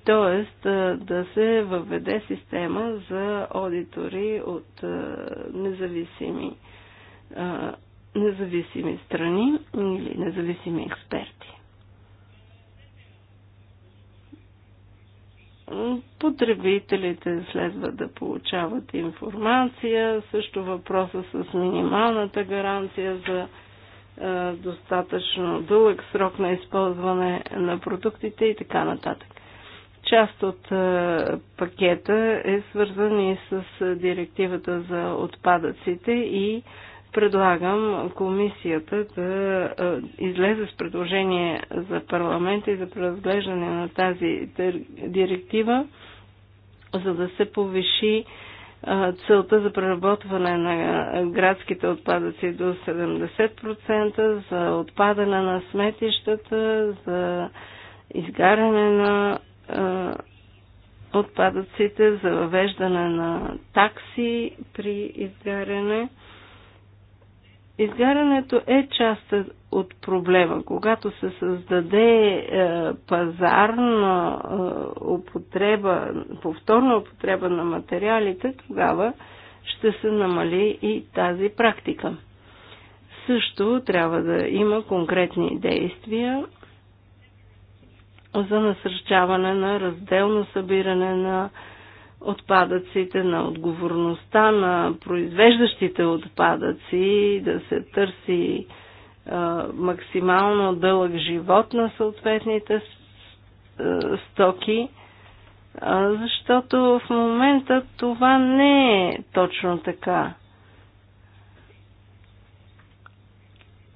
Тоест, да се въведе система за аудитори от независими независими страни или независими експерти. Потребителите следва да получават информация, също въпроса с минималната гаранция за достатъчно дълъг срок на използване на продуктите и така нататък. Част от пакета е свързан и с директивата за отпадъците и предлагам комисията да излезе с предложение за парламента и за преразглеждане на тази директива, за да се повиши целта за преработване на градските отпадъци до 70%, за отпадане на сметищата, за изгаряне на отпадъците, за въвеждане на такси при изгаряне. Изгарянето е част от проблема. Когато се създаде е, пазарна е, употреба, повторна употреба на материалите, тогава ще се намали и тази практика. Също трябва да има конкретни действия за насърчаване на разделно събиране на е, отпадъците, на отговорността на произвеждащите отпадъци, да се търси а, максимално дълъг живот на съответните стоки, а, защото в момента това не е точно така.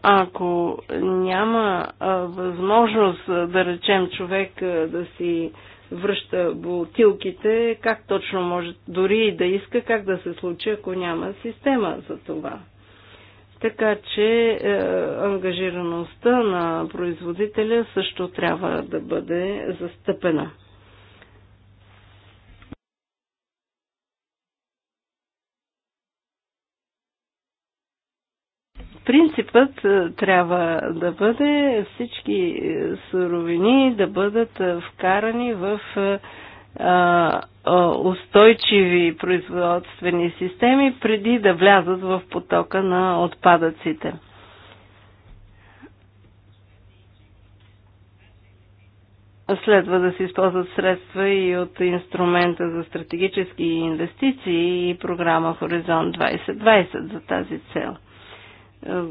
Ако няма а, възможност, да речем, човек а, да си а, връща бутилките, как точно може, дори и да иска, как да се случи, ако няма система за това. Така че е, ангажираността на производителя също трябва да бъде застъпена. Принципът е, трябва да бъде всички е, суровини да бъдат е, вкарани в устойчиви производствени системи преди да влязат в потока на отпадъците. Следва да се използват средства и от инструмента за стратегически инвестиции и програма Хоризонт 2020 за тази цел – е,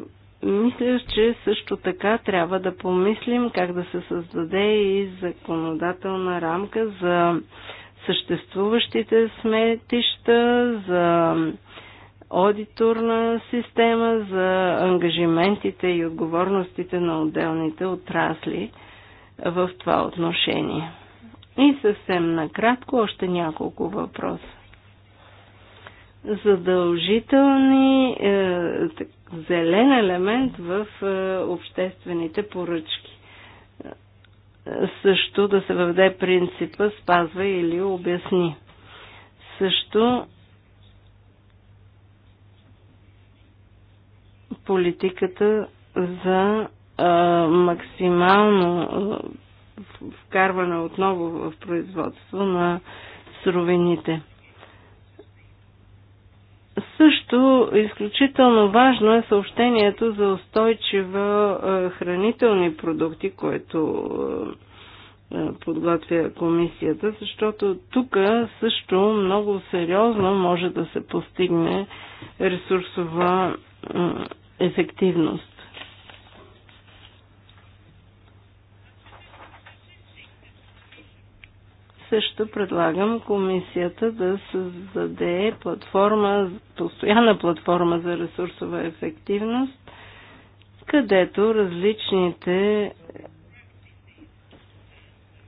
мисля, че също така трябва да помислим как да се създаде и законодателна рамка за съществуващите сметища, за аудиторна система, за ангажиментите и отговорностите на отделните отрасли в това отношение. И съвсем накратко още няколко въпроса задължителни е, зелен елемент в е, обществените поръчки. Също да се въведе принципа спазва или обясни. Също политиката за а, е, максимално а, е, вкарване отново в производство на суровините. Също изключително важно е съобщението за устойчива е, хранителни продукти, което е, е, подготвя комисията, защото тук също много сериозно може да се постигне ресурсова ефективност. също предлагам комисията да създаде платформа, постоянна платформа за ресурсова ефективност, където различните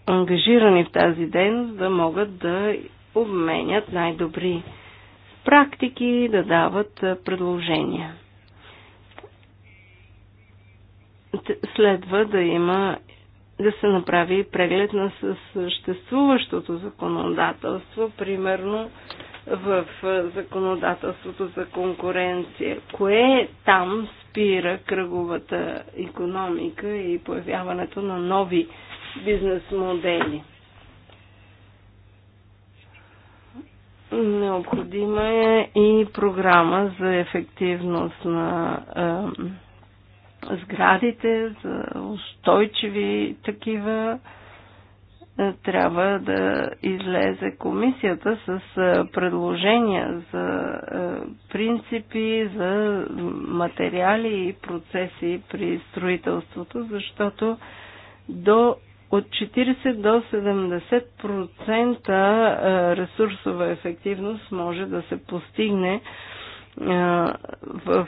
ангажирани в тази дейност да могат да обменят най-добри практики, да дават предложения. Следва да има да се направи преглед на съществуващото законодателство, примерно в законодателството за конкуренция. Кое там спира кръговата економика и появяването на нови бизнес модели? Необходима е и програма за ефективност на сградите, за устойчиви такива. Е, трябва да излезе комисията с е, предложения за е, принципи, за материали и процеси при строителството, защото до от 40 до 70% ресурсова ефективност може да се постигне в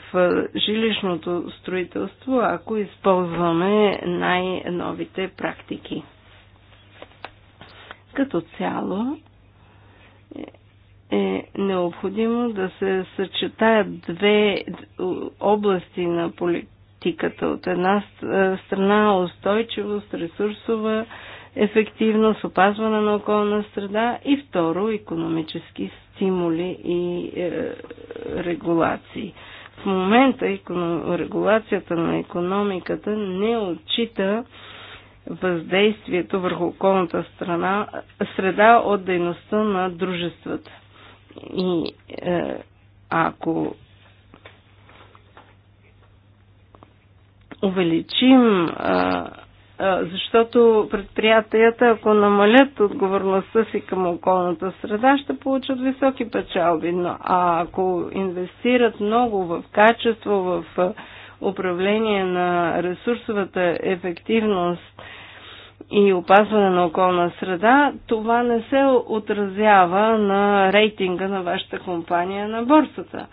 жилищното строителство, ако използваме най-новите практики. Като цяло е, е необходимо да се съчетаят две области на политиката. От една страна устойчивост, ресурсова ефективност, опазване на околна среда и второ економически стимули и е, регулации. В момента регулацията на економиката не отчита въздействието върху околната страна, среда от дейността на дружествата. И е, ако увеличим е, защото предприятията, ако намалят отговорността си към околната среда, ще получат високи печалби. Но, а ако инвестират много в качество, в управление на ресурсовата ефективност и опазване на околна среда, това не се отразява на рейтинга на вашата компания на борсата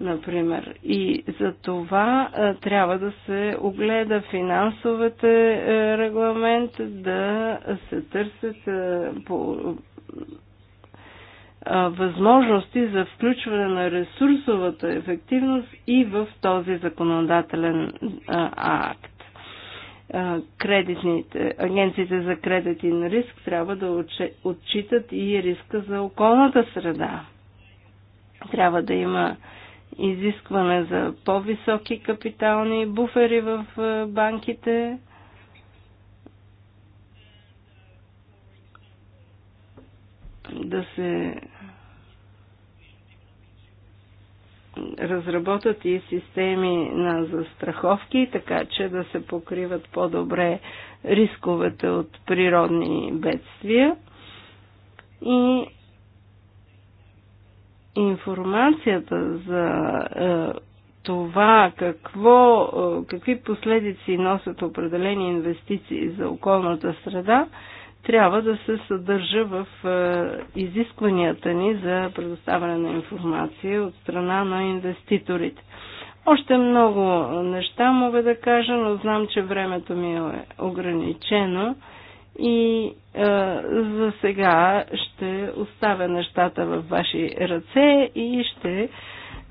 например. И за това а, е, трябва да се огледа финансовете а, е, регламент, да се търсят а, е, по, а, възможности за включване на ресурсовата ефективност и в този законодателен а, акт. Кредитните, агенциите за кредитен риск трябва да отчитат и риска за околната среда. Трябва да има а, изискване за по-високи капитални буфери в е, банките. Да се разработят и системи на застраховки, така че да се покриват по-добре рисковете от природни бедствия. И информацията за е, това какво, е, какви последици носят определени инвестиции за околната среда, трябва да се съдържа в е, изискванията ни за предоставяне на информация от страна на инвеститорите. Още много неща мога да кажа, но знам, че времето ми е ограничено. И а, за сега ще оставя нещата във ваши ръце и ще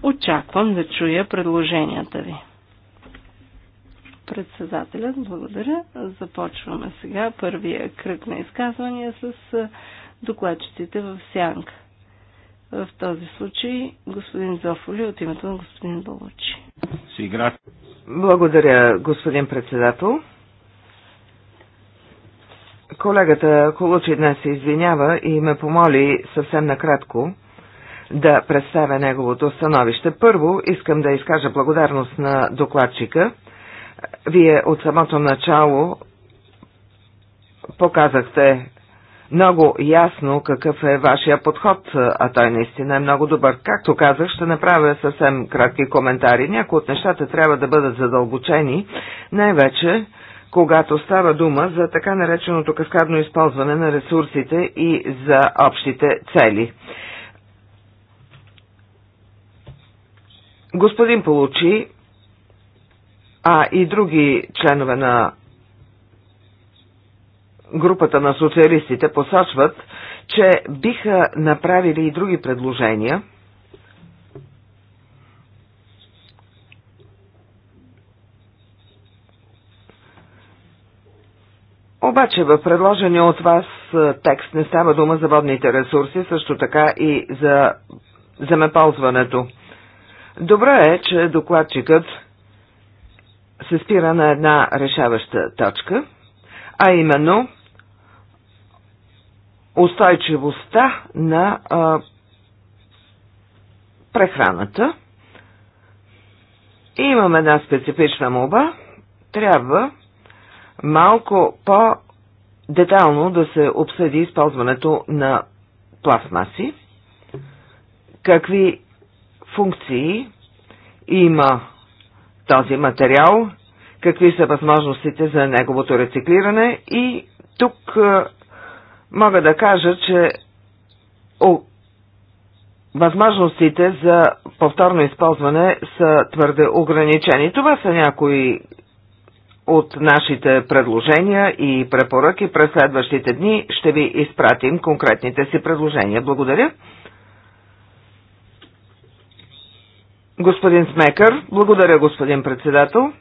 очаквам да чуя предложенията ви. Председателят, благодаря. Започваме сега първия кръг на изказвания с докладчиците в сянка. В този случай господин Зофоли от името на господин Балучи. Благодаря, господин председател. Колегата Колучи днес се извинява и ме помоли съвсем накратко да представя неговото становище. Първо искам да изкажа благодарност на докладчика. Вие от самото начало показахте много ясно какъв е вашия подход, а той наистина е много добър. Както казах, ще направя съвсем кратки коментари. Някои от нещата трябва да бъдат задълбочени, най-вече когато става дума за така нареченото каскадно използване на ресурсите и за общите цели. Господин Получи, а и други членове на групата на социалистите посочват, че биха направили и други предложения – Обаче в предложения от вас е, текст не става дума за водните ресурси, също така и за земеползването. Добре е, че докладчикът се спира на една решаваща точка, а именно устойчивостта на а, прехраната. И имам една специфична моба. Трябва малко по-детално да се обсъди използването на пластмаси, какви функции има този материал, какви са възможностите за неговото рециклиране и тук е, мога да кажа, че възможностите за повторно използване са твърде ограничени. Това са някои от нашите предложения и препоръки през следващите дни. Ще ви изпратим конкретните си предложения. Благодаря. Господин Смекър, благодаря господин председател.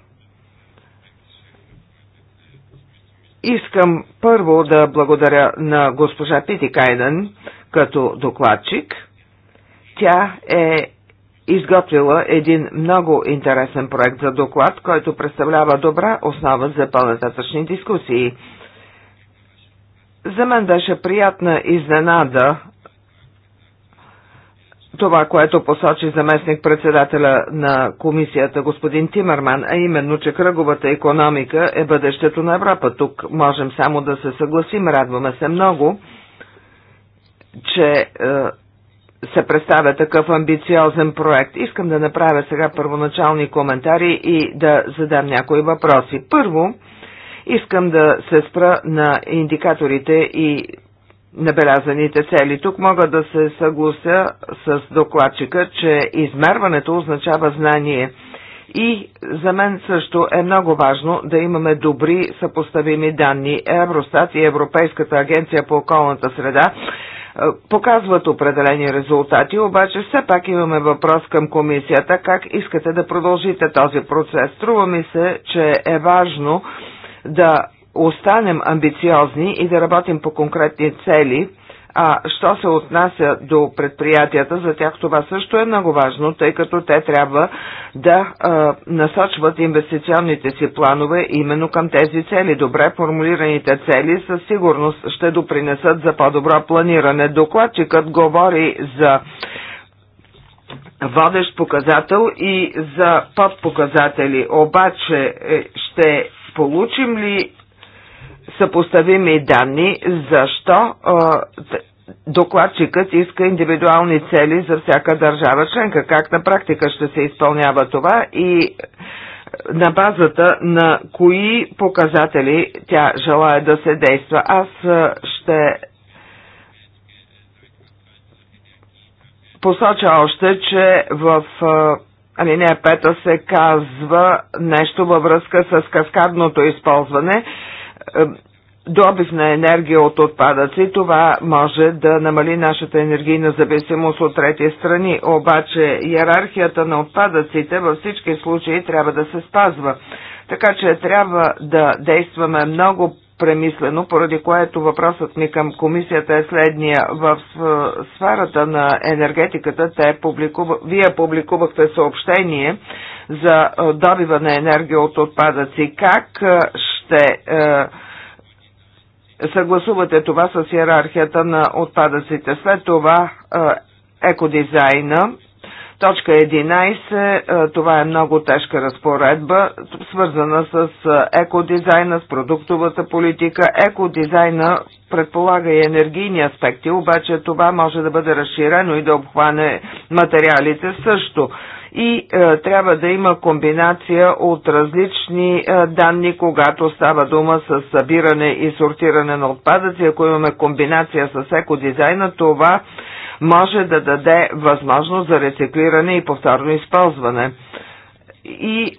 Искам първо да благодаря на госпожа Пити Кайден като докладчик. Тя е изготвила един много интересен проект за доклад, който представлява добра основа за по-нататъчни дискусии. За мен беше приятна изненада това, което посочи заместник председателя на комисията господин Тимърман, а именно, че кръговата економика е бъдещето на Европа. Тук можем само да се съгласим, радваме се много, че е, се представя такъв амбициозен проект. Искам да направя сега първоначални коментари и да задам някои въпроси. Първо, искам да се спра на индикаторите и набелязаните цели. Тук мога да се съглася с докладчика, че измерването означава знание. И за мен също е много важно да имаме добри съпоставими данни. Евростат и Европейската агенция по околната среда е, показват определени резултати, обаче все пак имаме въпрос към комисията, как искате да продължите този процес. Струва ми се, че е важно да останем амбициозни и да работим по конкретни цели, а що се отнася до предприятията, за тях това също е много важно, тъй като те трябва да а, насочват инвестиционните си планове именно към тези цели. Добре формулираните цели със сигурност ще допринесат за по-добро планиране. Докладчикът говори за водещ показател и за подпоказатели. Обаче е, ще получим ли съпоставими данни, защо докладчикът иска индивидуални цели за всяка държава членка, как на практика ще се изпълнява това и на базата на кои показатели тя желая да се действа. Аз ще посоча още, че в алинея 5 се казва нещо във връзка с каскадното използване добив на енергия от отпадъци, това може да намали нашата енергийна зависимост от трети страни. Обаче иерархията на отпадъците във всички случаи трябва да се спазва. Така че трябва да действаме много премислено, поради което въпросът ми към комисията е следния. В сферата на енергетиката те публикува, вие публикувахте съобщение за добива на енергия от отпадъци. Как ще съгласувате това с иерархията на отпадъците. След това е, екодизайна. Точка 11, е, това е много тежка разпоредба, свързана с е, екодизайна, с продуктовата политика. Екодизайна предполага и енергийни аспекти, обаче това може да бъде разширено и да обхване материалите също и е, трябва да има комбинация от различни е, данни, когато става дума с събиране и сортиране на отпадъци. Ако имаме комбинация с екодизайна, това може да даде възможност за рециклиране и повторно използване. И е,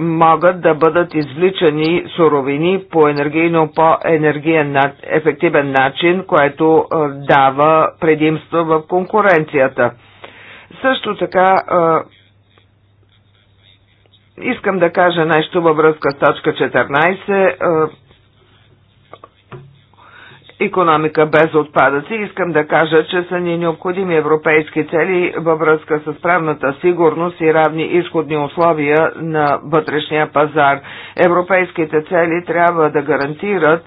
могат да бъдат извличани суровини по енергийно по-енергиен ефективен начин, което е, дава предимство в конкуренцията. Също така искам да кажа нещо във връзка с точка 14 економика без отпадъци, искам да кажа, че са ни необходими европейски цели във връзка с правната сигурност и равни изходни условия на вътрешния пазар. Европейските цели трябва да гарантират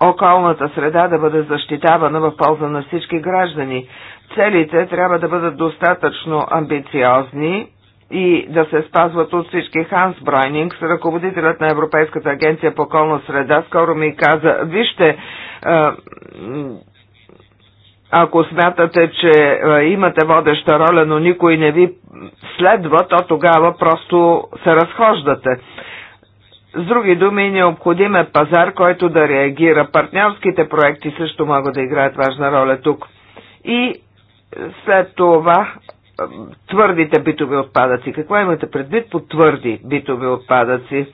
околната среда да бъде защитавана в полза на всички граждани. Целите трябва да бъдат достатъчно амбициозни и да се спазват от всички. Ханс Бройнинг, ръководителят на Европейската агенция по околна среда, скоро ми каза, вижте, ако смятате, че имате водеща роля, но никой не ви следва, то тогава просто се разхождате. С други думи, необходим е пазар, който да реагира. Партньорските проекти също могат да играят важна роля тук. И след това твърдите битови отпадъци. Какво имате предвид по твърди битови отпадъци?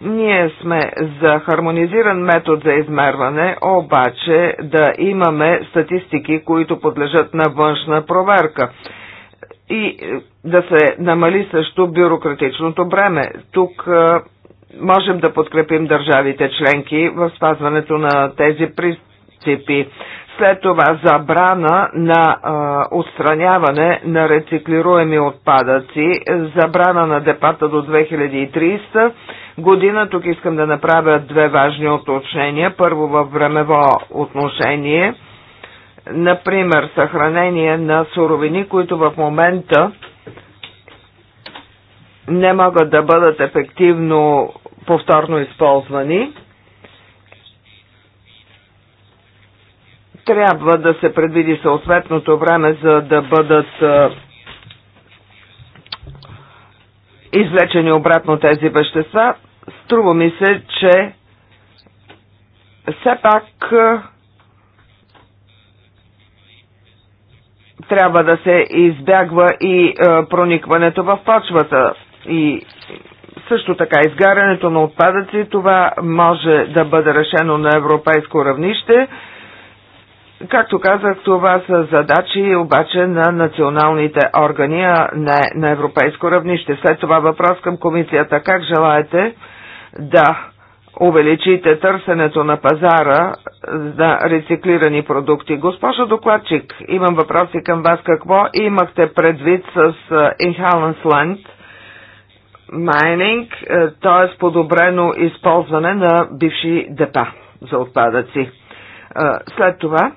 Ние сме за хармонизиран метод за измерване, обаче да имаме статистики, които подлежат на външна проверка и е, да се намали също бюрократичното бреме. Тук е, можем да подкрепим държавите членки в спазването на тези принципи. След това забрана на а, отстраняване на рециклируеми отпадъци, забрана на депата до 2300 година. Тук искам да направя две важни уточнения. Първо във времево отношение, например съхранение на суровини, които в момента не могат да бъдат ефективно повторно използвани. Трябва да се предвиди съответното време, за да бъдат извлечени обратно тези вещества. Струва ми се, че все пак трябва да се избягва и проникването в почвата и също така, изгарянето на отпадъци, това може да бъде решено на европейско равнище. Както казах, това са задачи обаче на националните органи, а не на европейско равнище. След това въпрос към комисията. Как желаете да увеличите търсенето на пазара на рециклирани продукти? Госпожо докладчик, имам въпроси към вас. Какво имахте предвид с Inhalance Land – майнинг, т.е. Е подобрено използване на бивши депа за отпадъци. Е, след това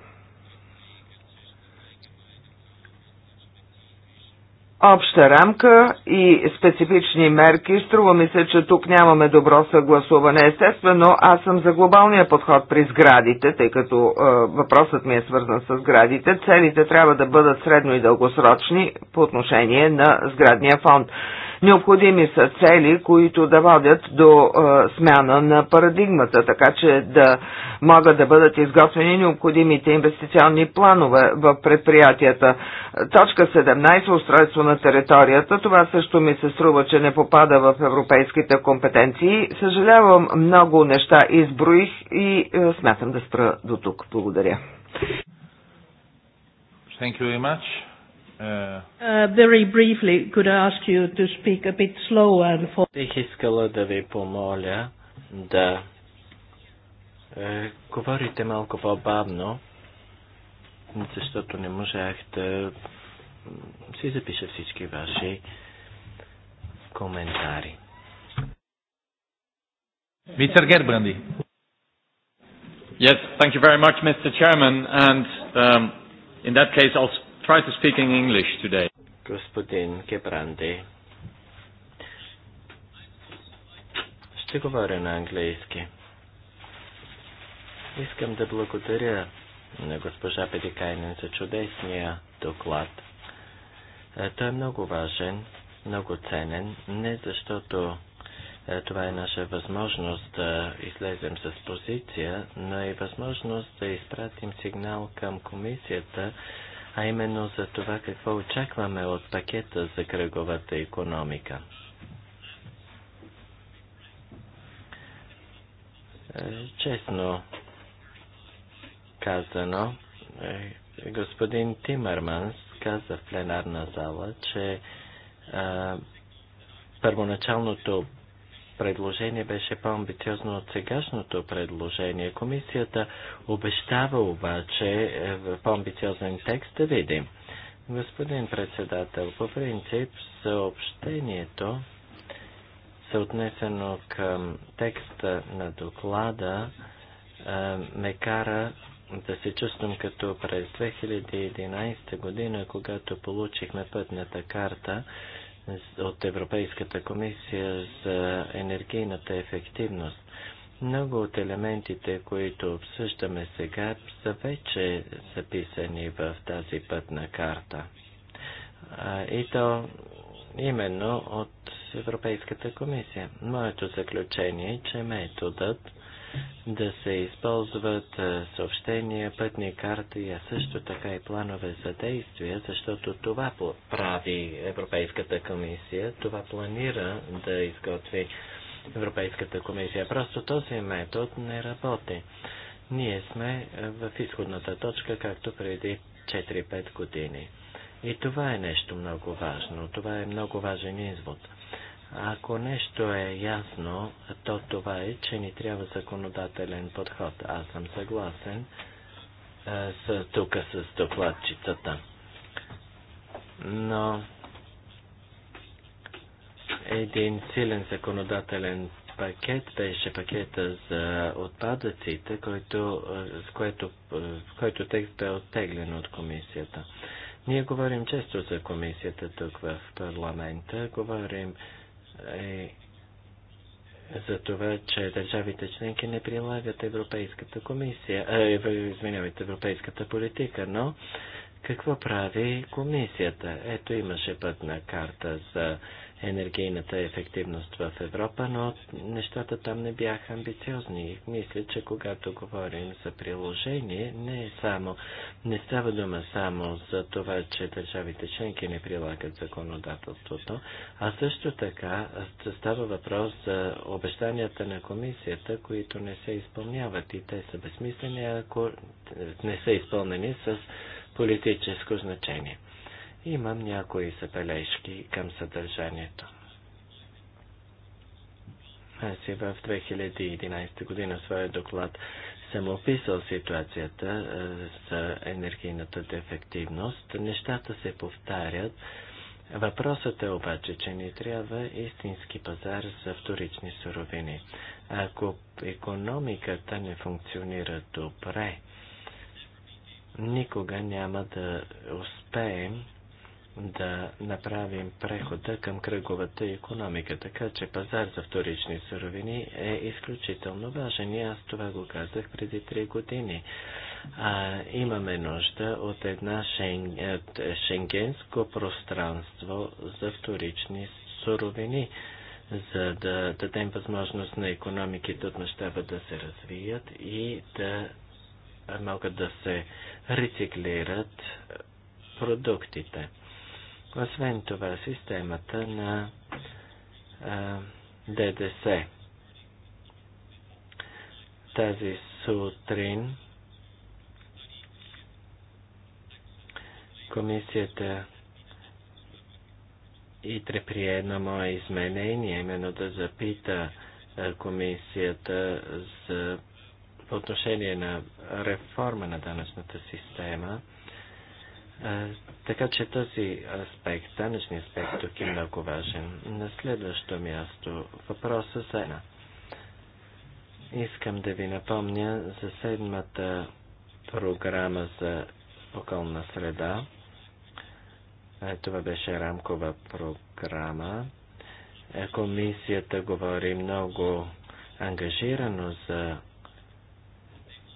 Обща рамка и специфични мерки. Струва ми се, че тук нямаме добро съгласуване. Естествено, аз съм за глобалния подход при сградите, тъй като е, въпросът ми е свързан с сградите. Целите трябва да бъдат средно и дългосрочни по отношение на сградния фонд. Необходими са цели, които да водят до смяна на парадигмата, така че да могат да бъдат изготвени необходимите инвестиционни планове в предприятията. Точка 17 устройство на територията, това също ми се струва, че не попада в европейските компетенции. Съжалявам, много неща изброих и смятам да спра до тук. Благодаря. Thank you very much. Uh, uh, very briefly, could I ask you to speak a bit slower and for... Бих искала да ви помоля да е, говорите малко по-бавно, защото не можах да си запиша всички ваши коментари. Мистер Гербранди. Yes, thank you very much, Mr. Chairman, and um, in that case, I'll try to speak in English today. Господин Кебранди, ще говоря на английски. Искам да благодаря на госпожа Педикайнен за чудесния доклад. Е, той е много важен, много ценен, не защото е, това е наша възможност да излезем с позиция, но и е възможност да изпратим сигнал към комисията а именно за това какво очакваме от пакета за кръговата економика. Е, честно казано, е, господин Тимърманс каза в пленарна зала, че а, първоначалното предложение беше по-амбициозно от сегашното предложение. Комисията обещава обаче е, по-амбициозен текст да видим. Господин председател, по принцип съобщението съотнесено към текста на доклада е, ме кара да се чувствам като през 2011 година, когато получихме пътната карта от Европейската комисия за енергийната ефективност. Много от елементите, които обсъждаме сега, са вече записани в тази пътна карта. И то именно от Европейската комисия. Моето заключение е, че методът да се използват съобщения, пътни карти, а също така и планове за действия, защото това прави Европейската комисия, това планира да изготви Европейската комисия. Просто този метод не работи. Ние сме в изходната точка, както преди 4-5 години. И това е нещо много важно. Това е много важен извод. Ако нещо е ясно, то това е, че ни трябва законодателен подход. Аз съм съгласен е, с, тук с докладчицата. Но един силен законодателен пакет беше пакета за отпадъците, който, с което, който текст бе оттеглен от комисията. Ние говорим често за комисията тук в парламента, говорим е за това, че държавите членки не прилагат Европейската комисия, е, извинявайте, Европейската политика, но какво прави комисията? Ето имаше пътна карта за енергийната ефективност в Европа, но нещата там не бяха амбициозни. Мисля, че когато говорим за приложение, не, е само, не става дума само за това, че държавите членки не прилагат законодателството, а също така става въпрос за обещанията на комисията, които не се изпълняват и те са безсмислени, ако не са изпълнени с политическо значение. Имам някои забележки към съдържанието. Аз и в 2011 година своя доклад съм описал ситуацията за енергийната дефективност. Нещата се повтарят. Въпросът е обаче, че ни трябва истински пазар за вторични суровини. Ако економиката не функционира добре, никога няма да успеем да направим прехода към кръговата економика, така че пазар за вторични суровини е изключително важен и аз това го казах преди три години. А, имаме нужда от една шен... шенгенско пространство за вторични суровини, за да дадем възможност на економиките от мащаба да се развият и да могат да се рециклират продуктите. Освен това, системата на а, ДДС. Тази сутрин комисията и преприе едно мое изменение, именно да запита комисията за по отношение на реформа на данъчната система – така че този аспект, данъчния аспект тук е много важен. На следващо място въпроса за една. Искам да ви напомня за седмата програма за околна среда. Това беше рамкова програма. Комисията говори много ангажирано за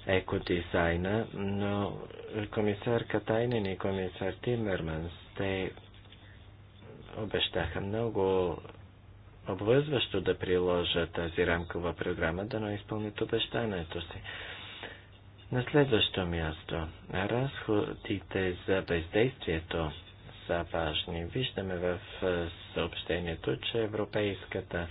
екодизайна, но комисар Катайнен и комисар Тимерманс, те обещаха много обвързващо да приложа тази рамкова програма, да не изпълнят обещанието си. На следващо място, разходите за бездействието са важни. Виждаме в съобщението, че Европейската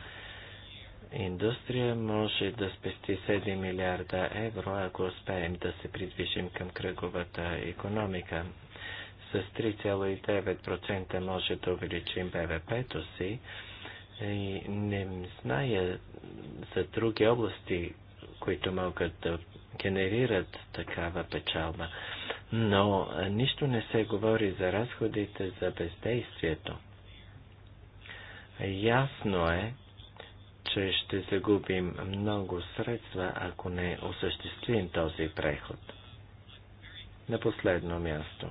индустрия може да спести 7 милиарда евро, ако успеем да се придвижим към кръговата економика. С 3,9% може да увеличим БВП-то си. И не зная за други области, които могат да генерират такава печалба. Но нищо не се говори за разходите за бездействието. Ясно е, че ще загубим много средства, ако не осъществим този преход. На последно място.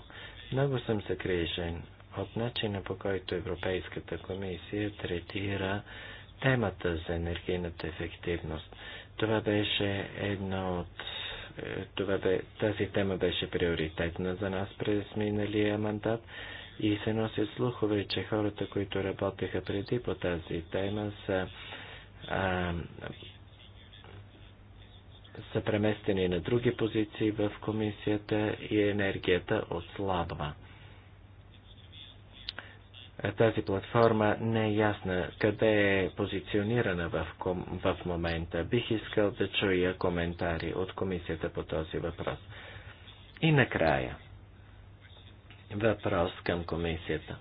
Много съм загрижен от начина по който Европейската комисия третира темата за енергийната ефективност. Това беше едно от е, това бе, тази тема беше приоритетна за нас през миналия мандат и се носят слухове, че хората, които работеха преди по тази тема, са са преместени на други позиции в комисията и енергията отслабва. Тази платформа не е ясна къде е позиционирана в, ком, в момента. Бих искал да чуя коментари от комисията по този въпрос. И накрая, въпрос към комисията.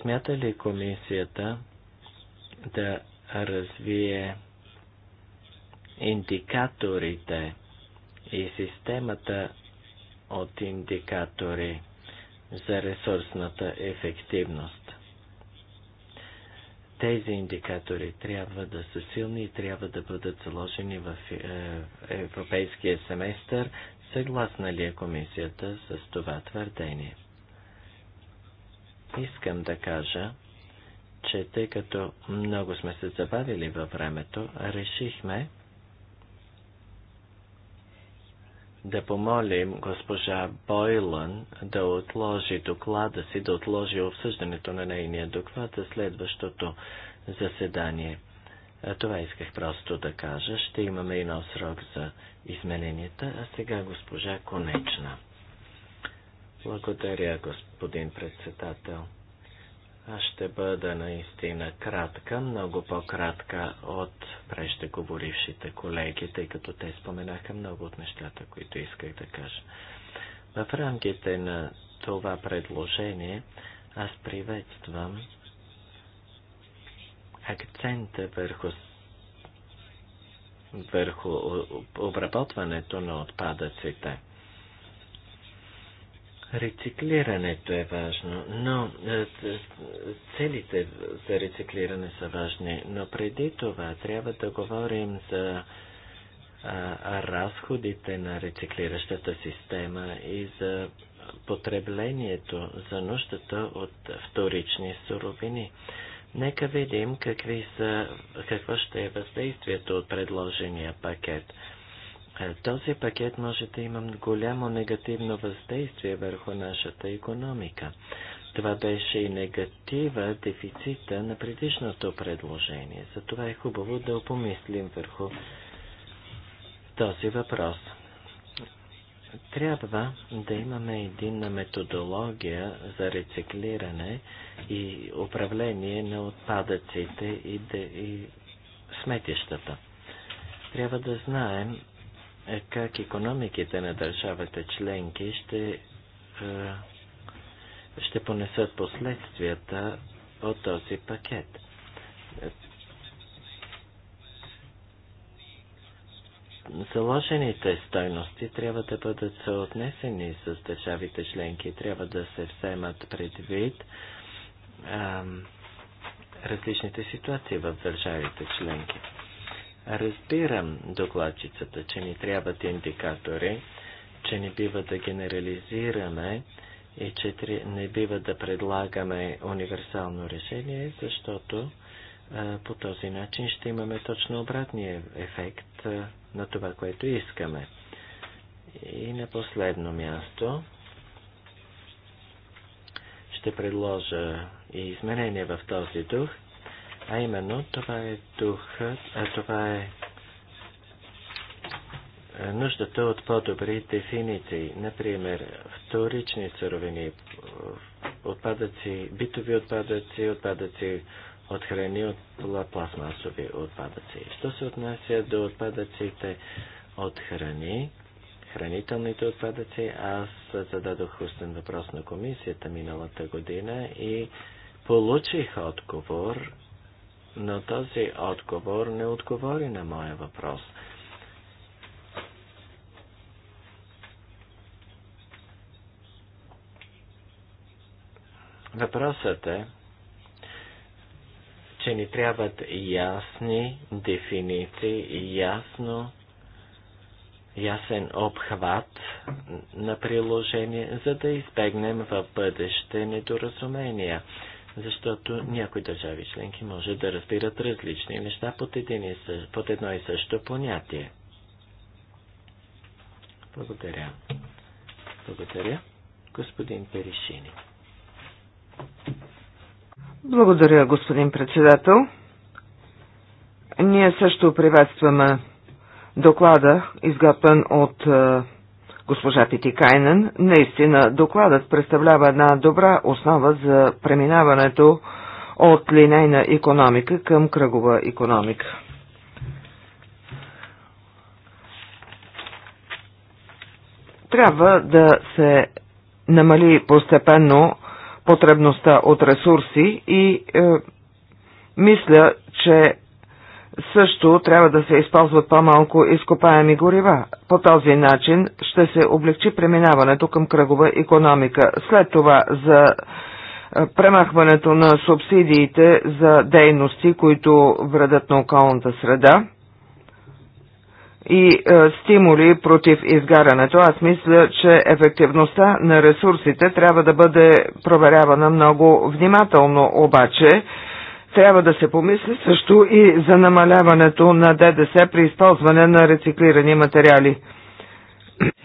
Смята ли комисията да развие индикаторите и системата от индикатори за ресурсната ефективност. Тези индикатори трябва да са силни и трябва да бъдат заложени в е, европейския семестър. Съгласна ли е комисията с това твърдение? Искам да кажа, че тъй като много сме се забавили във времето, решихме да помолим госпожа Бойлън да отложи доклада си, да отложи обсъждането на нейния доклад за следващото заседание. Това исках просто да кажа. Ще имаме и нов срок за измененията, а сега госпожа Конечна. Благодаря, господин председател. Аз ще бъда наистина кратка, много по-кратка от прещеговорившите колеги, тъй като те споменаха много от нещата, които исках да кажа. В рамките на това предложение аз приветствам акцента върху, върху обработването на отпадъците. Рециклирането е важно, но е, целите за рециклиране са важни, но преди това трябва да говорим за разходите на рециклиращата система и за потреблението, за нуждата от вторични суровини. Нека видим какви са, какво ще е въздействието от предложения пакет. Този пакет може да има голямо негативно въздействие върху нашата економика. Това беше и негатива дефицита на предишното предложение. Затова е хубаво да опомислим върху този въпрос. Трябва да имаме единна методология за рециклиране и управление на отпадъците и, да, и сметищата. Трябва да знаем е как економиките на държавите членки ще, е, ще понесат последствията от този пакет. Заложените стойности трябва да бъдат съотнесени с държавите членки, трябва да се вземат предвид а, различните ситуации в държавите членки. Разбирам докладчицата, че ни трябват индикатори, че не бива да генерализираме и че не бива да предлагаме универсално решение, защото а, по този начин ще имаме точно обратния ефект а, на това, което искаме. И на последно място ще предложа и изменение в този дух – а именно, това е духът, а това е, е нуждата от по-добри дефиниции. Например, вторични суровини, отпадъци, битови отпадъци, отпадъци от храни, от пластмасови отпадъци. Що се отнася до отпадъците от храни, хранителните отпадъци, аз зададох устен въпрос на комисията миналата година и получих отговор но този отговор не отговори на моя въпрос. Въпросът е, че ни трябват ясни дефиниции, ясно, ясен обхват на приложение, за да избегнем в бъдеще недоразумения защото някои държави членки може да разбират различни неща под, един и съ... под едно и също понятие. Благодаря. Благодаря. Господин Перишини. Благодаря, господин председател. Ние също приветстваме доклада, изготвен от е, госпожа Питикайнен. Наистина, докладът представлява една добра основа за преминаването от линейна економика към кръгова економика. Трябва да се намали постепенно потребността от ресурси и е, мисля, че също трябва да се използват по-малко изкопаеми горива. По този начин ще се облегчи преминаването към кръгова економика. След това за е, премахването на субсидиите за дейности, които вредят на околната среда и е, стимули против изгарането. Аз мисля, че ефективността на ресурсите трябва да бъде проверявана много внимателно, обаче трябва да се помисли също и за намаляването на ДДС при използване на рециклирани материали.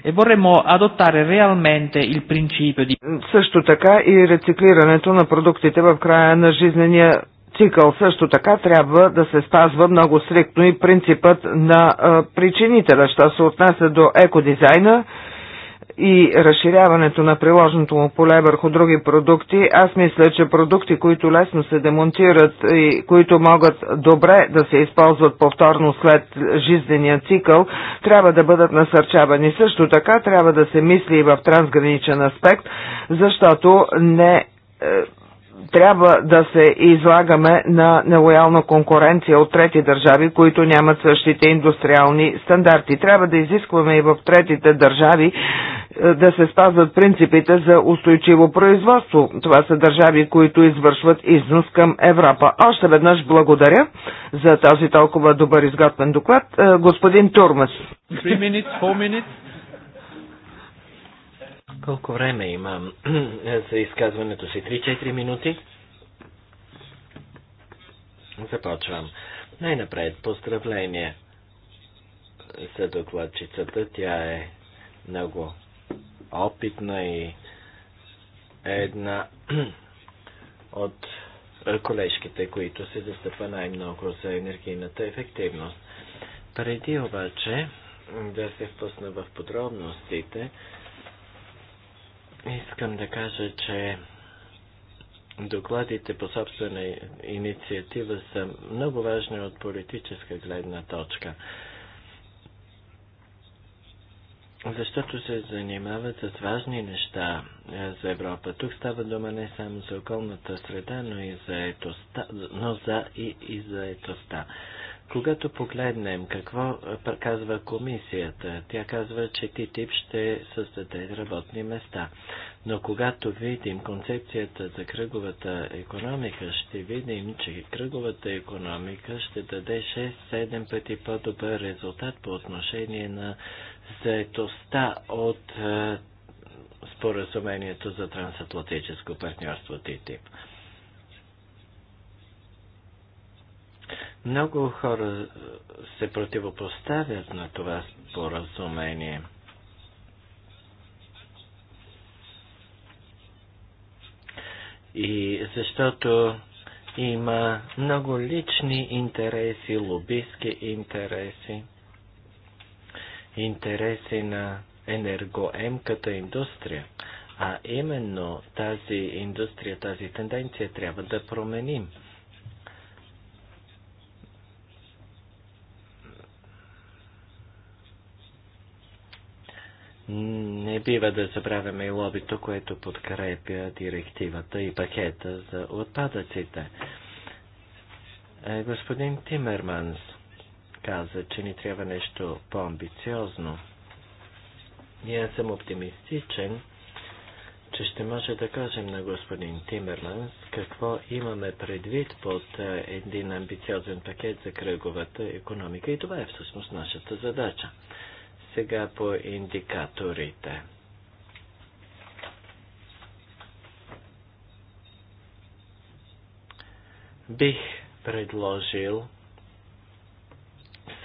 E vorremmo adottare realmente il principio di... Също така и рециклирането на продуктите в края на жизнения цикъл също така трябва да се спазва много стриктно и принципът на а, причинителя. Що се отнася до екодизайна, и разширяването на приложното му поле върху други продукти, аз мисля, че продукти, които лесно се демонтират и които могат добре да се използват повторно след жизнения цикъл, трябва да бъдат насърчавани. Също така трябва да се мисли и в трансграничен аспект, защото не е, трябва да се излагаме на нелоялна конкуренция от трети държави, които нямат същите индустриални стандарти. Трябва да изискваме и в третите държави е, да се спазват принципите за устойчиво производство. Това са държави, които извършват износ към Европа. Още веднъж благодаря за този толкова добър изготвен доклад. Е, господин Турмас. Колко време имам е, за изказването си? 3-4 минути? Започвам. Най-напред поздравление за докладчицата. Тя е много опитна и една от колежките, които се застъпва най-много за енергийната ефективност. Преди обаче да се впусна в подробностите, искам да кажа, че докладите по собствена инициатива са много важни от политическа гледна точка защото се занимават с важни неща е, за Европа. Тук става дума не само за околната среда, но и за етоста, но за и, и за етоста. Когато погледнем какво е, казва комисията, тя казва, че ТТИП ще създаде работни места. Но когато видим концепцията за кръговата економика, ще видим, че кръговата економика ще даде 6-7 пъти по-добър резултат по отношение на заетостта от е, споразумението за трансатлантическо партньорство ТИТИП. Много хора е, се противопоставят на това споразумение. И защото има много лични интереси, лобистки интереси интереси на енергоемката индустрия. А именно тази индустрия, тази тенденция трябва да променим. Не бива да забравяме и лобито, което подкрепя директивата и пакета за отпадъците. Е, господин Тимерманс, каза, че ни трябва нещо по-амбициозно. И аз съм оптимистичен, че ще може да кажем на господин Тимерланс какво имаме предвид под един амбициозен пакет за кръговата економика и това е всъщност нашата задача. Сега по индикаторите. Бих предложил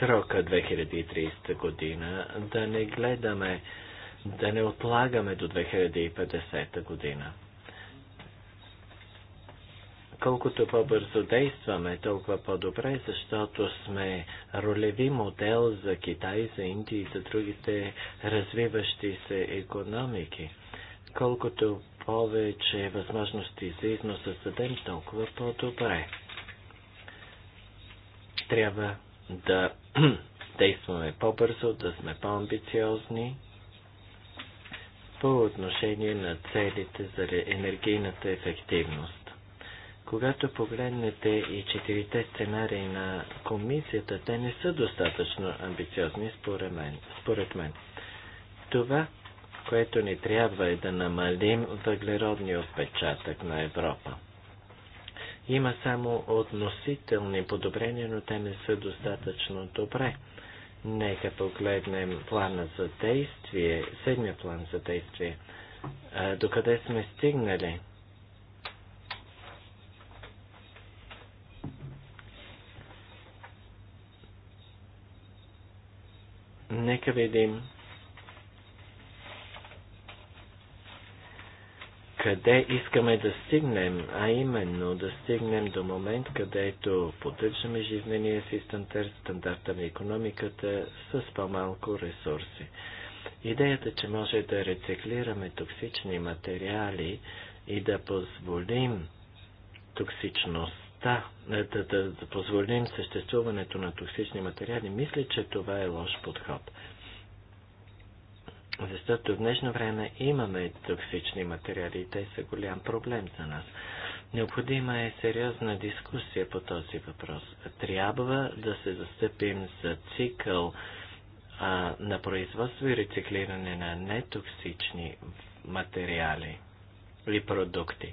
срока 2030 година, да не гледаме, да не отлагаме до 2050 година. Колкото по-бързо действаме, толкова по-добре, защото сме ролеви модел за Китай, за Индия и за другите развиващи се економики. Колкото повече възможности за износ създадем, толкова по-добре. Трябва да действаме по-бързо, да сме по-амбициозни по отношение на целите за енергийната ефективност. Когато погледнете и четирите сценарии на комисията, те не са достатъчно амбициозни според мен. Според мен. Това, което ни трябва е да намалим въглеродния отпечатък на Европа. Има само относителни подобрения, но те не са достатъчно добре. Нека погледнем плана за действие, седмия план за действие. Докъде сме стигнали? Нека видим къде искаме да стигнем, а именно да стигнем до момент, където поддържаме жизнения си стандарт, стандарта на економиката с по-малко ресурси. Идеята, че може да рециклираме токсични материали и да позволим токсичността, е, да, да, да позволим съществуването на токсични материали, мисля, че това е лош подход. Защото в днешно време имаме токсични материали и те са голям проблем за нас. Необходима е сериозна дискусия по този въпрос. Трябва да се застъпим за цикъл а, на производство и рециклиране на нетоксични материали или продукти.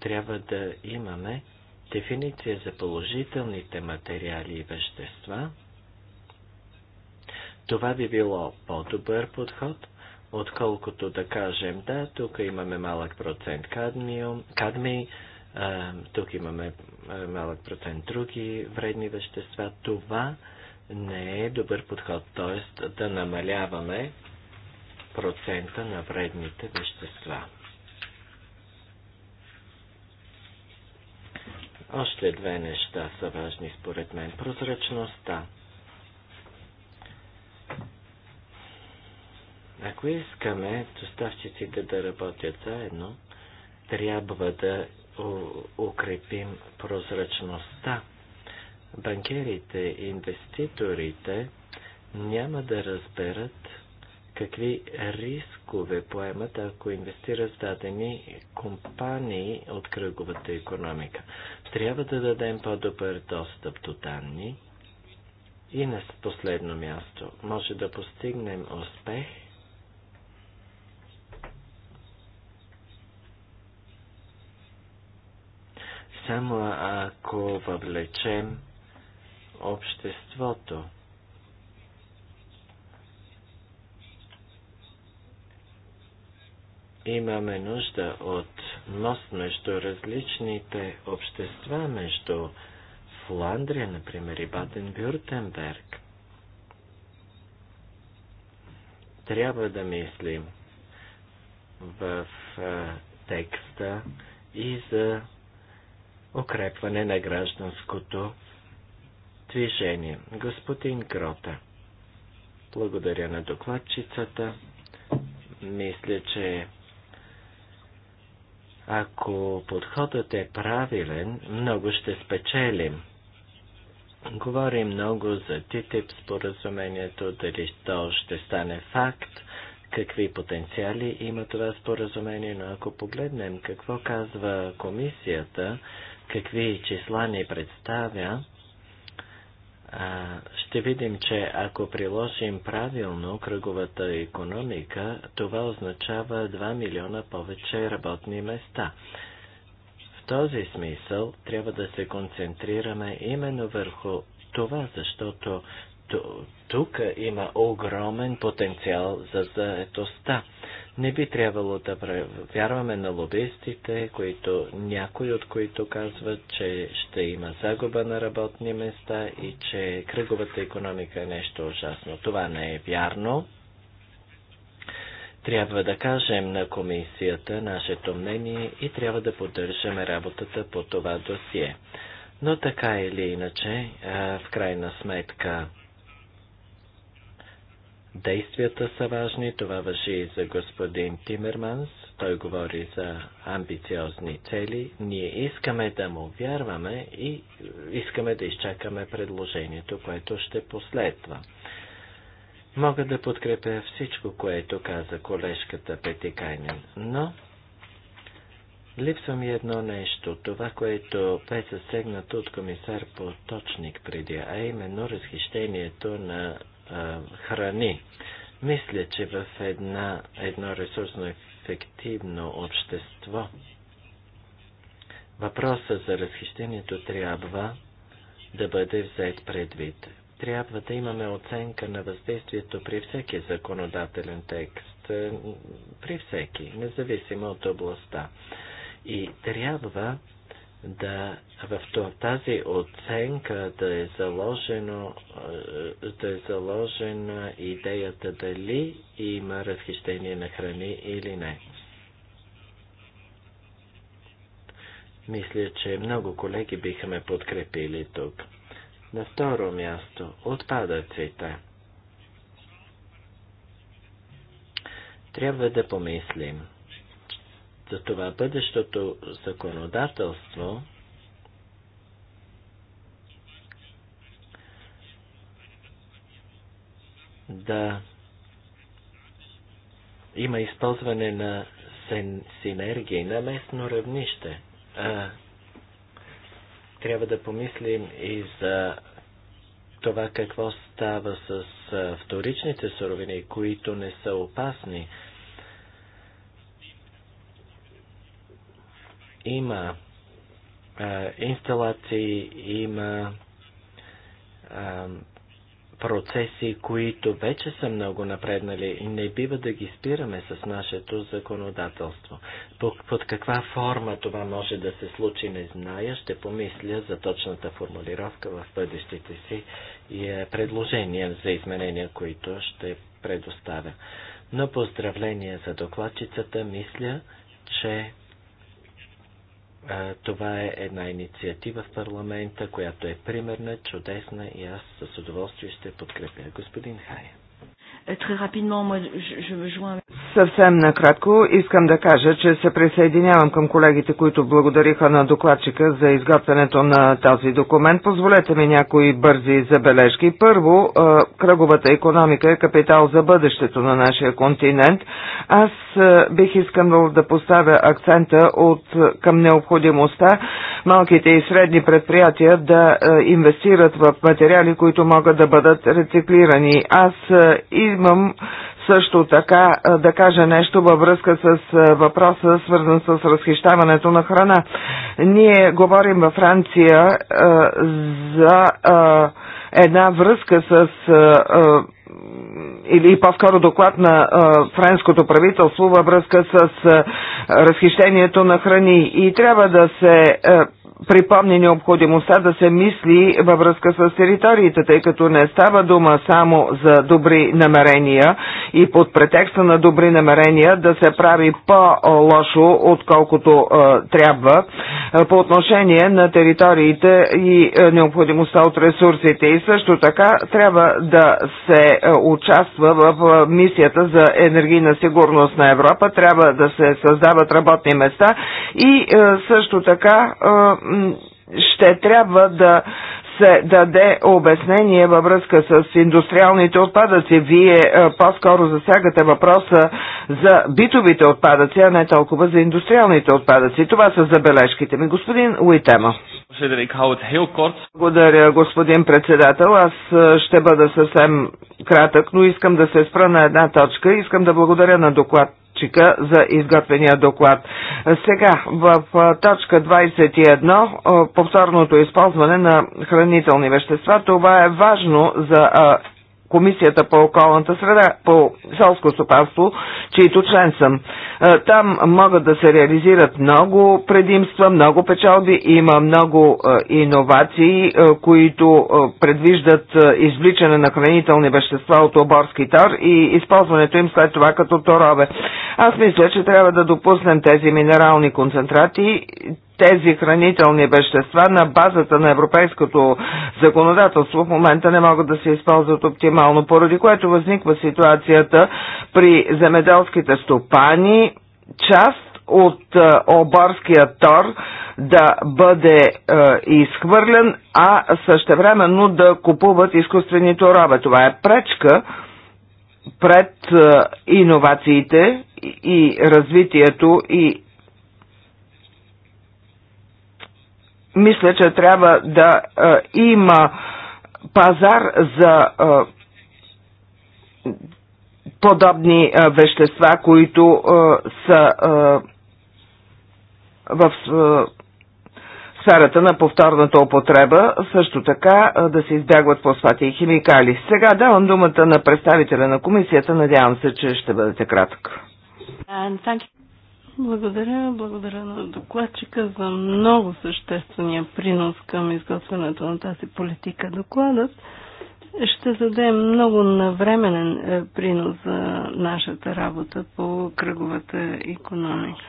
Трябва да имаме дефиниция за положителните материали и вещества. Това би било по-добър подход – отколкото да кажем, да, тук имаме малък процент кадмиум, кадмий, а, тук имаме малък процент други вредни вещества. Това не е добър подход, т.е. да намаляваме процента на вредните вещества. Още две неща са важни според мен. Прозрачността. Ако искаме доставчиците да работят заедно, трябва да укрепим прозрачността. Банкерите и инвеститорите няма да разберат какви рискове поемат, ако инвестират в дадени компании от кръговата економика. Трябва да дадем по-добър достъп до данни. И на последно място, може да постигнем успех само ако въвлечем обществото. Имаме нужда от мост между различните общества, между Фландрия, например, и Баден-Бюртенберг. Трябва да мислим в текста и за укрепване на гражданското движение. Господин Грота, благодаря на докладчицата. Мисля, че ако подходът е правилен, много ще спечелим. Говори много за ТТИП споразумението, дали то ще стане факт, какви потенциали има това споразумение, но ако погледнем какво казва комисията, какви числа ни представя, ще видим, че ако приложим правилно кръговата економика, това означава 2 милиона повече работни места. В този смисъл трябва да се концентрираме именно върху това, защото тук има огромен потенциал за заетостта. Не би трябвало да вярваме на лобистите, които, някои от които казват, че ще има загуба на работни места и че кръговата економика е нещо ужасно. Това не е вярно. Трябва да кажем на комисията нашето мнение и трябва да поддържаме работата по това досие. Но така или иначе, в крайна сметка, Действията са важни, това въжи и за господин Тимерманс. Той говори за амбициозни цели. Ние искаме да му вярваме и искаме да изчакаме предложението, което ще последва. Мога да подкрепя всичко, което каза колежката Петикайнен, но липсва ми едно нещо, това, което бе засегнато от комисар Поточник преди, а именно разхищението на храни. Мисля, че в една, едно ресурсно ефективно общество въпросът за разхищението трябва да бъде взет предвид. Трябва да имаме оценка на въздействието при всеки законодателен текст, при всеки, независимо от областта. И трябва да в тази оценка да е, заложено, е, да е заложена идеята дали има разхищение на храни или не. Мисля, че много колеги биха ме подкрепили тук. На второ място – отпадъците. Трябва да помислим за това бъдещото законодателство да има използване на синергии на местно равнище. А, трябва да помислим и за това какво става с вторичните суровини, които не са опасни Има а, инсталации, има а, процеси, които вече са много напреднали и не бива да ги спираме с нашето законодателство. Под, под каква форма това може да се случи, не зная. Ще помисля за точната формулировка в бъдещите си и е, предложения за изменения, които ще предоставя. Но поздравления за докладчицата, мисля, че това е една инициатива в парламента, която е примерна, чудесна и аз с удоволствие ще подкрепя господин Хайен. Е, Съвсем накратко искам да кажа, че се присъединявам към колегите, които благодариха на докладчика за изготвянето на този документ. Позволете ми някои бързи забележки. Първо, е, кръговата економика е капитал за бъдещето на нашия континент. Аз е, бих искал да поставя акцента от, към необходимостта малките и средни предприятия да инвестират в материали, които могат да бъдат рециклирани. Аз и Имам също така да кажа нещо във връзка с въпроса, свързан с разхищаването на храна. Ние говорим във Франция за една връзка с или по-скоро доклад на а, френското правителство във връзка с а, разхищението на храни. И трябва да се а, припомни необходимостта да се мисли във връзка с териториите, тъй като не става дума само за добри намерения и под претекста на добри намерения да се прави по-лошо, отколкото е, трябва е, по отношение на териториите и е, необходимостта от ресурсите. И също така трябва да се е, участва в е, мисията за енергийна сигурност на Европа, трябва да се създават работни места и е, също така е, ще трябва да се даде обяснение във връзка с индустриалните отпадъци. Вие е, по-скоро засягате въпроса за битовите отпадъци, а не толкова за индустриалните отпадъци. Това са забележките ми. Господин Уитема. Благодаря, господин председател. Аз е, ще бъда съвсем кратък, но искам да се спра на една точка. Искам да благодаря на доклад докладчика за изготвения доклад. Сега в точка 21 повторното използване на хранителни вещества. Това е важно за Комисията по околната среда, по селско стопанство, чието член съм. Е, там могат да се реализират много предимства, много печалби, има много е, иновации, е, които предвиждат извличане на хранителни вещества от оборски тор и използването им след това като торове. Аз мисля, че трябва да допуснем тези минерални концентрати, тези хранителни вещества на базата на европейското законодателство в момента не могат да се използват оптимално, поради което възниква ситуацията при земеделските стопани, част от е, оборския тор да бъде е, изхвърлен, а същевременно да купуват изкуствени торове. Това е пречка пред е, иновациите и развитието и мисля, че трябва да а, е, има пазар за а, е, подобни а, е, вещества, които а, са а, в а, сферата на повторната употреба, също така а, да се избягват фосфати и химикали. Сега давам думата на представителя на комисията, надявам се, че ще бъдете кратък. Благодаря, благодаря на докладчика за много съществения принос към изготвянето на тази политика. Докладът ще даде много навременен е, принос за нашата работа по кръговата економика.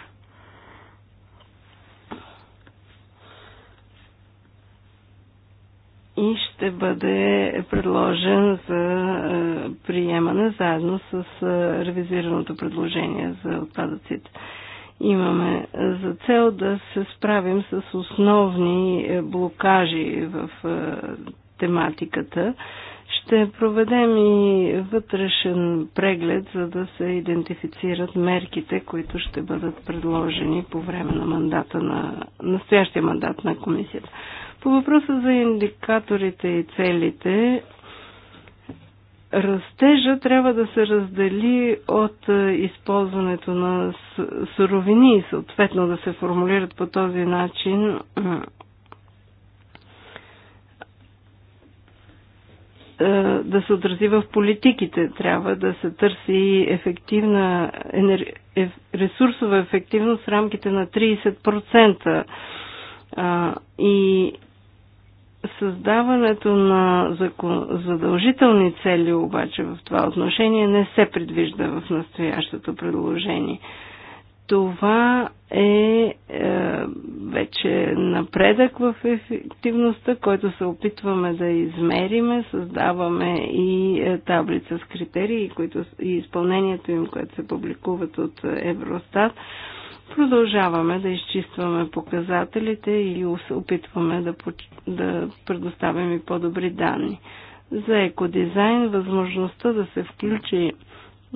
И ще бъде предложен за е, приемане заедно с е, ревизираното предложение за отпадъците имаме за цел да се справим с основни е, блокажи в е, тематиката. Ще проведем и вътрешен преглед, за да се идентифицират мерките, които ще бъдат предложени по време на мандата на настоящия мандат на комисията. По въпроса за индикаторите и целите, Растежа трябва да се раздели от е, използването на суровини и съответно да се формулират по този начин е, да се отрази в политиките. Трябва да се търси ефективна ресурсова ефективност в рамките на 30% е, и Създаването на задължителни цели обаче в това отношение не се предвижда в настоящото предложение. Това е, е вече напредък в ефективността, който се опитваме да измериме. Създаваме и е, таблица с критерии които, и изпълнението им, което се публикуват от Евростат. Е, Продължаваме да изчистваме показателите или опитваме да, да предоставим и по-добри данни. За екодизайн възможността да се включи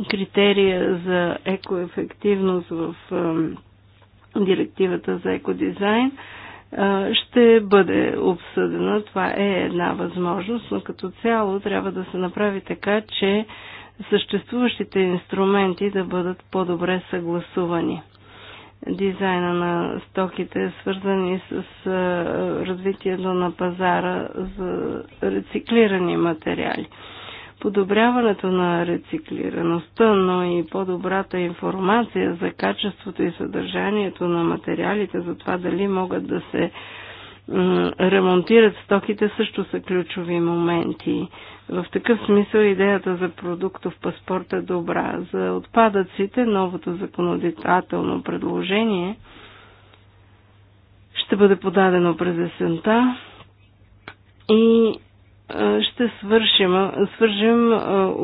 критерия за екоефективност в директивата за екодизайн ще бъде обсъдена. Това е една възможност, но като цяло трябва да се направи така, че съществуващите инструменти да бъдат по-добре съгласувани дизайна на стоките, свързани с развитието на пазара за рециклирани материали. Подобряването на рециклираността, но и по-добрата информация за качеството и съдържанието на материалите, за това дали могат да се ремонтират стоките също са ключови моменти. В такъв смисъл идеята за продуктов паспорт е добра. За отпадъците новото законодателно предложение ще бъде подадено през есента и ще свършим, свържим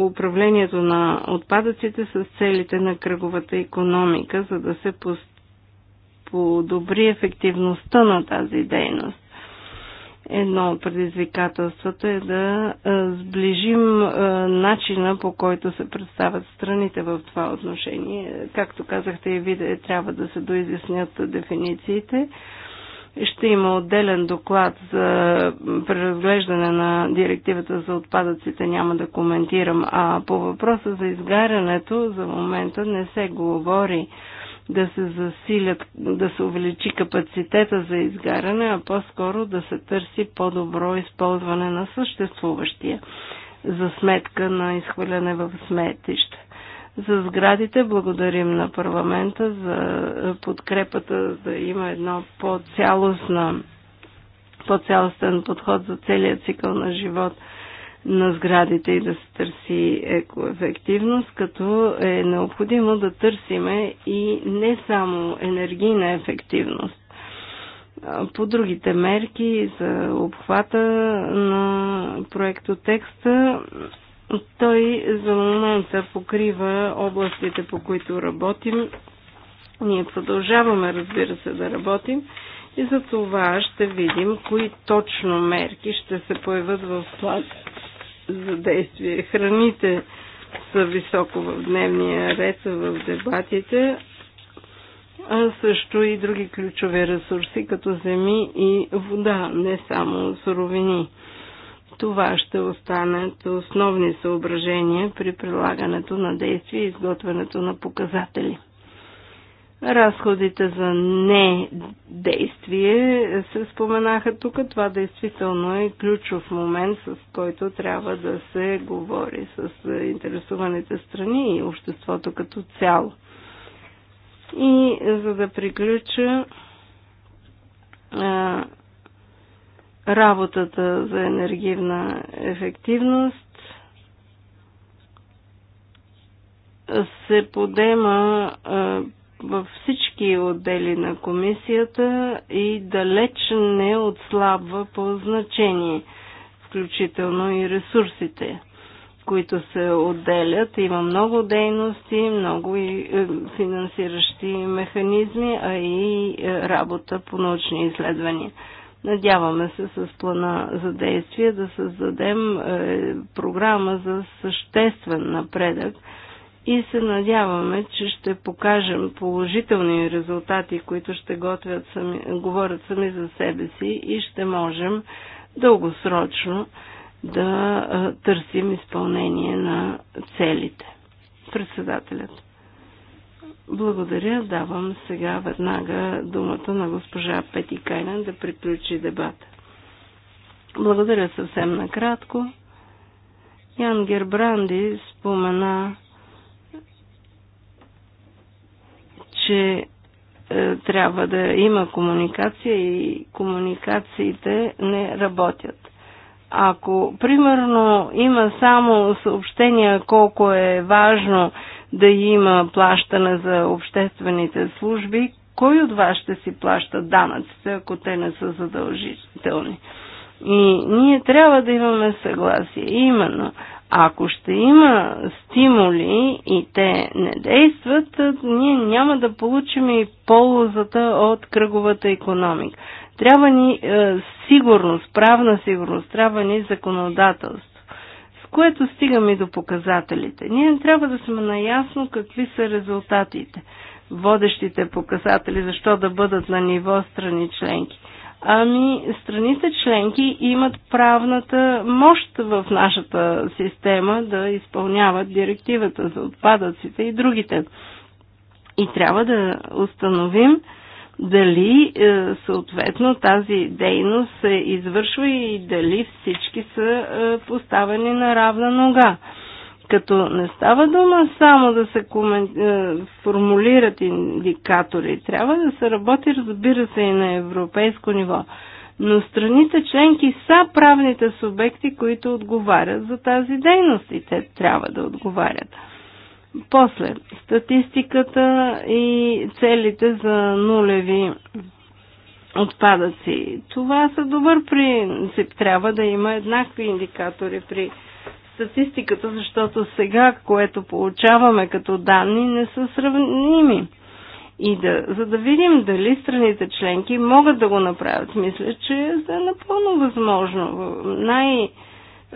управлението на отпадъците с целите на кръговата економика, за да се постигне подобри ефективността на тази дейност. Едно от предизвикателствата е да сближим начина по който се представят страните в това отношение. Както казахте и вие, трябва да се доизяснят дефинициите. Ще има отделен доклад за преразглеждане на директивата за отпадъците, няма да коментирам. А по въпроса за изгарянето, за момента не се говори да се засилят, да се увеличи капацитета за изгаряне, а по-скоро да се търси по-добро използване на съществуващия за сметка на изхвърляне в сметище. За сградите благодарим на парламента за подкрепата да има едно по-цялостна по-цялостен подход за целият цикъл на живот – на сградите и да се търси екоефективност, като е необходимо да търсиме и не само енергийна ефективност. По другите мерки за обхвата на проектотекста, той за момента покрива областите, по които работим. Ние продължаваме, разбира се, да работим. И за това ще видим кои точно мерки ще се появят в план за действие. Храните са високо в дневния ред, в дебатите, а също и други ключови ресурси, като земи и вода, не само суровини. Това ще останат основни съображения при прилагането на действия и изготвянето на показатели. Разходите за недействие се споменаха тук. Това действително е ключов момент, с който трябва да се говори с интересуваните страни и обществото като цяло. И за да приключа работата за енергивна ефективност, се подема във всички отдели на комисията и далеч не отслабва по значение, включително и ресурсите, които се отделят. Има много дейности, много и е, финансиращи механизми, а и е, работа по научни изследвания. Надяваме се с плана за действие да създадем е, програма за съществен напредък – и се надяваме, че ще покажем положителни резултати, които ще готвят сами, говорят сами за себе си и ще можем дългосрочно да търсим изпълнение на целите. Председателят. Благодаря. Давам сега веднага думата на госпожа Пети Кайнен да приключи дебата. Благодаря съвсем накратко. Ян Гербранди спомена че е, трябва да има комуникация и комуникациите не работят. Ако, примерно, има само съобщения колко е важно да има плащане за обществените служби, кой от вас ще си плаща данъците, ако те не са задължителни? И ние трябва да имаме съгласие. Именно. Ако ще има стимули и те не действат, ние няма да получим и ползата от кръговата економика. Трябва ни е, сигурност, правна сигурност, трябва ни законодателство. С което стигаме до показателите. Ние трябва да сме наясно какви са резултатите, водещите показатели, защо да бъдат на ниво страни членки – Ами, страните членки имат правната мощ в нашата система да изпълняват директивата за отпадъците и другите. И трябва да установим дали е, съответно тази дейност се извършва и дали всички са е, поставени на равна нога като не става дума само да се комен... Е, формулират индикатори, трябва да се работи, разбира се, и на европейско ниво. Но страните членки са правните субекти, които отговарят за тази дейност и те трябва да отговарят. После, статистиката и целите за нулеви отпадъци. Това са добър принцип. Трябва да има еднакви индикатори при статистиката, защото сега, което получаваме като данни, не са сравними. И да, за да видим дали страните членки могат да го направят, мисля, че е напълно възможно. Най-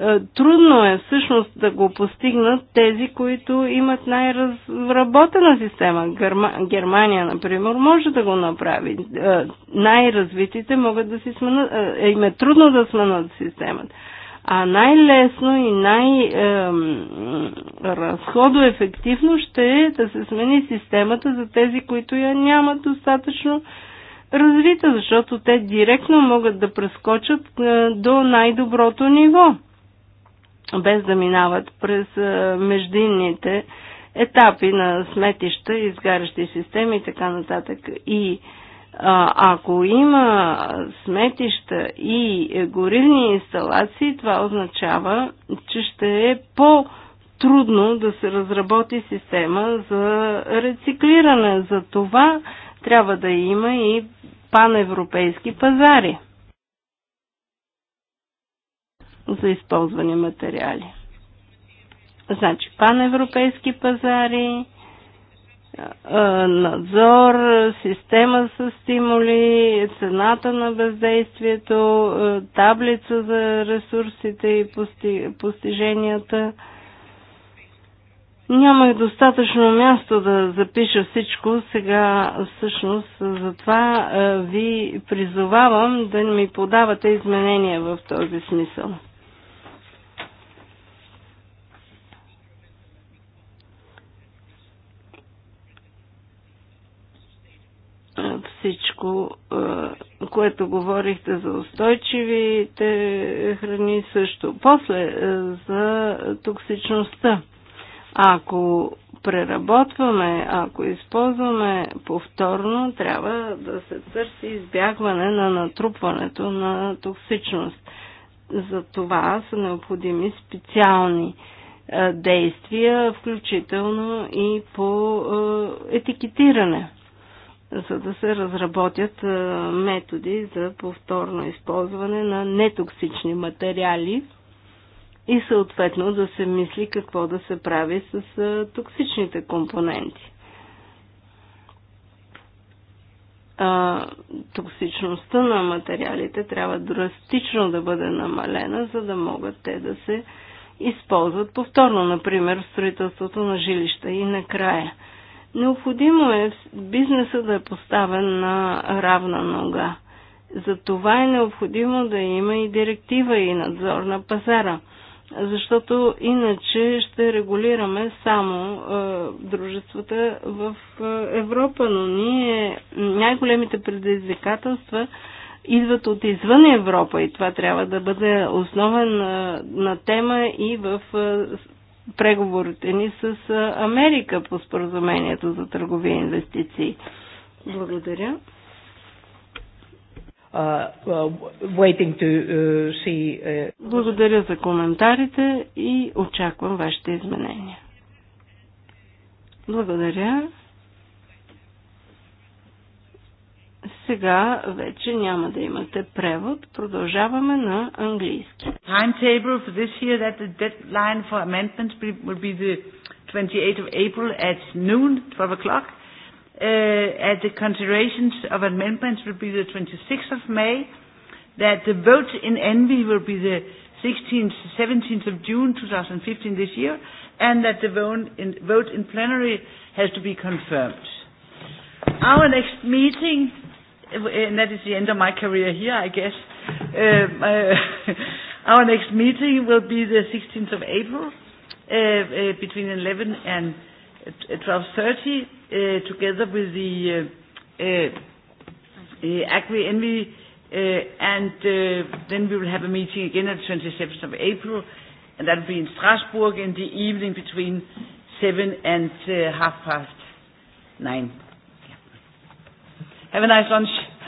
е, трудно е всъщност да го постигнат тези, които имат най-разработена система. Герма, Германия, например, може да го направи. Е, най-развитите могат да си сменят, е, им е трудно да сменят системата. А най-лесно и най-разходоефективно ще е да се смени системата за тези, които я нямат достатъчно развита, защото те директно могат да прескочат е, до най-доброто ниво, без да минават през е, междинните етапи на сметища, изгарящи системи и така нататък. И ако има сметища и горивни инсталации, това означава, че ще е по- трудно да се разработи система за рециклиране. За това трябва да има и паневропейски пазари за използвани материали. Значи паневропейски пазари, надзор, система с стимули, цената на бездействието, таблица за ресурсите и постиженията. Нямах достатъчно място да запиша всичко. Сега всъщност затова ви призовавам да ми подавате изменения в този смисъл. всичко, е, което говорихте за устойчивите храни също. После е, за токсичността. Ако преработваме, ако използваме повторно, трябва да се търси избягване на натрупването на токсичност. За това са необходими специални е, действия, включително и по етикетиране за да се разработят методи за повторно използване на нетоксични материали и съответно да се мисли какво да се прави с токсичните компоненти. токсичността на материалите трябва драстично да бъде намалена, за да могат те да се използват повторно, например в строителството на жилища. И накрая, Необходимо е бизнеса да е поставен на равна нога. За това е необходимо да има и директива и надзор на пазара, защото иначе ще регулираме само е, дружествата в е, Европа, но ние най-големите предизвикателства идват от извън Европа и това трябва да бъде основен на, е, на тема и в е, преговорите ни с Америка по споразумението за търговия и инвестиции. Благодаря. Uh, uh, uh, Благодаря за коментарите и очаквам вашите изменения. Благодаря. сега вече няма да имате превод. Продължаваме на английски. Timetable for this year that the deadline for amendments will be the 28th of April at noon, 12 o'clock. Uh, at the considerations of amendments will be the 26th of May. That the vote in envy will be the 16th, 17th of June 2015 this year. And that the vote in, vote in plenary has to be confirmed. Our next meeting and that is the end of my career here, I guess. Um, uh, our next meeting will be the 16th of April uh, uh, between 11 and 12.30 uh, together with the uh, uh, Agri Envy uh, and uh, then we will have a meeting again on 27th of April and that will be in Strasbourg in the evening between 7 and uh, half past 9. Have a nice lunch.